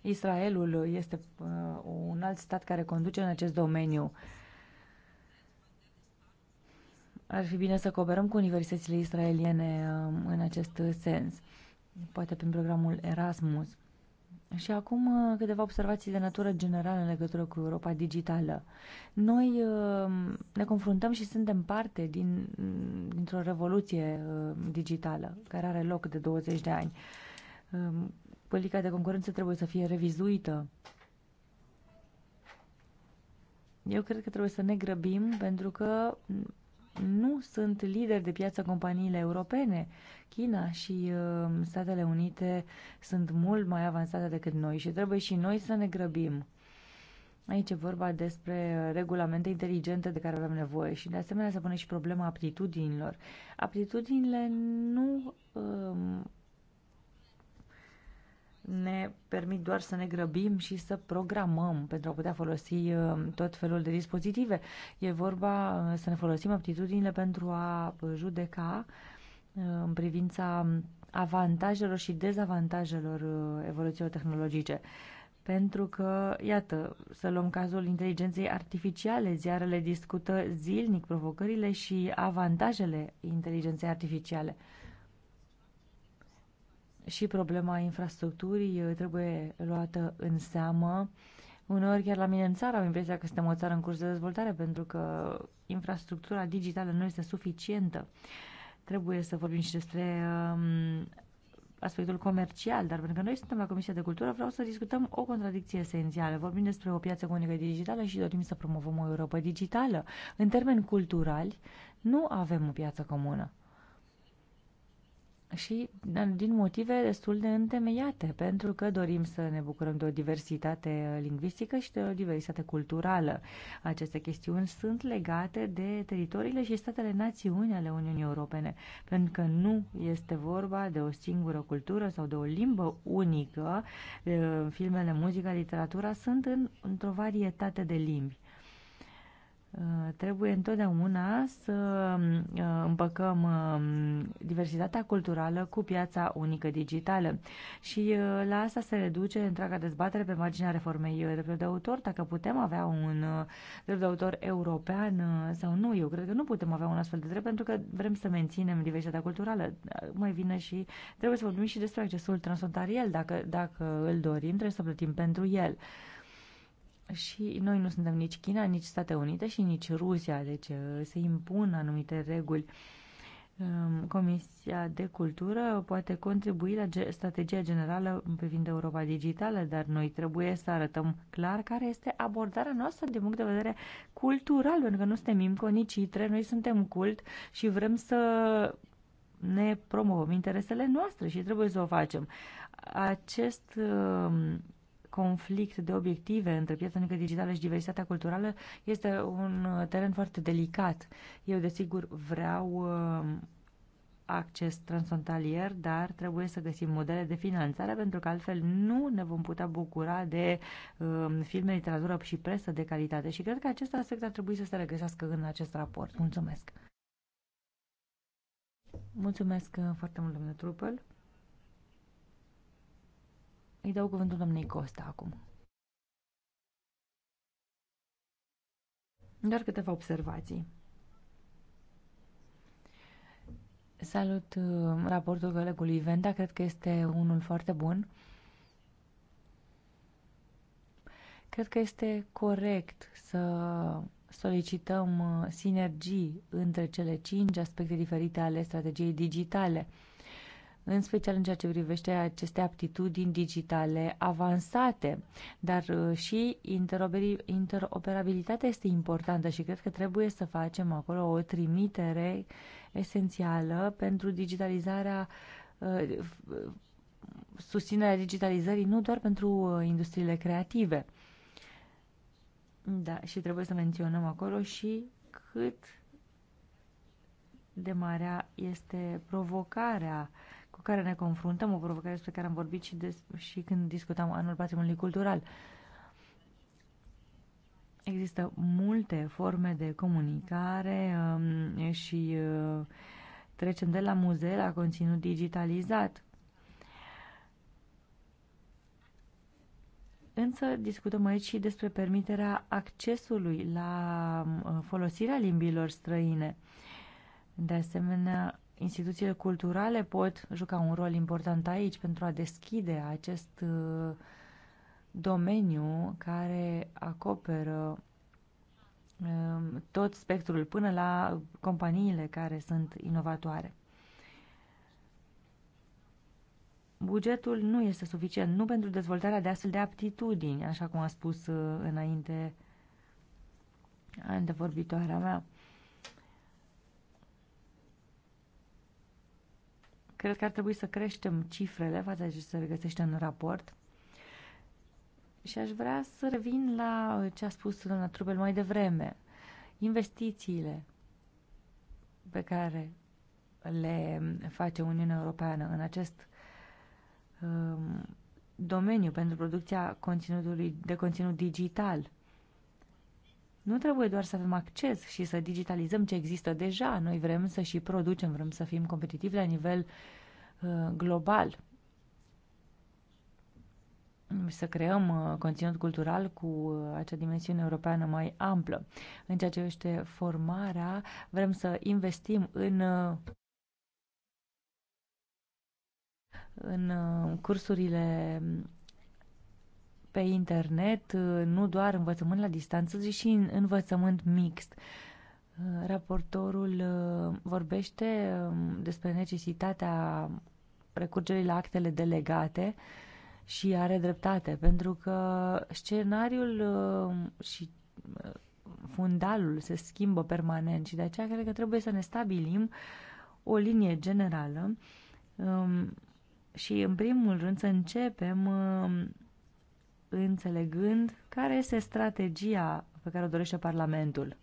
Speaker 3: Israelul este un alt stat care conduce în acest domeniu. Uh, ar fi bine să cooperăm cu universitățile israeliene um, în acest sens, poate prin programul Erasmus. Și acum uh, câteva observații de natură generală în legătură cu Europa digitală. Noi um, ne confruntăm și suntem parte din, dintr-o revoluție um, digitală care are loc de 20 de ani. Politica de concurență trebuie să fie revizuită. Eu cred că trebuie să ne grăbim pentru că nu sunt lideri de piață companiile europene. China și uh, Statele Unite sunt mult mai avansate decât noi și trebuie și noi să ne grăbim. Aici e vorba despre regulamente inteligente de care avem nevoie și de asemenea se pune și problema aptitudinilor. Aptitudinile nu Uh, ne permit doar să ne grăbim și să programăm pentru a putea folosi uh, tot felul de dispozitive. E vorba uh, să ne folosim aptitudinile pentru a uh, judeca în privința avantajelor și dezavantajelor evoluțiilor tehnologice. Pentru că, iată, să luăm cazul inteligenței artificiale, ziarele discută zilnic provocările și avantajele inteligenței artificiale și problema infrastructurii uh, trebuie luată în seamă. Uneori chiar la mine în țară am impresia că suntem o țară în curs de dezvoltare pentru că infrastructura digitală nu este suficientă. Trebuie să vorbim și despre um, aspectul comercial, dar pentru că noi suntem la Comisia de Cultură, vreau să discutăm o contradicție esențială. Vorbim despre o piață unică digitală și dorim să promovăm o Europa digitală. În termeni culturali, nu avem o piață comună și da, din motive destul de întemeiate, pentru că dorim să ne bucurăm de o diversitate lingvistică și de o diversitate culturală. Aceste chestiuni sunt legate de teritoriile și statele națiuni ale Uniunii Europene, pentru că nu este vorba de o singură cultură sau de o limbă unică. Filmele, muzica, literatura sunt în, într-o varietate de limbi. Uh, trebuie întotdeauna să uh, împăcăm uh, diversitatea culturală cu piața unică digitală. Și la asta se reduce întreaga dezbatere pe marginea reformei dreptului de autor, dacă putem avea un drept de autor european sau nu. Eu cred că nu putem avea un astfel de drept pentru că vrem să menținem diversitatea culturală. Mai vine și trebuie să vorbim și despre accesul transfrontalier, dacă, dacă îl dorim, trebuie să plătim pentru el. Și noi nu suntem nici China, nici Statele Unite și nici Rusia, deci uh, se impun anumite reguli. Um, Comisia de Cultură poate contribui la strategia generală privind Europa Digitală, dar noi trebuie să arătăm clar care este abordarea noastră din punct de vedere cultural, pentru că nu suntem IMCO, nici ITRE, noi suntem cult și vrem să ne promovăm interesele noastre și trebuie să o facem. Acest um, conflict de obiective între piața unică digitală și diversitatea culturală este un teren foarte delicat. Eu, desigur, vreau uh, acces transfrontalier, dar trebuie să găsim modele de finanțare pentru că altfel nu ne vom putea bucura de um, filme, literatură și presă de calitate și cred că acest aspect ar trebui să se regăsească în acest raport. Mulțumesc! Mulțumesc foarte mult, domnule Trupel. Îi dau cuvântul doamnei Costa acum. Doar câteva observații. Salut uh, raportul colegului Venda, cred că este unul foarte bun. Cred că este corect să solicităm uh, sinergii între cele cinci aspecte diferite ale strategiei digitale – în special în ceea ce privește aceste aptitudini digitale avansate, dar uh, și interoperabilitatea este importantă și cred că trebuie să facem acolo o trimitere esențială pentru digitalizarea uh, susținerea digitalizării nu doar pentru uh, industriile creative. Da, și trebuie să menționăm acolo și cât de marea este provocarea uh, cu care ne confruntăm, o provocare despre care am vorbit și, des, și când discutam anul patrimoniului cultural. Există multe forme de comunicare um, și uh, trecem de la muzee la conținut digitalizat. Însă discutăm aici și despre permiterea accesului la uh, folosirea limbilor străine. De asemenea, instituțiile culturale pot juca un rol important aici pentru a deschide acest uh, domeniu care acoperă um, tot spectrul până la companiile care sunt inovatoare. Bugetul nu este suficient, nu pentru dezvoltarea de astfel de aptitudini, așa cum a spus uh, înainte antevorbitoarea mea. Cred că ar trebui să creștem cifrele față de ce se regăsește în raport. Și aș vrea să revin la ce a spus doamna Trubel mai devreme. Investițiile pe care le face Uniunea Europeană în acest um, domeniu pentru producția conținutului, de conținut digital nu trebuie doar să avem acces și să digitalizăm ce există deja. Noi vrem să și producem, vrem să fim competitivi la nivel uh, global. Să creăm uh, conținut cultural cu uh, acea dimensiune europeană mai amplă. În ceea ce este formarea, vrem să investim în. Uh, în uh, cursurile pe internet uh, nu doar învățământ la distanță, ci și în învățământ mixt. Uh, raportorul uh, vorbește um, despre necesitatea recurgerii la actele delegate și are dreptate, pentru că scenariul um, și fundalul se schimbă permanent și de aceea cred că trebuie să ne stabilim o linie generală um, și în primul rând să începem înțelegând care este strategia pe care o dorește Parlamentul.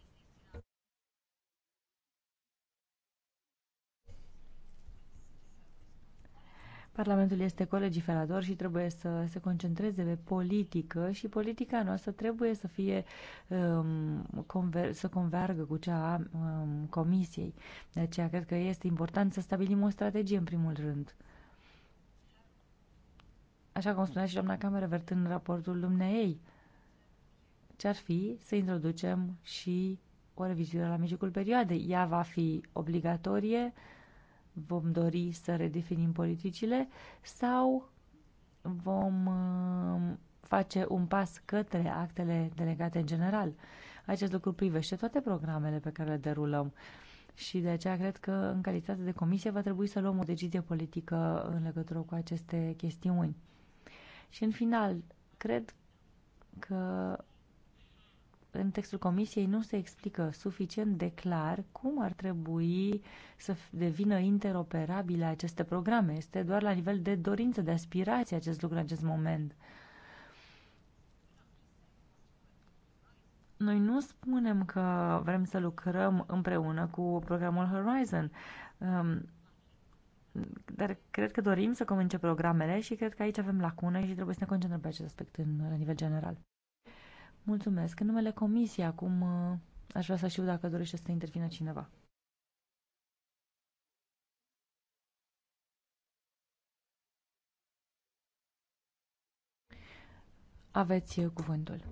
Speaker 3: Parlamentul este colegiferator și trebuie să se concentreze pe politică și politica noastră trebuie să fie um, conver- să convergă cu cea a um, Comisiei. De aceea cred că este important să stabilim o strategie în primul rând așa cum spunea și doamna Cameră, în raportul dumneei, ce ar fi să introducem și o revizuire la mijlocul perioadei. Ea va fi obligatorie, vom dori să redefinim politicile sau vom uh, face un pas către actele delegate în general. Acest lucru privește toate programele pe care le derulăm și de aceea cred că în calitate de comisie va trebui să luăm o decizie politică în legătură cu aceste chestiuni. Și în final, cred că în textul comisiei nu se explică suficient de clar cum ar trebui să devină interoperabile aceste programe. Este doar la nivel de dorință, de aspirație acest lucru în acest moment. Noi nu spunem că vrem să lucrăm împreună cu programul Horizon. Um, dar cred că dorim să comunice programele și cred că aici avem lacune și trebuie să ne concentrăm pe acest aspect în, la nivel general. Mulțumesc. În numele comisiei acum uh, aș vrea să știu dacă dorește să intervină cineva. Aveți uh, cuvântul.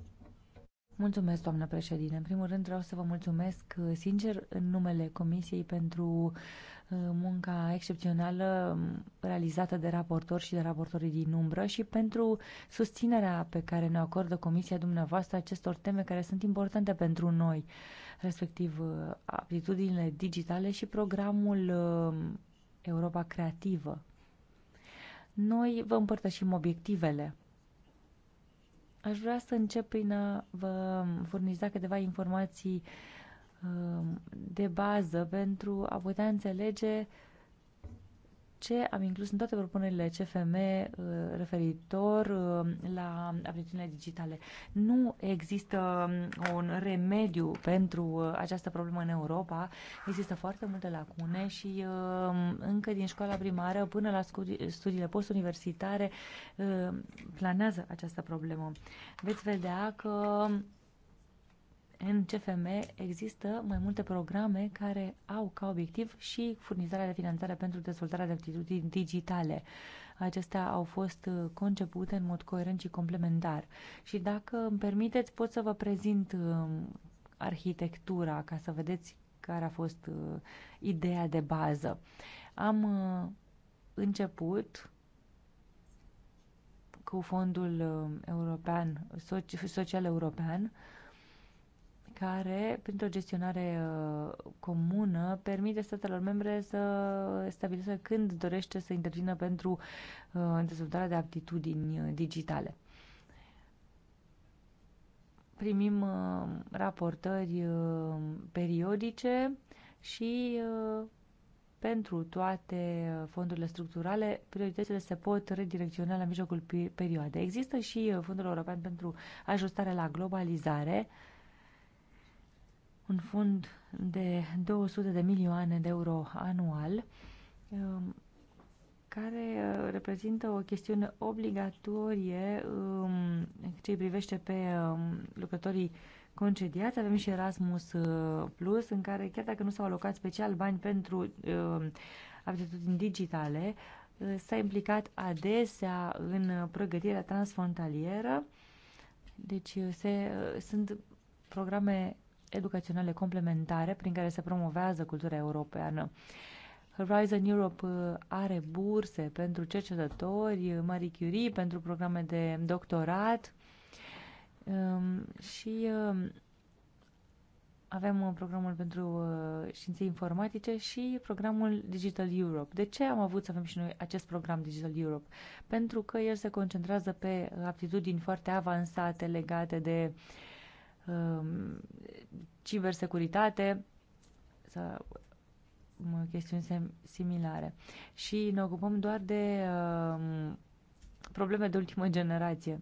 Speaker 3: Mulțumesc, doamnă președinte. În primul rând vreau să vă mulțumesc uh, sincer în numele Comisiei pentru uh, munca excepțională um, realizată de raportor și de raportorii din umbră și pentru susținerea pe care ne acordă Comisia dumneavoastră acestor teme care sunt importante pentru noi, respectiv uh, aptitudinile digitale și programul um, Europa Creativă. Noi vă împărtășim obiectivele Aș vrea să încep prin a vă furniza câteva informații um, de bază pentru a putea înțelege ce am inclus în toate propunerile CFM uh, referitor uh, la aplicațiunile digitale. Nu există um, un remediu pentru uh, această problemă în Europa. Există foarte multe lacune și um, încă din școala primară până la studiile postuniversitare planează această problemă. Veți vedea că în CFM există mai multe programe care au ca obiectiv și furnizarea de finanțare pentru dezvoltarea de aptitudini digitale. Acestea au fost uh, concepute în mod coerent și complementar. Și dacă îmi permiteți, pot să vă prezint um, arhitectura ca să vedeți care a fost uh, ideea de bază. Am uh, început cu Fondul um, European, Social European, care, printr-o gestionare uh, comună, permite statelor membre să stabilească când dorește să intervină pentru uh, dezvoltarea de aptitudini uh, digitale. Primim raportări periodice și pentru toate fondurile structurale, prioritățile se pot redirecționa la mijlocul perioadei. Există și Fondul European pentru ajustare la globalizare, un fond de 200 de milioane de euro anual um, care uh, reprezintă o chestiune obligatorie um, ce privește pe um, lucrătorii concediați. Avem și Erasmus uh, Plus, în care chiar dacă nu s-au alocat special bani pentru aptitudini digitale, uh, s-a implicat adesea în pregătirea transfrontalieră. Deci se, sunt programe educaționale complementare prin care se promovează cultura europeană. Horizon Europe uh, are burse pentru cercetători, uh, Marie Curie pentru programe de doctorat um, și um, avem uh, programul pentru științe informatice și programul Digital Europe. De ce am avut să avem și noi acest program Digital Europe? Pentru că el se concentrează pe aptitudini foarte avansate legate de uh, Um, cibersecuritate sau um, chestiuni similare. Și ne ocupăm doar de um, probleme de ultimă generație.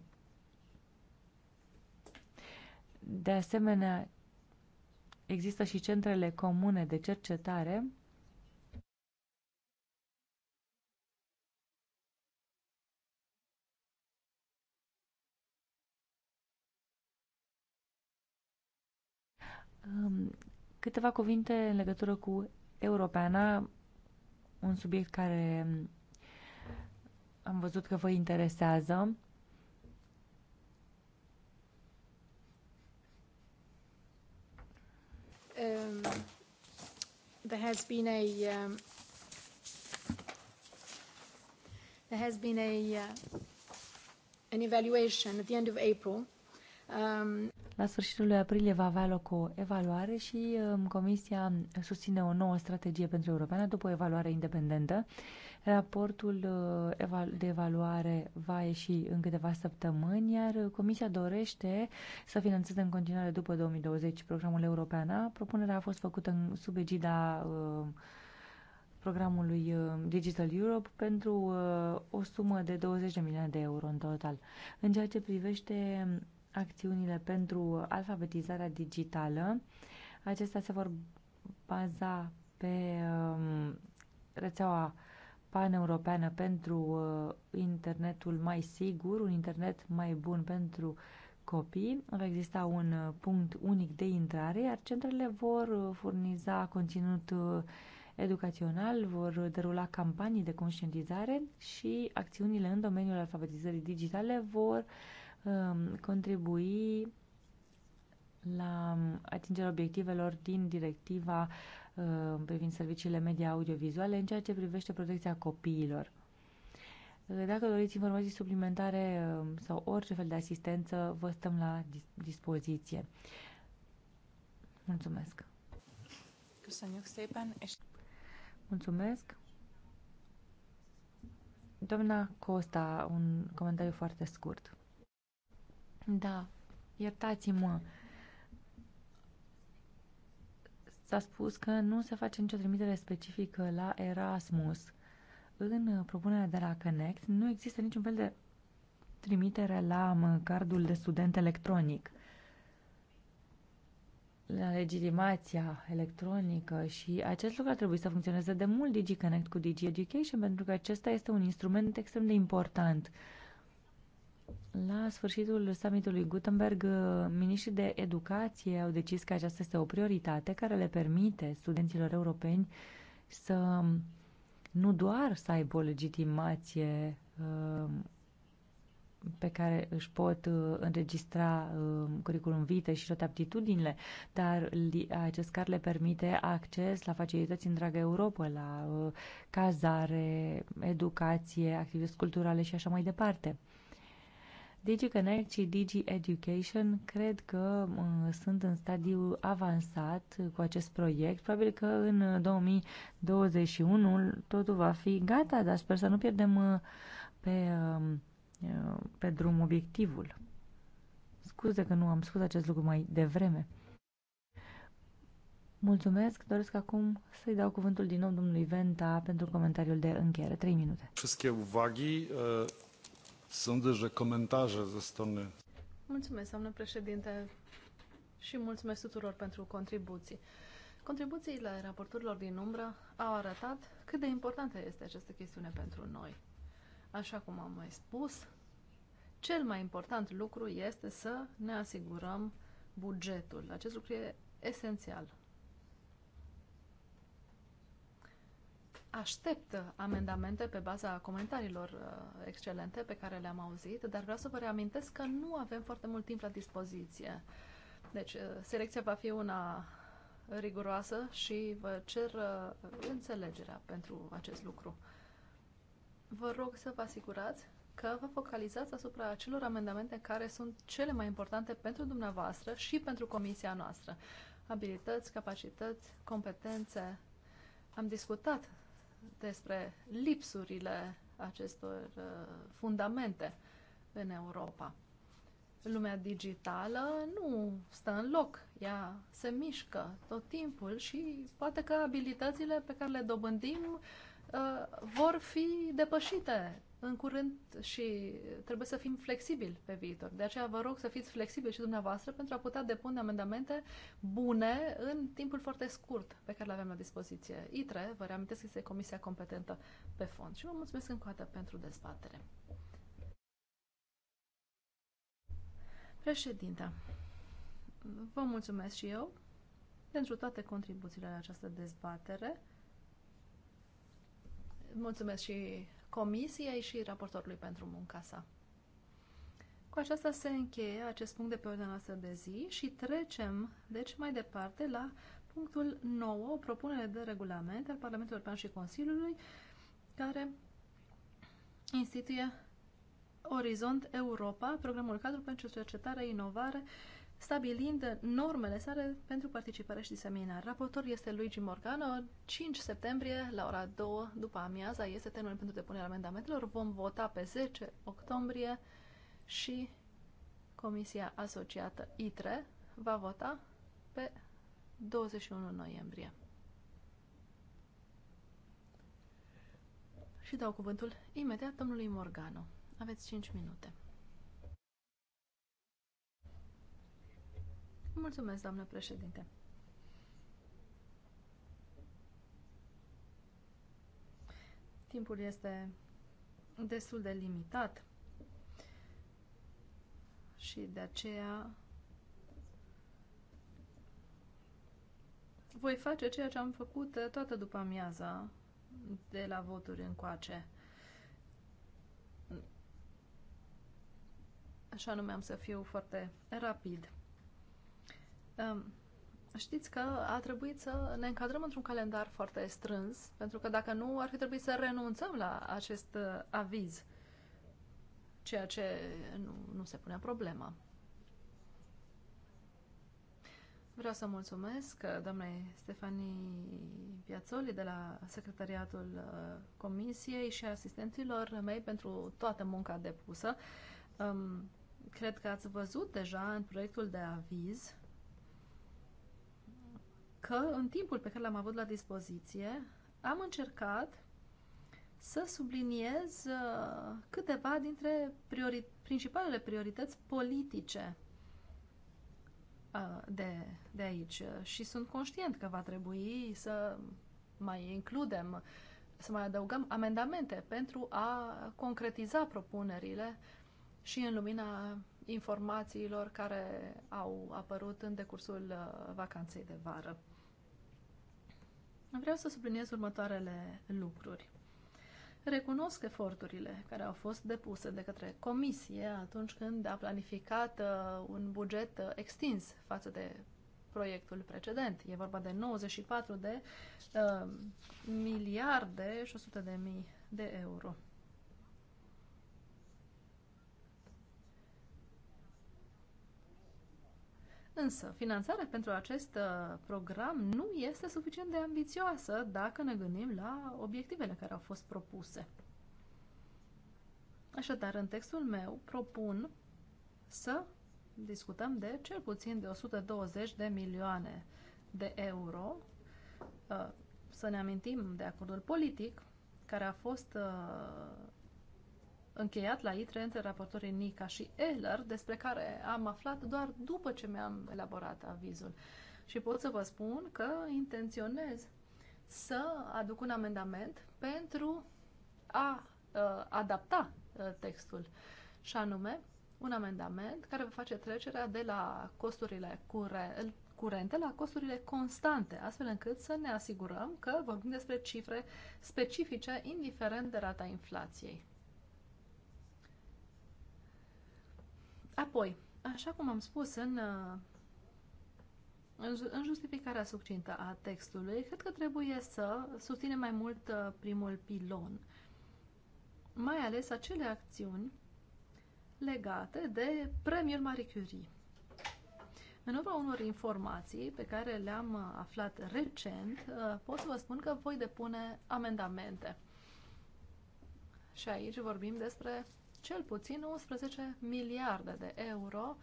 Speaker 3: De asemenea, există și centrele comune de cercetare Câteva cuvinte în legătură cu Europeana, un subiect care am văzut că vă interesează.
Speaker 4: Um, there has been a um, there has been a uh, an evaluation at the end of April Um,
Speaker 3: La sfârșitul lui aprilie va avea loc o evaluare și um, Comisia susține o nouă strategie pentru europeană după o evaluare independentă. Raportul uh, de evaluare va ieși în câteva săptămâni, iar Comisia dorește să finanțeze în continuare după 2020 programul european. Propunerea a fost făcută în sub egida uh, programului uh, Digital Europe pentru o sumă de 20 de milioane de euro în total. În ceea ce privește acțiunile pentru alfabetizarea digitală. Acestea se vor baza pe um, rețeaua paneuropeană pentru uh, internetul mai sigur, un internet mai bun pentru copii. Va exista un uh, punct unic de intrare, iar centrele vor uh, furniza conținut educațional, vor derula campanii de conștientizare și acțiunile în domeniul alfabetizării digitale vor uh, Um, contribui la atingerea obiectivelor din directiva um, privind serviciile media audiovizuale în ceea ce privește protecția copiilor. Uh, dacă doriți informații suplimentare um, sau orice fel de asistență, vă stăm la dispoziție. Mulțumesc! Mulțumesc! Doamna Costa, un comentariu foarte scurt. Da, iertați-mă. S-a spus că nu se face nicio trimitere specifică la Erasmus. În propunerea de la Connect nu există niciun fel de trimitere la cardul de student electronic. La legitimația electronică și acest lucru ar trebui să funcționeze de mult DigiConnect cu DigiEducation pentru că acesta este un instrument extrem de important uh, la sfârșitul summitului Gutenberg, uh, miniștrii de educație au decis că aceasta este o prioritate care le permite studenților europeni să um, nu doar să aibă o legitimație um, pe care își pot uh, înregistra um, curriculum vitae și toate aptitudinile, dar acest car le permite acces la facilități în întreaga Europa, la uh, cazare, educație, activități culturale și așa mai departe. DigiConnect și DigiEducation cred că sunt în stadiu avansat cu acest proiect. Probabil că în 2021 totul va fi gata, dar sper să nu pierdem pe, pe drum obiectivul. Scuze că nu am spus acest lucru mai devreme. Mulțumesc, doresc acum să-i dau cuvântul din nou domnului Venta pentru comentariul de încheiere. 3
Speaker 1: minute. vă uwagi. Sądzę, że komentarze ze strony...
Speaker 4: Mulțumesc, doamnă președinte, și mulțumesc tuturor pentru contribuții. Contribuțiile raporturilor din umbră au arătat cât de importantă este această chestiune pentru noi. Așa cum am mai spus, cel mai important lucru este să ne asigurăm bugetul. Acest lucru e esențial. aștept amendamente pe baza comentariilor uh, excelente pe care le-am auzit, dar vreau să vă reamintesc că nu avem foarte mult timp la dispoziție. Deci, uh, selecția va fi una riguroasă și vă cer uh, înțelegerea pentru acest lucru. Vă rog să vă asigurați că vă focalizați asupra acelor amendamente care sunt cele mai importante pentru dumneavoastră și pentru comisia noastră. Abilități, capacități, competențe. Am discutat despre lipsurile acestor uh, fundamente în Europa. Lumea digitală nu stă în loc, ea se mișcă tot timpul și poate că abilitățile pe care le dobândim uh, vor fi depășite în curând și trebuie să fim flexibili pe viitor. De aceea vă rog să fiți flexibili și dumneavoastră pentru a putea depune amendamente bune în timpul foarte scurt pe care le avem la dispoziție. ITRE, vă reamintesc, este comisia competentă pe fond. Și vă mulțumesc încă o dată pentru dezbatere. Președinte, vă mulțumesc și eu pentru toate contribuțiile la această dezbatere. Mulțumesc și Comisiei și raportorului pentru munca sa. Cu aceasta se încheie acest punct de pe ordinea noastră de zi și trecem, deci, mai departe la punctul 9, o propunere de regulament al Parlamentului European și Consiliului care instituie Orizont Europa, programul cadru pentru cercetare, inovare, uh, stabilind normele sale pentru participare și diseminar. Raportor este Luigi Morgano. 5 septembrie, la ora 2 după amiaza, este termenul pentru depunerea amendamentelor. Vom vota pe 10 octombrie și Comisia Asociată ITRE va vota pe 21 noiembrie. Și dau cuvântul imediat domnului Morgano. Aveți 5 minute. Mulțumesc, doamnă președinte. Timpul este destul de limitat și de aceea voi face ceea ce am făcut toată după amiaza de la voturi încoace. Așa mi am să fiu foarte rapid. Ehm, știți că a trebuit să ne încadrăm într-un calendar foarte strâns, pentru că dacă nu, ar fi trebuit să renunțăm la acest uh, aviz, ceea ce nu, nu se punea problema. Vreau să mulțumesc uh, doamnei Stefanii Piazzoli de la Secretariatul uh, Comisiei și asistenților mei pentru toată munca depusă. Ehm, cred că ați văzut deja în proiectul de aviz că în timpul pe care l-am avut la dispoziție am încercat să subliniez uh, câteva dintre priori principalele priorități politice uh, de, de aici și sunt conștient că va trebui să mai includem, să mai adăugăm amendamente pentru a concretiza propunerile și în lumina informațiilor care au apărut în decursul uh, vacanței de vară. Vreau să subliniez următoarele lucruri. Recunosc eforturile care au fost depuse de către comisie atunci când a planificat uh, un buget uh, extins față de proiectul precedent. E vorba de 94 de uh, miliarde și 100 de mii de euro. Însă, finanțarea pentru acest uh, program nu este suficient de ambițioasă dacă ne gândim la obiectivele care au fost propuse. Așadar, în textul meu propun să discutăm de cel puțin de 120 de milioane de euro. Uh, să ne amintim de acordul politic care a fost uh, încheiat la ITRE între raportorii Nica și Eller, despre care am aflat doar după ce mi-am elaborat avizul. Și pot să vă spun că intenționez să aduc un amendament pentru a uh, adapta uh, textul. Și anume, un amendament care va face trecerea de la costurile cure, curente la costurile constante, astfel încât să ne asigurăm că vorbim despre cifre specifice, indiferent de rata inflației. Apoi, așa cum am spus în, uh, în justificarea succintă a textului, cred că trebuie să susținem mai mult uh, primul pilon, mai ales acele acțiuni legate de premiul Marie Curie. În urma unor informații pe care le-am uh, aflat recent, pot să vă spun că voi depune amendamente. Și aici vorbim despre cel puțin 11 miliarde de euro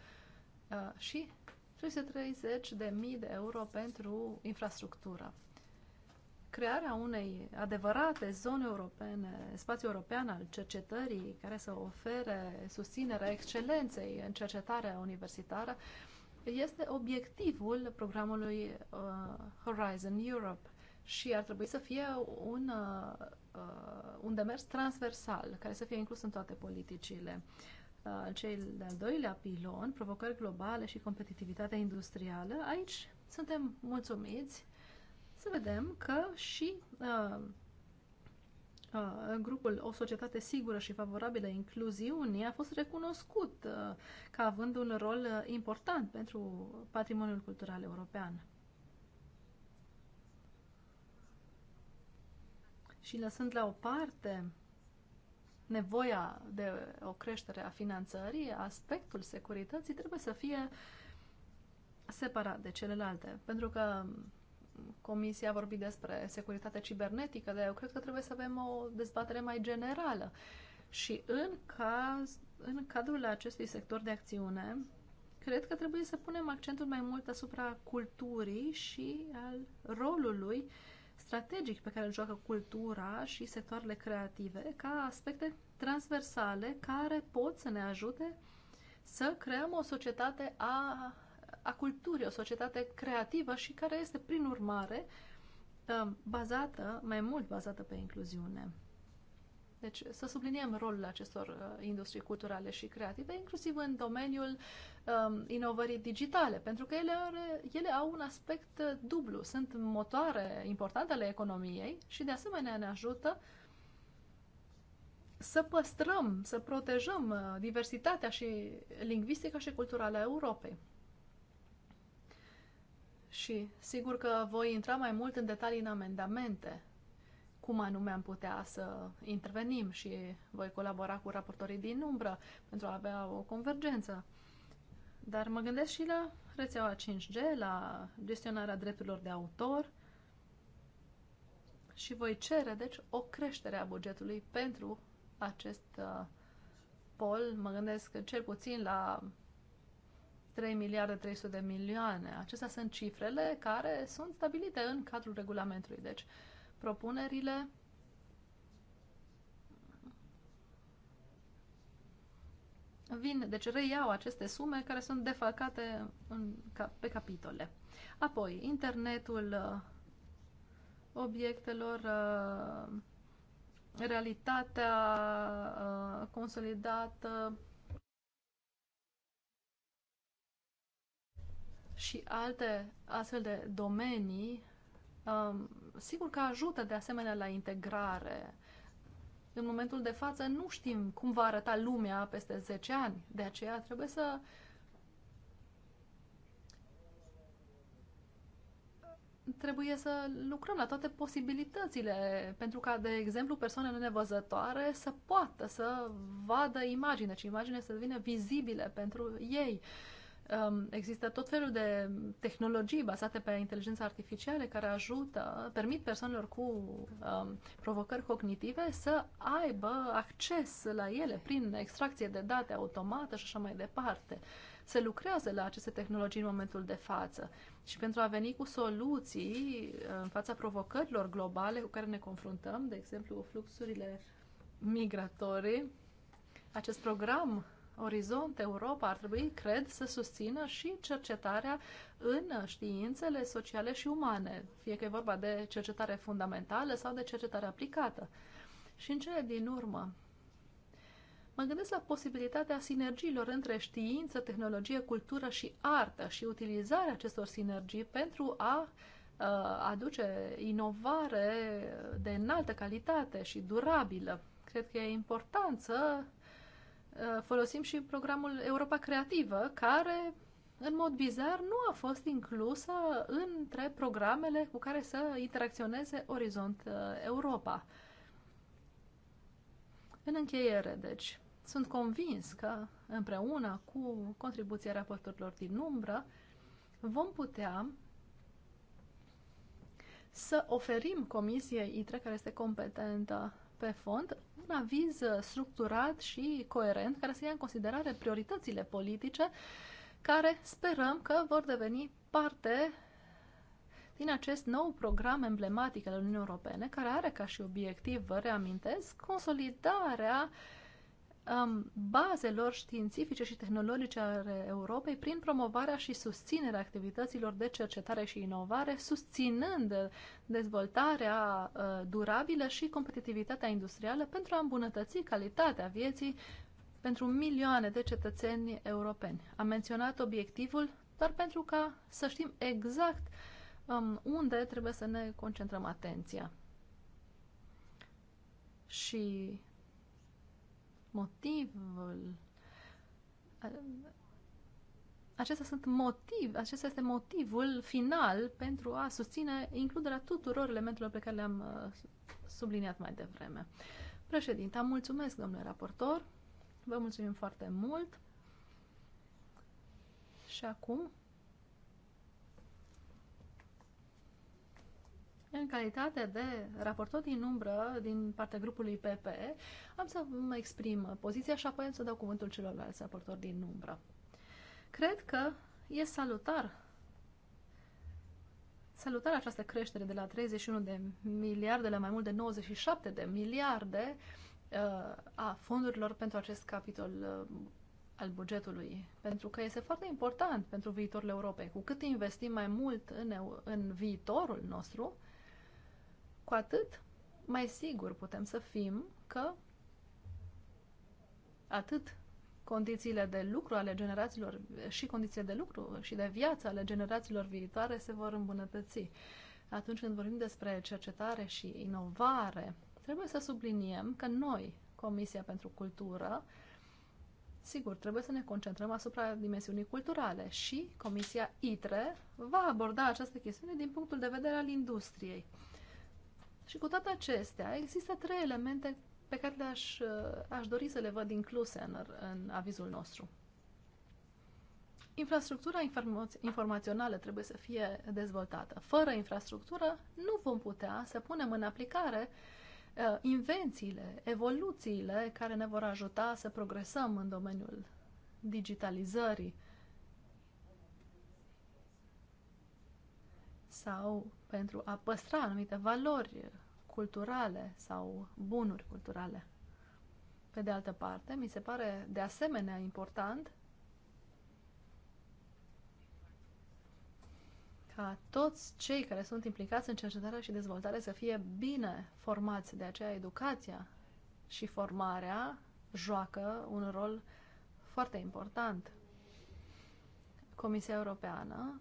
Speaker 4: uh, și 330 de mii de euro pentru infrastructură. Crearea unei adevărate zone europene, spațiu european al cercetării, care să ofere susținerea excelenței în cercetarea universitară, este obiectivul programului uh, Horizon Europe și ar trebui să fie un, uh, un demers transversal, care să fie inclus în toate politicile. Uh, cel de-al doilea pilon, provocări globale și competitivitatea industrială, aici suntem mulțumiți să vedem că și uh, uh grupul O societate sigură și favorabilă incluziunii a fost recunoscut uh, ca având un rol uh, important pentru patrimoniul cultural european. și lăsând la o parte nevoia de o creștere a finanțării, aspectul securității trebuie să fie separat de celelalte. Pentru că Comisia a vorbit despre securitate cibernetică, dar eu cred că trebuie să avem o dezbatere mai generală. Și în, caz, în cadrul acestui sector de acțiune, cred că trebuie să punem accentul mai mult asupra culturii și al rolului uh, strategic pe care îl joacă cultura și sectoarele creative ca aspecte transversale care pot să ne ajute să creăm o societate a, a culturii, o societate creativă și care este, prin urmare, um, bazată, mai mult bazată pe incluziune. Deci să subliniem rolul acestor uh, industrii culturale și creative, inclusiv în domeniul um, inovării digitale, pentru că ele, are, ele au un aspect uh, dublu. Sunt motoare importante ale economiei și de asemenea ne ajută să păstrăm, să protejăm uh, diversitatea și lingvistică și culturală a Europei. Și sigur că voi intra mai mult în detalii în amendamente, cum anume am putea să intervenim și voi colabora cu raportorii din umbră pentru a avea o convergență. Dar mă gândesc și la rețeaua 5G, la gestionarea drepturilor de autor și voi cere, deci, o creștere a bugetului pentru acest uh, pol. Mă gândesc cel puțin la 3 miliarde 300 de milioane. Acestea sunt cifrele care sunt stabilite în cadrul regulamentului. Deci, propunerile vin, deci reiau aceste sume care sunt defalcate în, ca, pe capitole. Apoi, internetul uh, obiectelor, uh, realitatea uh, consolidată și alte astfel de domenii, um, sigur că ajută de asemenea la integrare în momentul de față nu știm cum va arăta lumea peste 10 ani, de aceea trebuie să trebuie să lucrăm la toate posibilitățile, pentru ca, de exemplu, persoanele nevăzătoare să poată să vadă imagine, ci imagine să devină vizibile pentru ei. Uh, Um, există tot felul de tehnologii bazate pe inteligența artificială care ajută, permit persoanelor cu um, provocări cognitive să aibă acces la ele prin extracție de date automată și așa mai departe. Se lucrează la aceste tehnologii în momentul de față și pentru a veni cu soluții uh, în fața provocărilor globale cu care ne confruntăm, de exemplu fluxurile migratorii, acest program Orizont Europa ar trebui, cred, să susțină și cercetarea în științele sociale și umane, fie că e vorba de cercetare fundamentală sau de cercetare aplicată. Și în cele din urmă, mă gândesc la posibilitatea sinergiilor între știință, tehnologie, cultură și artă și utilizarea acestor sinergii pentru a uh, aduce inovare de înaltă calitate și durabilă. Cred că e important să Uh, folosim și programul Europa Creativă, care, în mod bizar, nu a fost inclusă între programele cu care să interacționeze Orizont uh, Europa. În încheiere, deci, sunt convins că, împreună cu contribuția raporturilor din umbră, vom putea să oferim comisiei ITRE, care este competentă pe fond, un aviz structurat și coerent care să ia în considerare prioritățile politice care sperăm că vor deveni parte din acest nou program emblematic al Uniunii Europene, care are ca și obiectiv, vă reamintesc, consolidarea uh, um, bazelor științifice și tehnologice ale Europei prin promovarea și susținerea activităților de cercetare și inovare, susținând dezvoltarea uh, durabilă și competitivitatea industrială pentru a îmbunătăți calitatea vieții pentru milioane de cetățeni europeni. Am menționat obiectivul doar pentru ca să știm exact um, unde trebuie să ne concentrăm atenția. Și motivul acestea sunt motiv, acesta este motivul final pentru a susține includerea tuturor elementelor pe care le-am uh, subliniat mai devreme. Președinte, mulțumesc, domnule raportor, vă mulțumim foarte mult și acum În calitate de raportor din umbră din partea grupului PP, am să mă exprim poziția și apoi am să dau cuvântul celorlalți raportori din umbră. Cred că e salutar salutar această creștere de la 31 de miliarde la mai mult de 97 de miliarde uh, a fondurilor pentru acest capitol uh, al bugetului, pentru că este foarte important pentru viitorul Europei. Cu cât investim mai mult în, în viitorul nostru, cu atât mai sigur putem să fim că atât condițiile de lucru ale generațiilor și condițiile de lucru și de viață ale generațiilor viitoare se vor îmbunătăți. Atunci când vorbim despre cercetare și inovare, trebuie să subliniem că noi, Comisia pentru Cultură, sigur, trebuie să ne concentrăm asupra dimensiunii culturale și Comisia ITRE va aborda această chestiune din punctul de vedere al industriei. Și cu toate acestea, există trei elemente pe care le-aș uh, aș dori să le văd incluse în, în avizul nostru. Infrastructura informațională trebuie să fie dezvoltată. Fără infrastructură nu vom putea să punem în aplicare uh, invențiile, evoluțiile care ne vor ajuta să progresăm în domeniul digitalizării sau pentru a păstra anumite valori culturale sau bunuri culturale. Pe de altă parte, mi se pare de asemenea important ca toți cei care sunt implicați în cercetarea și dezvoltare să fie bine formați. De aceea, educația și formarea joacă un rol foarte important. Comisia Europeană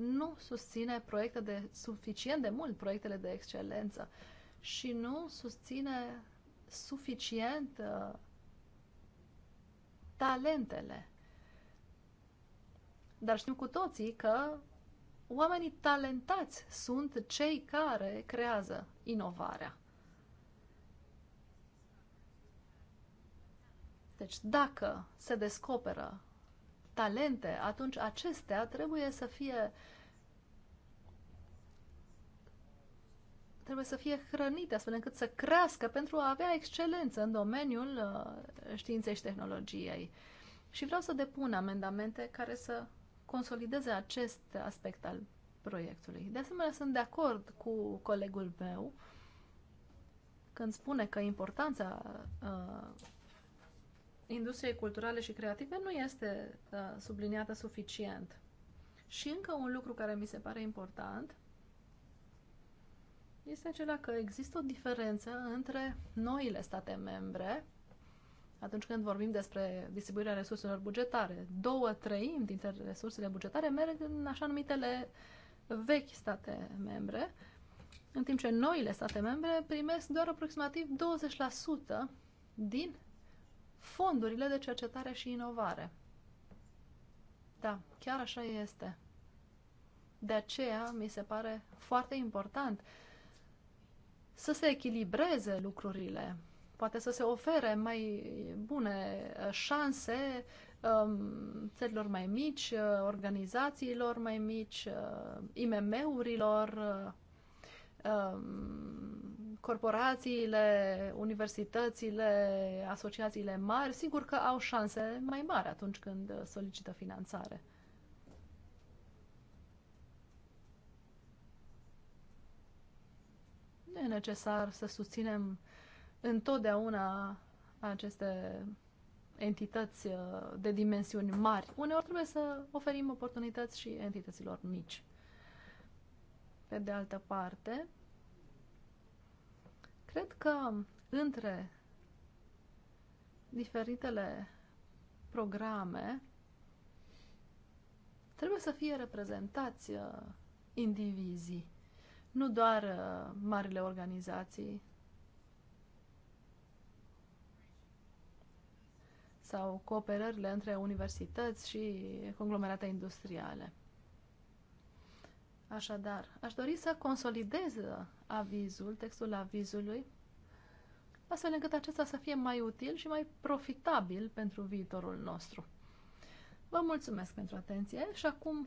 Speaker 4: nu susține proiecte de suficient de mult proiectele de excelență și nu susține suficient uh, talentele. Dar știm cu toții că oamenii talentați sunt cei care creează inovarea. Deci dacă se descoperă talente, atunci acestea trebuie să fie trebuie să fie hrănite astfel încât să crească pentru a avea excelență în domeniul uh, științei și tehnologiei. Și vreau să depun amendamente care să consolideze acest aspect al proiectului. De asemenea, sunt de acord cu colegul meu când spune că importanța uh, industriei culturale și creative nu este uh, subliniată suficient. Și încă un lucru care mi se pare important este acela că există o diferență între noile state membre atunci când vorbim despre distribuirea resurselor bugetare. Două treimi dintre resursele bugetare merg în așa numitele vechi state membre, în timp ce noile state membre primesc doar aproximativ 20% din fondurile de cercetare și inovare. Da, chiar așa este. De aceea mi se pare foarte important să se echilibreze lucrurile, poate să se ofere mai bune uh, șanse um, țărilor mai mici, uh, organizațiilor mai mici, uh, IMM-urilor, um, corporațiile, universitățile, asociațiile mari, sigur că au șanse mai mari atunci când solicită finanțare. Nu e necesar să susținem întotdeauna aceste entități uh, de dimensiuni mari. Uneori trebuie să oferim oportunități și entităților mici. Pe de altă parte, Cred că între diferitele programe trebuie să fie reprezentați uh, indivizii, nu doar uh, marile organizații sau cooperările între universități și conglomerate industriale. Așadar, aș dori să consolidez uh, avizul, textul avizului, astfel încât acesta să fie mai util și mai profitabil pentru viitorul nostru. Vă mulțumesc pentru atenție și acum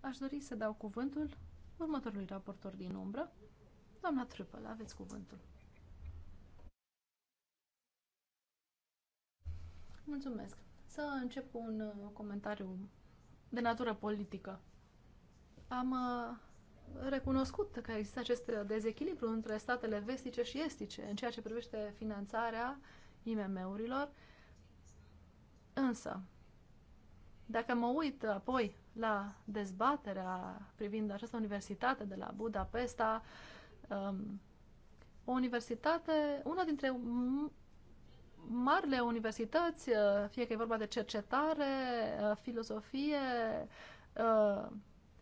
Speaker 4: aș dori să dau cuvântul următorului raportor din umbră, doamna Trâpăl, aveți cuvântul. Mulțumesc. Să încep cu un uh, comentariu de natură politică. Am uh, recunoscut că există acest dezechilibru între statele vestice și estice în ceea ce privește finanțarea IMM-urilor. Însă, dacă mă uit apoi la dezbaterea privind această universitate de la Budapesta, um, o universitate, una dintre marile universități, uh, fie că e vorba de cercetare, uh, filozofie, uh,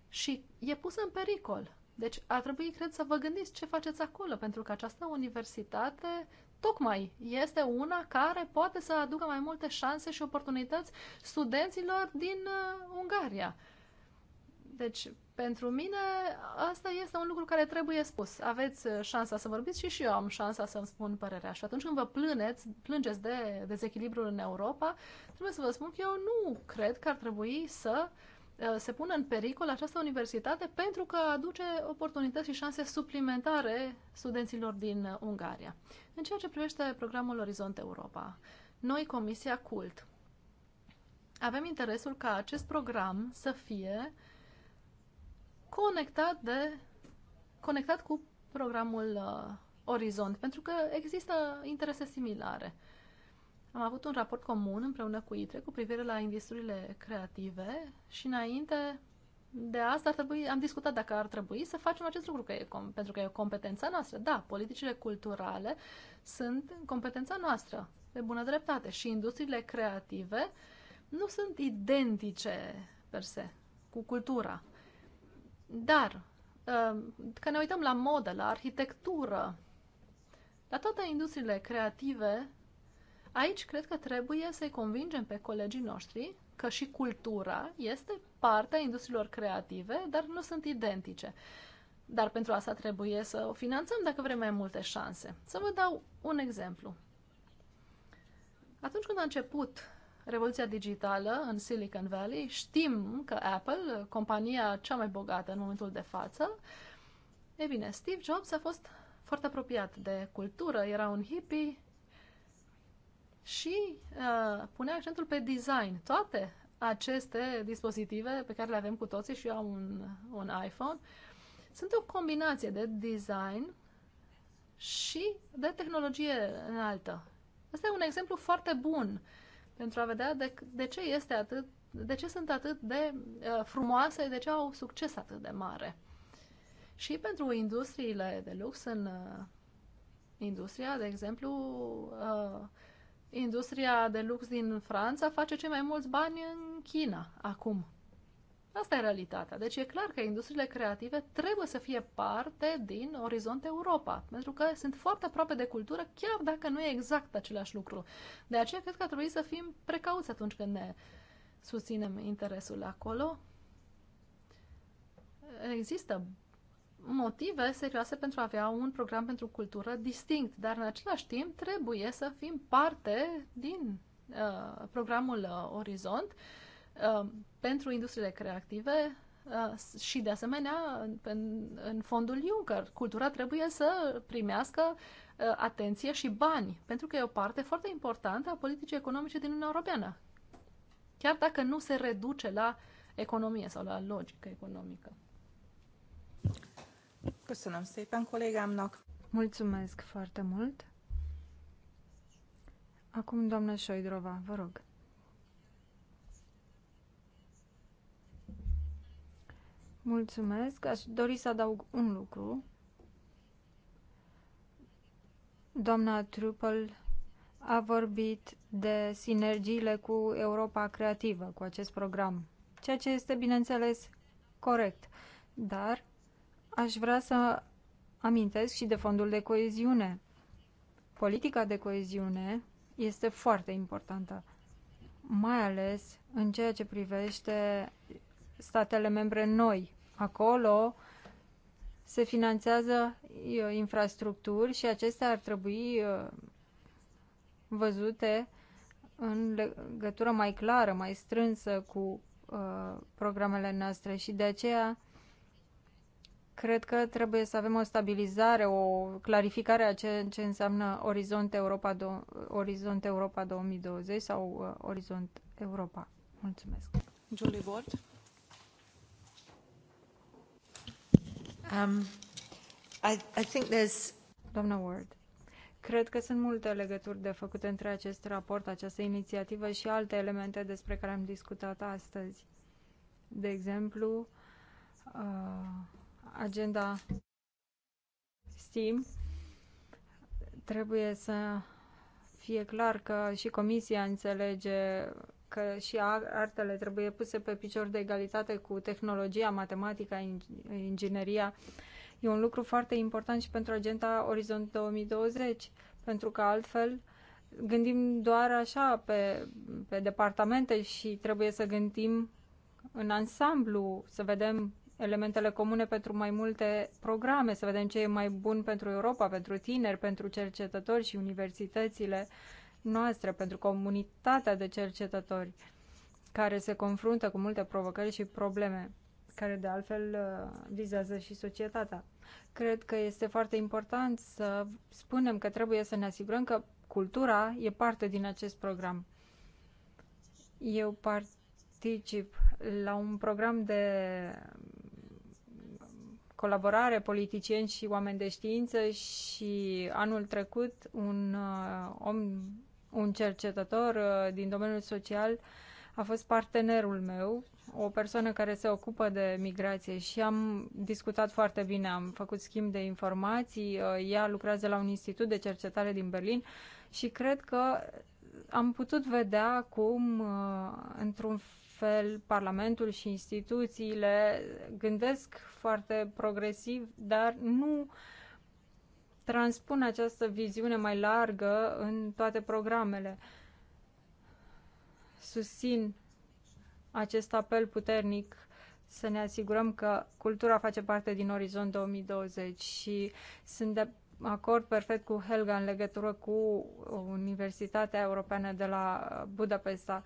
Speaker 4: și e pusă în pericol. Deci ar trebui, cred, să vă gândiți ce faceți acolo, pentru că această universitate tocmai este una care poate să aducă mai multe șanse și oportunități studenților din uh, Ungaria. Deci, pentru mine, asta este un lucru care trebuie spus. Aveți uh, șansa să vorbiți și, și eu am șansa să-mi spun părerea. Și atunci când vă plâneți, plângeți de dezechilibrul în Europa, trebuie să vă spun că eu nu cred că ar trebui să uh, Uh, se pune în pericol această universitate pentru că aduce oportunități și șanse suplimentare studenților din uh, Ungaria. În ceea ce privește programul Orizont Europa, noi, Comisia CULT, avem interesul ca acest program să fie conectat, de, conectat cu programul uh, Orizont, pentru că există interese similare. Am avut un raport comun împreună cu ITRE cu privire la industriile creative și înainte de asta ar trebui, am discutat dacă ar trebui să facem acest lucru, că e, pentru că e competența noastră. Da, politicile culturale sunt competența noastră, pe bună dreptate. Și industriile creative nu sunt identice, per se, cu cultura. Dar, uh, că ne uităm la modă, la arhitectură, la toate industriile creative, Aici cred că trebuie să-i convingem pe colegii noștri că și cultura este partea industriilor creative, dar nu sunt identice. Dar pentru asta trebuie să o finanțăm dacă vrem mai multe șanse. Să vă dau un exemplu. Atunci când a început revoluția digitală în Silicon Valley, știm că Apple, compania cea mai bogată în momentul de față, e bine, Steve Jobs a fost foarte apropiat de cultură, era un hippie și uh, pune accentul pe design. Toate aceste dispozitive pe care le avem cu toții și eu am un, un iPhone sunt o combinație de design și de tehnologie înaltă. Asta e un exemplu foarte bun pentru a vedea de, de ce este atât, de ce sunt atât de uh, frumoase, de ce au succes atât de mare. Și pentru industriile de lux în uh, industria, de exemplu, uh, Industria de lux din Franța face cei mai mulți bani în China acum. Asta e realitatea. Deci e clar că industriile creative trebuie să fie parte din orizont Europa, pentru că sunt foarte aproape de cultură, chiar dacă nu e exact același lucru. De aceea cred că ar trebui să fim precauți atunci când ne susținem interesul acolo. Există motive serioase pentru a avea un program pentru cultură distinct, dar în același timp trebuie să fim parte din uh, programul uh, Orizont uh, pentru industriile creative uh, și, de asemenea, în, în fondul Juncker. Cultura trebuie să primească uh, atenție și bani, pentru că e o parte foarte importantă a politicii economice din Uniunea Europeană, chiar dacă nu se reduce la economie sau la logică economică.
Speaker 1: Köszönöm szépen kollégámnak. Mulțumesc foarte mult.
Speaker 2: Acum, doamna Șoidrova, vă rog. Mulțumesc. Aș dori să adaug un lucru. Doamna Trupel a vorbit de sinergiile cu Europa Creativă, cu acest program, ceea ce este, bineînțeles, corect. Dar aș vrea să amintesc și de fondul de coeziune. Politica de coeziune este foarte importantă, mai ales în ceea ce privește statele membre noi. Acolo se finanțează uh, infrastructuri și acestea ar trebui uh, văzute în legătură mai clară, mai strânsă cu uh, programele noastre și de aceea Cred că trebuie să avem o stabilizare, o clarificare a ce, ce înseamnă Orizont Europa, do, Orizont Europa 2020 sau uh, Orizont Europa. Mulțumesc. Julie Ward. Um, I, I think there's... Doamna Ward. Cred că sunt multe legături de făcut între acest raport, această inițiativă și alte elemente despre care am discutat astăzi. De exemplu, uh, agenda STEAM, trebuie să fie clar că și Comisia înțelege că și artele trebuie puse pe picior de egalitate cu tehnologia, matematica, ingineria. E un lucru foarte important și pentru agenda Orizont 2020, pentru că altfel gândim doar așa pe, pe departamente și trebuie să gândim în ansamblu, să vedem elementele comune pentru mai multe programe, să vedem ce e mai bun pentru Europa, pentru tineri, pentru cercetători și universitățile noastre, pentru comunitatea de cercetători care se confruntă cu multe provocări și probleme, care de altfel uh, vizează și societatea. Cred că este foarte important să spunem că trebuie să ne asigurăm că cultura e parte din acest program. Eu particip la un program de colaborare, politicieni și oameni de știință și anul trecut un uh, om, un cercetător uh, din domeniul social a fost partenerul meu, o persoană care se ocupă de migrație și am discutat foarte bine, am făcut schimb de informații, uh, ea lucrează la un institut de cercetare din Berlin și cred că am putut vedea cum, într-un fel Parlamentul și instituțiile gândesc foarte progresiv, dar nu transpun această viziune mai largă în toate programele. Susțin acest apel puternic să ne asigurăm că cultura face parte din Orizont 2020 și sunt de acord perfect cu Helga în legătură cu Universitatea Europeană de la Budapesta.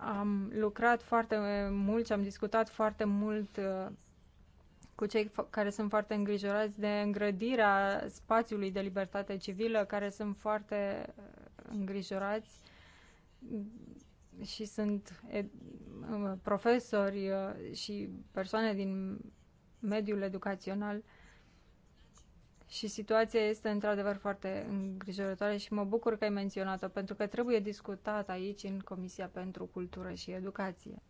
Speaker 2: Am lucrat foarte mult și am discutat foarte mult uh, cu cei care sunt foarte îngrijorați de îngrădirea spațiului de libertate civilă, care sunt foarte uh, îngrijorați și sunt uh, profesori și persoane din mediul educațional și situația este într-adevăr foarte îngrijorătoare și mă bucur că ai menționat-o, pentru că trebuie discutat aici în Comisia pentru Cultură și Educație.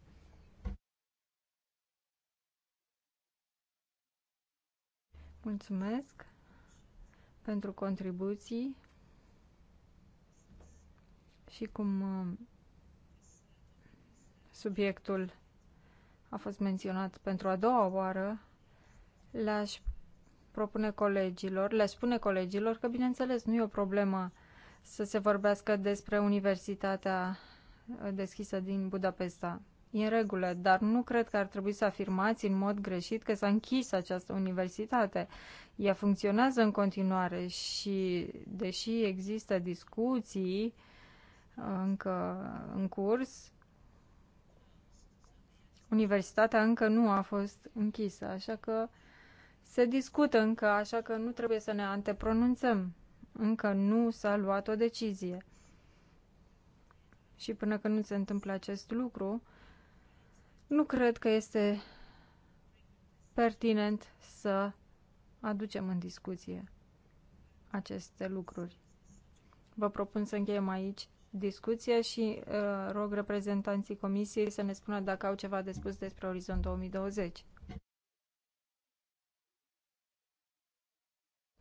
Speaker 2: Mulțumesc pentru contribuții și cum uh, subiectul a fost menționat pentru a doua oară, l-aș propune colegilor, le spune colegilor că, bineînțeles, nu e o problemă să se vorbească despre Universitatea deschisă din Budapesta. E în regulă, dar nu cred că ar trebui să afirmați în mod greșit că s-a închis această universitate. Ea funcționează în continuare și, deși există discuții încă în curs, universitatea încă nu a fost închisă, așa că se discută încă, așa că nu trebuie să ne antepronunțăm. Încă nu s-a luat o decizie. Și până când nu se întâmplă acest lucru, nu cred că este pertinent să aducem în discuție aceste lucruri. Vă propun să încheiem aici discuția și uh, rog reprezentanții comisiei să ne spună dacă au ceva de spus despre Orizont 2020.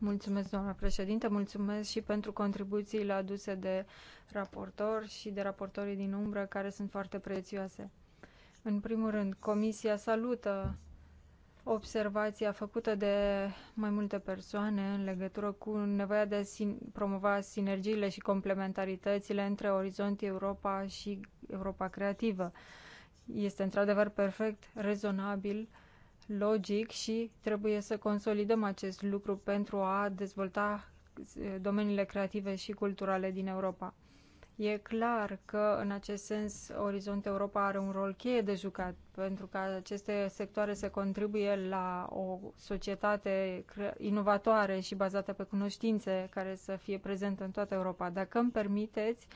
Speaker 2: Mulțumesc, doamna președinte, mulțumesc și pentru contribuțiile aduse de raportor și de raportorii din umbră, care sunt foarte prețioase. În primul rând, Comisia salută observația făcută de mai multe persoane în legătură cu nevoia de a sin- promova sinergiile și complementaritățile între Orizont Europa și Europa Creativă. Este într-adevăr perfect rezonabil uh, logic și trebuie să consolidăm acest lucru pentru a dezvolta eh, domeniile creative și culturale din Europa. E clar că, în acest sens, Orizont Europa are un rol cheie de jucat, pentru ca aceste sectoare să contribuie la o societate inovatoare și bazată pe cunoștințe, care să fie prezentă în toată Europa. Dacă îmi permiteți,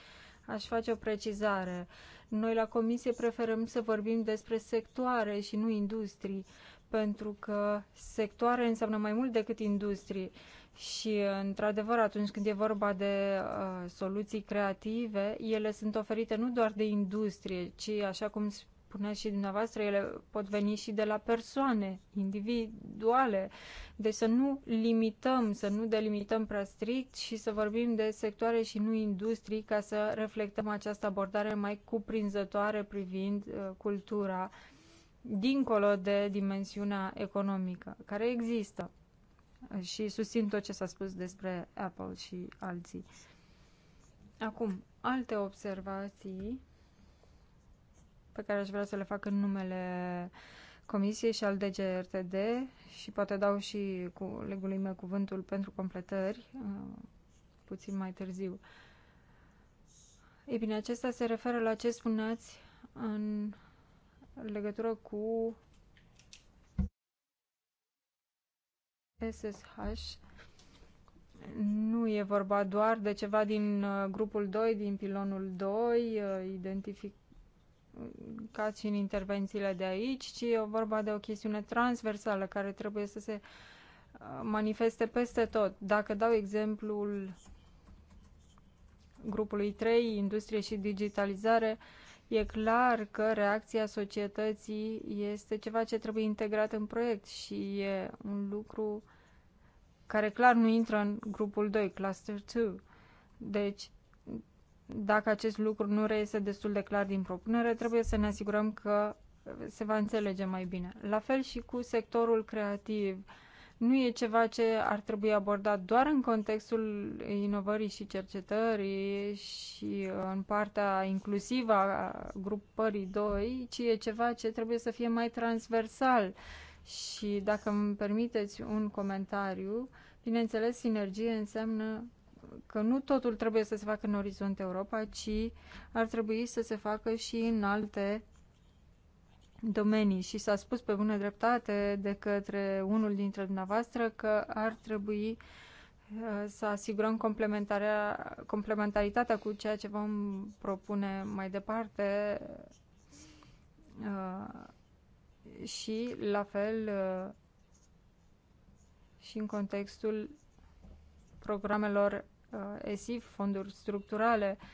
Speaker 2: aș face o precizare. Noi la Comisie preferăm să vorbim despre sectoare și nu industrii, pentru că sectoare înseamnă mai mult decât industrie. Și, într-adevăr, atunci când e vorba de uh, soluții creative, ele sunt oferite nu doar de industrie, ci, așa cum spuneați și dumneavoastră, ele pot veni și de la persoane individuale. Deci să nu limităm, să nu delimităm prea strict și să vorbim de sectoare și nu industrii ca să reflectăm această abordare mai cuprinzătoare privind uh, cultura dincolo de dimensiunea economică care există. Și susțin tot ce s-a spus despre Apple și alții. Acum, alte observații pe care aș vrea să le fac în numele Comisiei și al DGRTD și poate dau și cu legului meu cuvântul pentru completări uh, puțin mai târziu. Ei bine, acesta se referă la ce spuneați în în legătură cu SSH nu e vorba doar de ceva din uh, grupul 2, din pilonul 2, uh, identificat și în intervențiile de aici, ci e vorba de o chestiune transversală care trebuie să se uh, manifeste peste tot. Dacă dau exemplul grupului 3, industrie și digitalizare, uh, E clar că reacția societății este ceva ce trebuie integrat în proiect și e un lucru care clar nu intră în grupul 2, cluster 2. Deci, dacă acest lucru nu reiese destul de clar din propunere, trebuie să ne asigurăm că se va înțelege mai bine. La fel și cu sectorul creativ. Uh, nu e ceva ce ar trebui abordat doar în contextul inovării și cercetării și în partea inclusivă a grupării 2, ci e ceva ce trebuie să fie mai transversal. Și dacă îmi permiteți un comentariu, bineînțeles, sinergie înseamnă că nu totul trebuie să se facă în orizont Europa, ci ar trebui să se facă și în alte domenii și s-a spus pe bună dreptate de către unul dintre dumneavoastră că ar trebui uh, să asigurăm complementaritatea cu ceea ce vom propune mai departe uh, și la fel uh, și în contextul programelor ESIF, fonduri structurale, uh,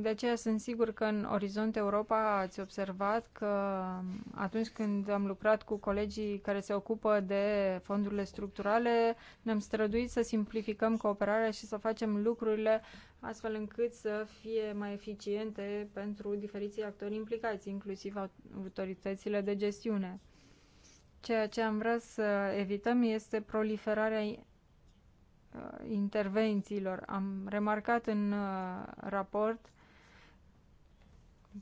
Speaker 2: de aceea sunt sigur că în Orizont Europa ați observat că atunci când am lucrat cu colegii care se ocupă de fondurile structurale, ne-am străduit să simplificăm cooperarea și să facem lucrurile astfel încât să fie mai eficiente pentru diferiții actori implicați, inclusiv autoritățile de gestiune. Ceea ce am vrea să evităm este proliferarea uh, intervențiilor. Am remarcat în uh, raport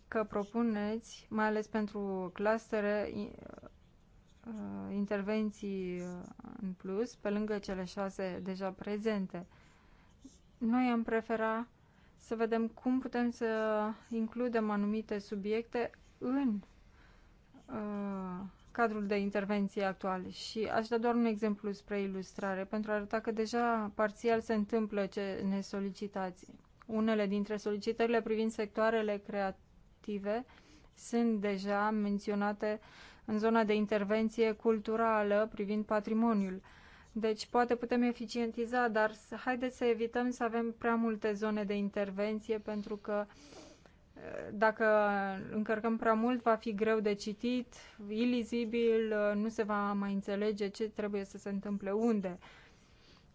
Speaker 2: că propuneți, mai ales pentru clustere, uh, intervenții uh, în plus, pe lângă cele șase deja prezente. Noi am prefera să vedem cum putem să includem anumite subiecte în uh, cadrul de intervenție actual. Și aș da doar un exemplu spre ilustrare, pentru a arăta că deja parțial se întâmplă ce ne solicitați. Unele dintre solicitările privind sectoarele creat active sunt deja menționate în zona de intervenție culturală privind patrimoniul. Deci poate putem eficientiza, dar haideți să evităm să avem prea multe zone de intervenție pentru că eh, dacă încărcăm prea mult, va fi greu de citit, ilizibil, eh, nu se va mai înțelege ce trebuie să se întâmple unde.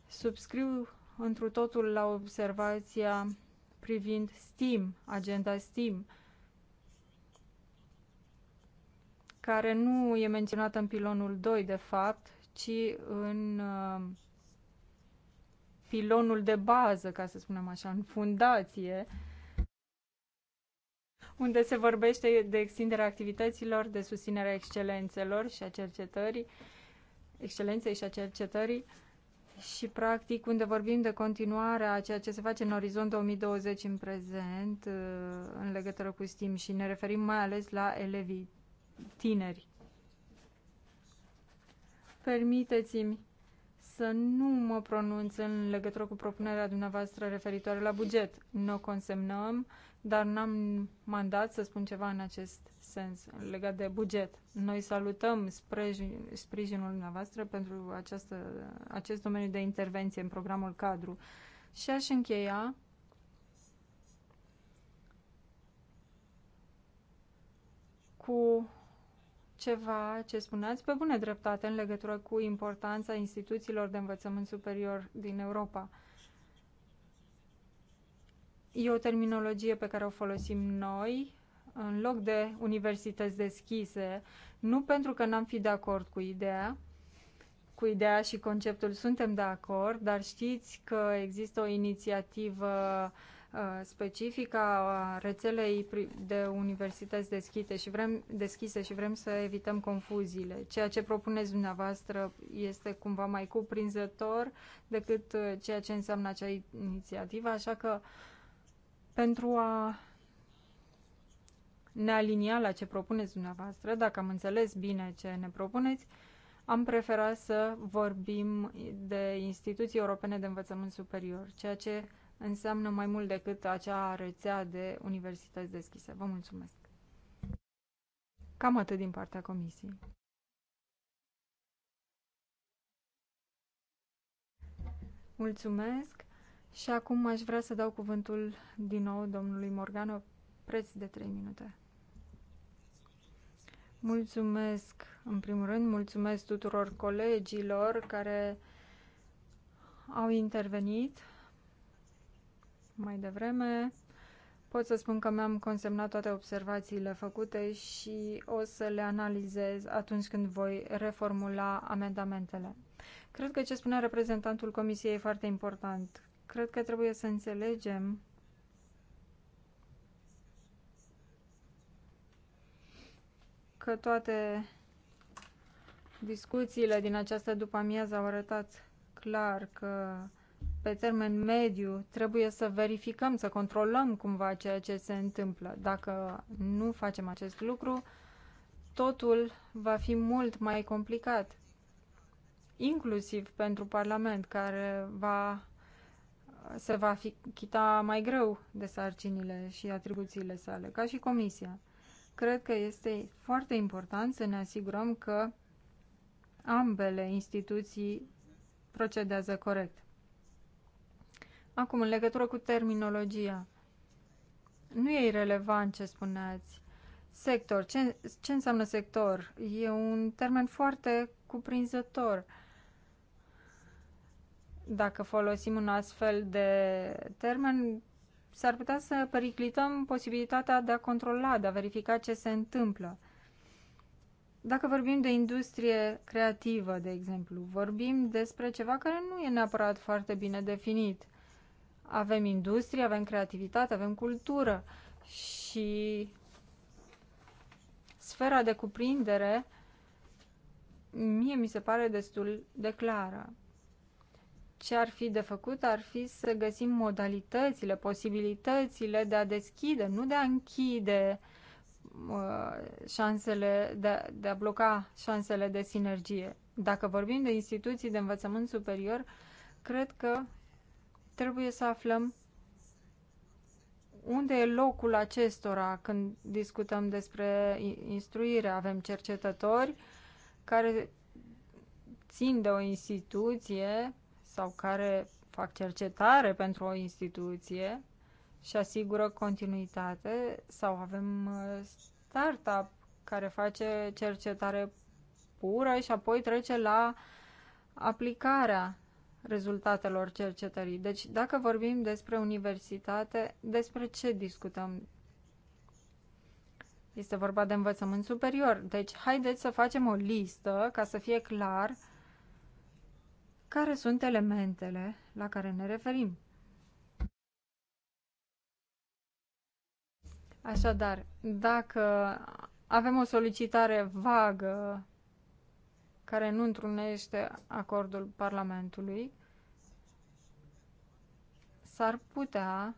Speaker 2: Subscriu întru totul la observația privind STEAM, agenda STEAM. care nu e menționată în pilonul 2, de fapt, ci în uh, pilonul de bază, ca să spunem așa, în fundație, unde se vorbește de extinderea activităților, de susținerea excelențelor și a cercetării, excelenței și a cercetării și, practic, unde vorbim de continuarea a ceea ce se face în orizont 2020 în prezent, uh, în legătură cu STEAM și ne referim mai ales la elevii tineri. Permiteți-mi să nu mă pronunț în legătură cu propunerea dumneavoastră referitoare la buget. Nu o consemnăm, dar n-am mandat să spun ceva în acest sens legat de buget. Noi salutăm sprijinul dumneavoastră pentru această, acest domeniu de intervenție în programul cadru. Și aș încheia cu ceva ce spuneați pe bună dreptate în legătură cu importanța instituțiilor de învățământ superior din Europa. E o terminologie pe care o folosim noi în loc de universități deschise, nu pentru că n-am fi de acord cu ideea, cu ideea și conceptul suntem de acord, dar știți că există o inițiativă uh, Uh, specifică a rețelei de universități deschise și, vrem, deschise și vrem să evităm confuziile. Ceea ce propuneți dumneavoastră este cumva mai cuprinzător decât uh, ceea ce înseamnă acea inițiativă, așa că pentru a ne alinia la ce propuneți dumneavoastră, dacă am înțeles bine ce ne propuneți, am preferat să vorbim de instituții europene de învățământ superior, ceea ce înseamnă mai mult decât acea rețea de universități deschise. Vă mulțumesc! Cam atât din partea comisiei. Mulțumesc și acum aș vrea să dau cuvântul din nou domnului Morgano, preț de 3 minute. Mulțumesc, în primul rând, mulțumesc tuturor colegilor care au intervenit mai devreme, pot să spun că mi-am consemnat toate observațiile făcute și o să le analizez atunci când voi reformula amendamentele. Cred că ce spunea reprezentantul Comisiei e foarte important. Cred că trebuie să înțelegem că toate discuțiile din această după-amiază au arătat clar că pe termen mediu trebuie să verificăm, să controlăm cumva ceea ce se întâmplă. Dacă nu facem acest lucru, totul va fi mult mai complicat, inclusiv pentru Parlament, care va, se va fi chita mai greu de sarcinile și atribuțiile sale, ca și Comisia. Cred că este foarte important să ne asigurăm că ambele instituții procedează corect. Acum, în legătură cu terminologia, nu e irrelevant ce spuneați. Sector, ce, ce înseamnă sector? E un termen foarte cuprinzător. Dacă folosim un astfel de termen, s-ar putea să periclităm posibilitatea de a controla, de a verifica ce se întâmplă. Dacă vorbim de industrie creativă, de exemplu, vorbim despre ceva care nu e neapărat foarte bine definit. Avem industrie, avem creativitate, avem cultură și sfera de cuprindere mie mi se pare destul de clară. Ce ar fi de făcut ar fi să găsim modalitățile, posibilitățile de a deschide, nu de a închide uh, șansele, de, de a bloca șansele de sinergie. Dacă vorbim de instituții de învățământ superior, cred că Trebuie să aflăm unde e locul acestora când discutăm despre instruire. Avem cercetători care țin de o instituție sau care fac cercetare pentru o instituție și asigură continuitate sau avem uh, startup care face cercetare pură și apoi trece la aplicarea rezultatelor cercetării. Deci, dacă vorbim despre universitate, despre ce discutăm? Este vorba de învățământ superior. Deci, haideți să facem o listă ca să fie clar care sunt elementele la care ne referim. Așadar, dacă avem o solicitare vagă care nu întrunește acordul Parlamentului, s-ar putea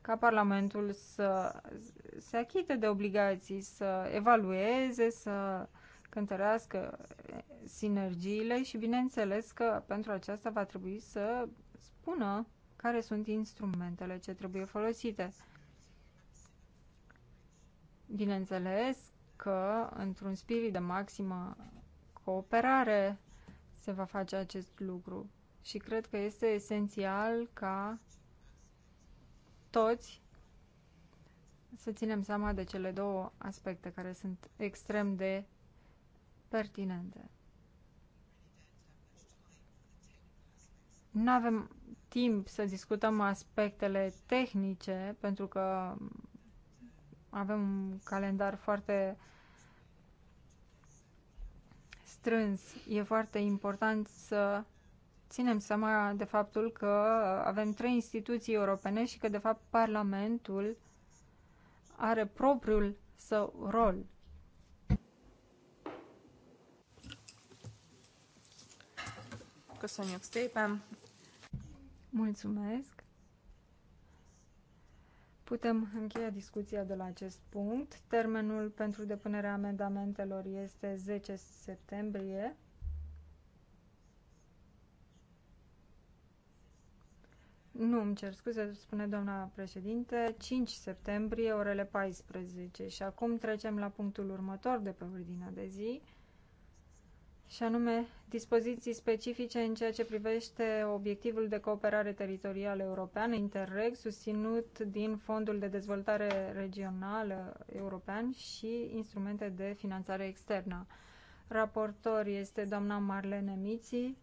Speaker 2: ca Parlamentul să se achite de obligații, să evalueze, să cântărească sinergiile și, bineînțeles, că pentru aceasta va trebui să spună care sunt instrumentele ce trebuie folosite. Bineînțeles că, într-un spirit de maximă cooperare, se va face acest lucru. Și cred că este esențial ca toți să ținem seama de cele două aspecte care sunt extrem de pertinente. Nu avem timp să discutăm aspectele tehnice, pentru că avem un calendar foarte strâns. E foarte important să ținem seama de faptul că avem trei instituții europene și că, de fapt, Parlamentul are propriul său rol. Mulțumesc! Putem încheia discuția de la acest punct. Termenul pentru depunerea amendamentelor este 10 septembrie. Nu, îmi cer scuze, spune doamna președinte, 5 septembrie, orele 14. Și acum trecem la punctul următor de pe ordinea de zi și anume dispoziții specifice în ceea ce privește obiectivul de cooperare teritorială europeană, Interreg, susținut din Fondul de Dezvoltare Regională European și instrumente de finanțare externă. Raportor este doamna Marlene Miții.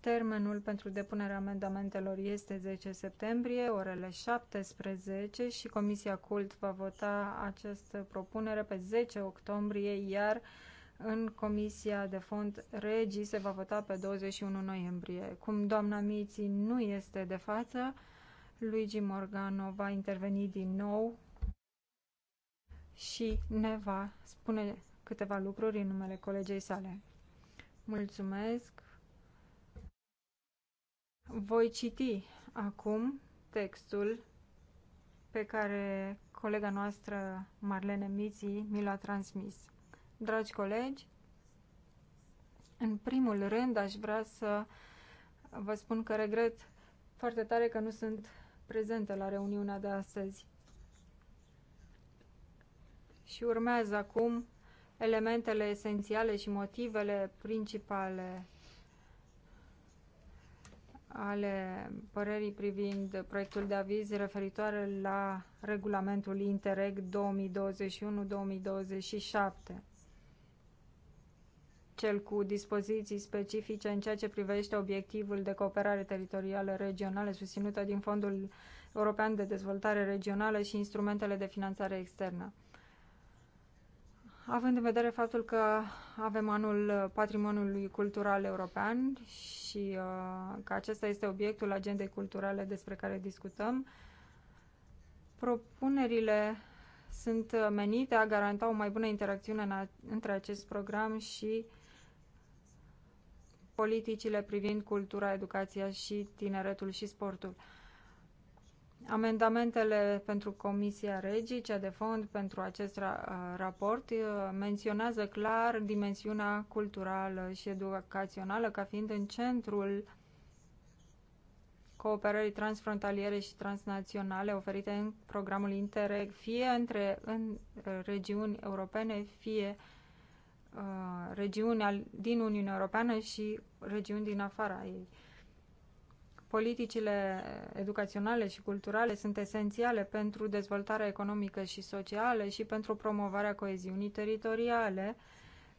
Speaker 2: Termenul pentru depunerea amendamentelor este 10 septembrie, orele 17 și Comisia Cult va vota această propunere pe 10 octombrie, iar în Comisia de Fond Regii se va vota pe 21 noiembrie. Cum doamna Miții nu este de față, Luigi Morgano va interveni din nou și ne va spune câteva lucruri în numele colegei sale. Mulțumesc! Voi citi acum textul pe care colega noastră Marlene Miții mi l-a transmis dragi colegi, în primul rând aș vrea să vă spun că regret foarte tare că nu sunt prezentă la reuniunea de astăzi. Și urmează acum elementele esențiale și motivele principale ale părerii privind proiectul de aviz referitoare la regulamentul Interreg 2021-2027 cel cu dispoziții specifice în ceea ce privește obiectivul de cooperare teritorială regională susținută din Fondul European de Dezvoltare Regională și instrumentele de finanțare externă. Având în vedere faptul că avem anul patrimoniului cultural european și uh, că acesta este obiectul agendei culturale despre care discutăm, propunerile sunt menite a garanta o mai bună interacțiune între acest program și uh, politicile privind cultura, educația și tineretul și sportul. Amendamentele pentru Comisia Regii, cea de fond pentru acest ra uh, raport, uh, menționează clar dimensiunea culturală și educațională ca fiind în centrul cooperării transfrontaliere și transnaționale oferite în programul Interreg, fie între în uh, regiuni europene, fie uh, uh, regiuni din Uniunea Europeană și regiuni din afara ei. Politicile educaționale și culturale sunt esențiale pentru dezvoltarea economică și socială și pentru promovarea coeziunii teritoriale,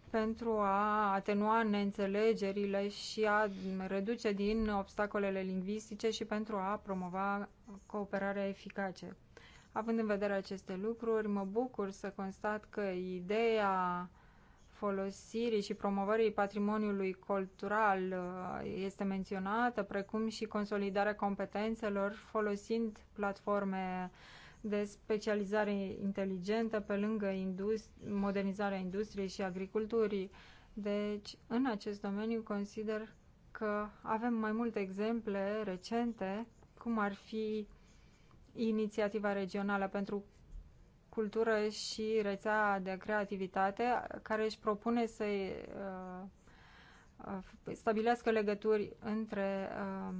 Speaker 2: pentru a atenua neînțelegerile și a reduce din obstacolele lingvistice și pentru a promova cooperarea eficace. Având în vedere aceste lucruri, mă bucur să constat că ideea folosirii și promovării patrimoniului cultural uh, este menționată, precum și consolidarea competențelor folosind platforme de specializare inteligentă pe lângă industri- modernizarea industriei și agriculturii. Deci, în acest domeniu consider că avem mai multe exemple recente, cum ar fi inițiativa regională pentru cultură și rețea de creativitate, care își propune să uh, uh, stabilească legături între um,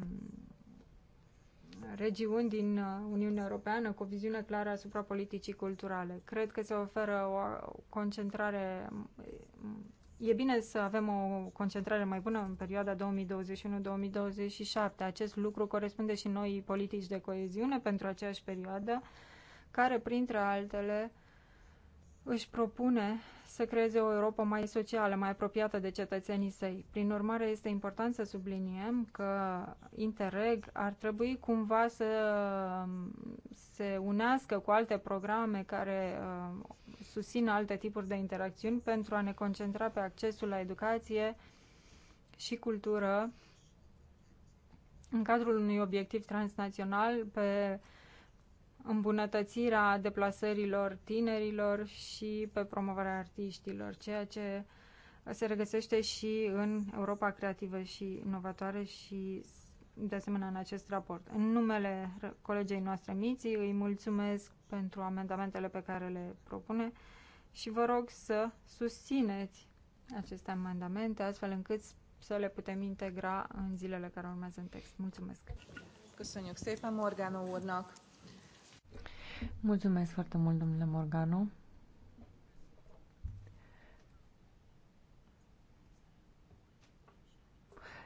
Speaker 2: regiuni din uh, Uniunea Europeană cu o viziune clară asupra politicii culturale. Cred că se oferă o concentrare. E bine să avem o concentrare mai bună în perioada 2021-2027. Acest lucru corespunde și noi politici de coeziune pentru aceeași perioadă care, printre altele, își propune să creeze o Europa mai socială, mai apropiată de cetățenii săi. Prin urmare, este important să subliniem că Interreg ar trebui cumva să um, se unească cu alte programe care um, susțin alte tipuri de interacțiuni pentru a ne concentra pe accesul la educație și cultură în cadrul unui obiectiv transnațional pe îmbunătățirea deplasărilor tinerilor și pe promovarea artiștilor, ceea ce se regăsește și în Europa Creativă și Inovatoare și de asemenea în acest raport. În numele colegei noastre Miții îi mulțumesc pentru amendamentele pe care le propune și vă rog să susțineți aceste amendamente astfel încât să le putem integra în zilele care urmează în text. Mulțumesc! Köszönjük szépen Morgana úrnak!
Speaker 3: Mulțumesc foarte mult, domnule Morgano.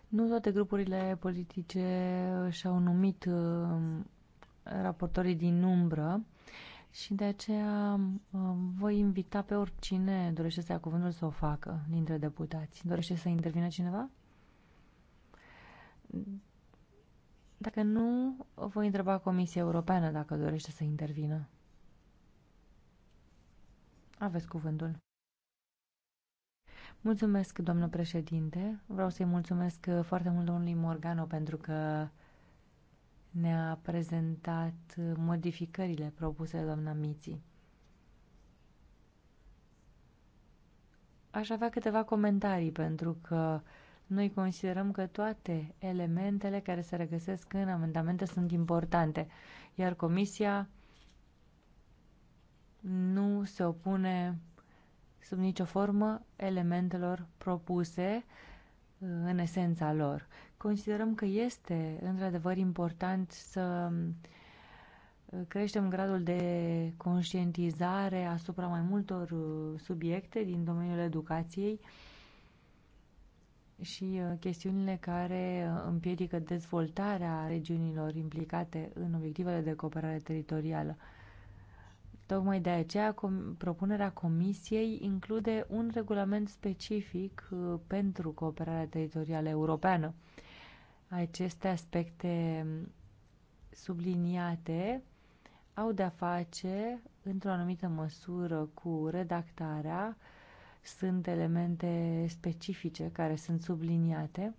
Speaker 3: Nu toate grupurile politice și-au numit uh, raportorii din umbră și de aceea uh, voi invita pe oricine dorește să ia cuvântul să o facă dintre deputați. Dorește să intervină cineva? Dacă nu, voi întreba Comisia Europeană dacă dorește să intervină. Aveți cuvântul. Mulțumesc, doamnă președinte. Vreau să-i mulțumesc foarte mult domnului Morgano pentru că ne-a prezentat modificările propuse de doamna Miții. Aș avea câteva comentarii pentru că uh, noi considerăm că toate elementele care se regăsesc în amendamente sunt importante, iar Comisia nu se opune sub nicio formă elementelor propuse uh, în esența lor. Considerăm că este într-adevăr important să um, creștem gradul de conștientizare asupra mai multor uh, subiecte din domeniul educației, și uh, chestiunile care uh, împiedică dezvoltarea regiunilor implicate în obiectivele de cooperare teritorială. Tocmai de aceea, com propunerea Comisiei include un regulament specific uh, pentru cooperarea teritorială europeană. Aceste aspecte um, subliniate au de-a face, într-o anumită măsură, cu redactarea uh, sunt elemente specifice care sunt subliniate.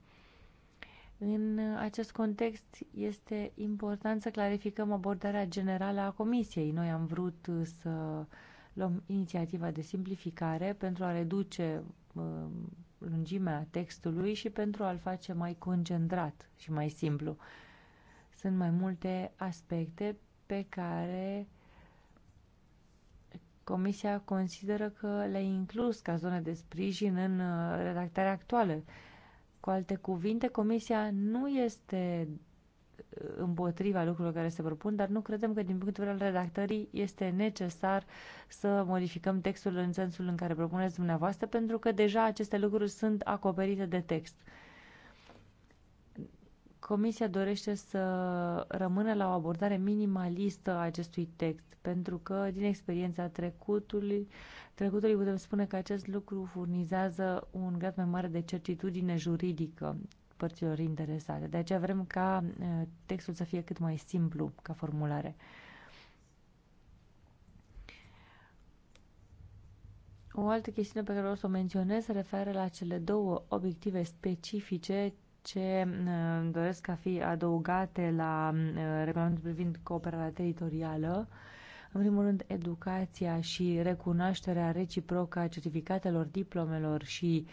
Speaker 3: În acest context este important să clarificăm abordarea generală a Comisiei. Noi am vrut să luăm inițiativa de simplificare pentru a reduce uh, lungimea textului și pentru a-l face mai concentrat și mai simplu. Sunt mai multe aspecte pe care uh, Comisia consideră că le-a inclus ca zone de sprijin în uh, redactarea actuală. Cu alte cuvinte, Comisia nu este uh, împotriva lucrurilor care se propun, dar nu credem că din punctul de vedere al redactării este necesar să modificăm textul în sensul în care propuneți dumneavoastră, pentru că deja aceste lucruri sunt acoperite de text. Comisia dorește să rămână la o abordare minimalistă a acestui text, pentru că, din experiența trecutului, trecutului putem spune că acest lucru furnizează un grad mai mare de certitudine juridică părților interesate. De aceea vrem ca uh, textul să fie cât mai simplu ca formulare. O altă chestiune pe care vreau să o menționez se referă la cele două obiective specifice ce uh, doresc a fi adăugate la uh, regulamentul privind cooperarea teritorială. În primul rând, educația și recunoașterea reciprocă a certificatelor, diplomelor și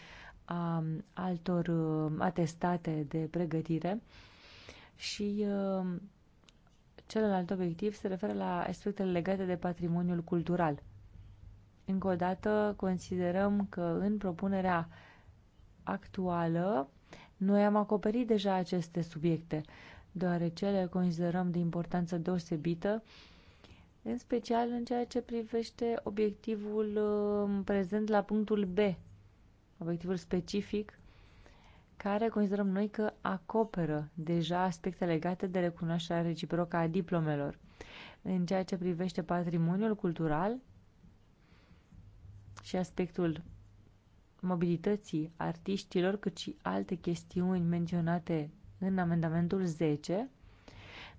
Speaker 3: a um, altor uh, atestate de pregătire. Și celălalt obiectiv se referă la aspectele legate de patrimoniul cultural. Încă o dată, considerăm că în propunerea actuală noi am acoperit deja aceste subiecte, deoarece le considerăm de importanță deosebită, în special în ceea ce privește obiectivul um, prezent la punctul B, obiectivul specific, care considerăm noi că acoperă deja aspecte legate de recunoașterea reciprocă a diplomelor. În ceea ce privește patrimoniul cultural și aspectul mobilității artiștilor, cât și alte chestiuni menționate în amendamentul 10,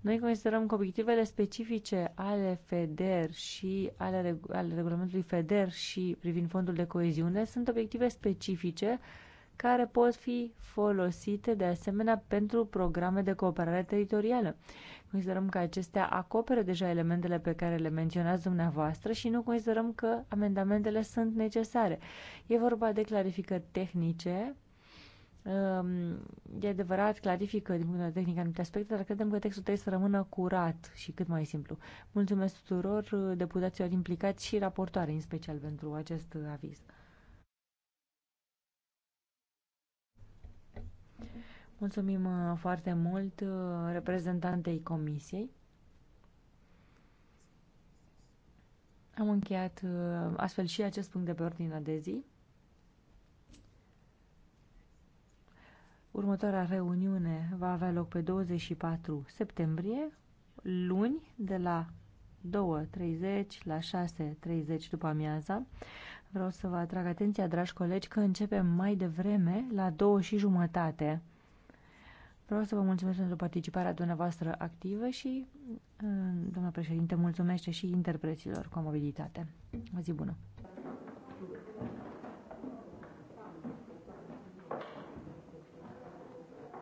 Speaker 3: noi considerăm că obiectivele specifice ale FEDER și ale, ale regulamentului FEDER și privind fondul de coeziune sunt obiective specifice care pot fi folosite de asemenea pentru programe de cooperare teritorială. Considerăm că acestea acoperă deja elementele pe care le menționați dumneavoastră și nu considerăm că amendamentele sunt necesare. E vorba de clarificări tehnice. Um, e adevărat, clarifică din punct de vedere tehnic anumite aspecte, dar credem că textul trebuie să rămână curat și cât mai simplu. Mulțumesc tuturor uh, deputaților implicați și raportoare, în special pentru acest uh, aviz. Mulțumim uh, foarte mult uh, reprezentantei Comisiei. Am încheiat uh, astfel și acest punct de pe ordinea de zi. Următoarea reuniune va avea loc pe 24 septembrie, luni, de la 2.30 la 6.30 după amiaza. Vreau să vă atrag atenția, dragi colegi, că începem mai devreme la 2:30. jumătate. Vreau să vă mulțumesc pentru participarea dumneavoastră activă și, uh, doamna președinte, mulțumesc și interpreților cu amabilitate. O zi bună!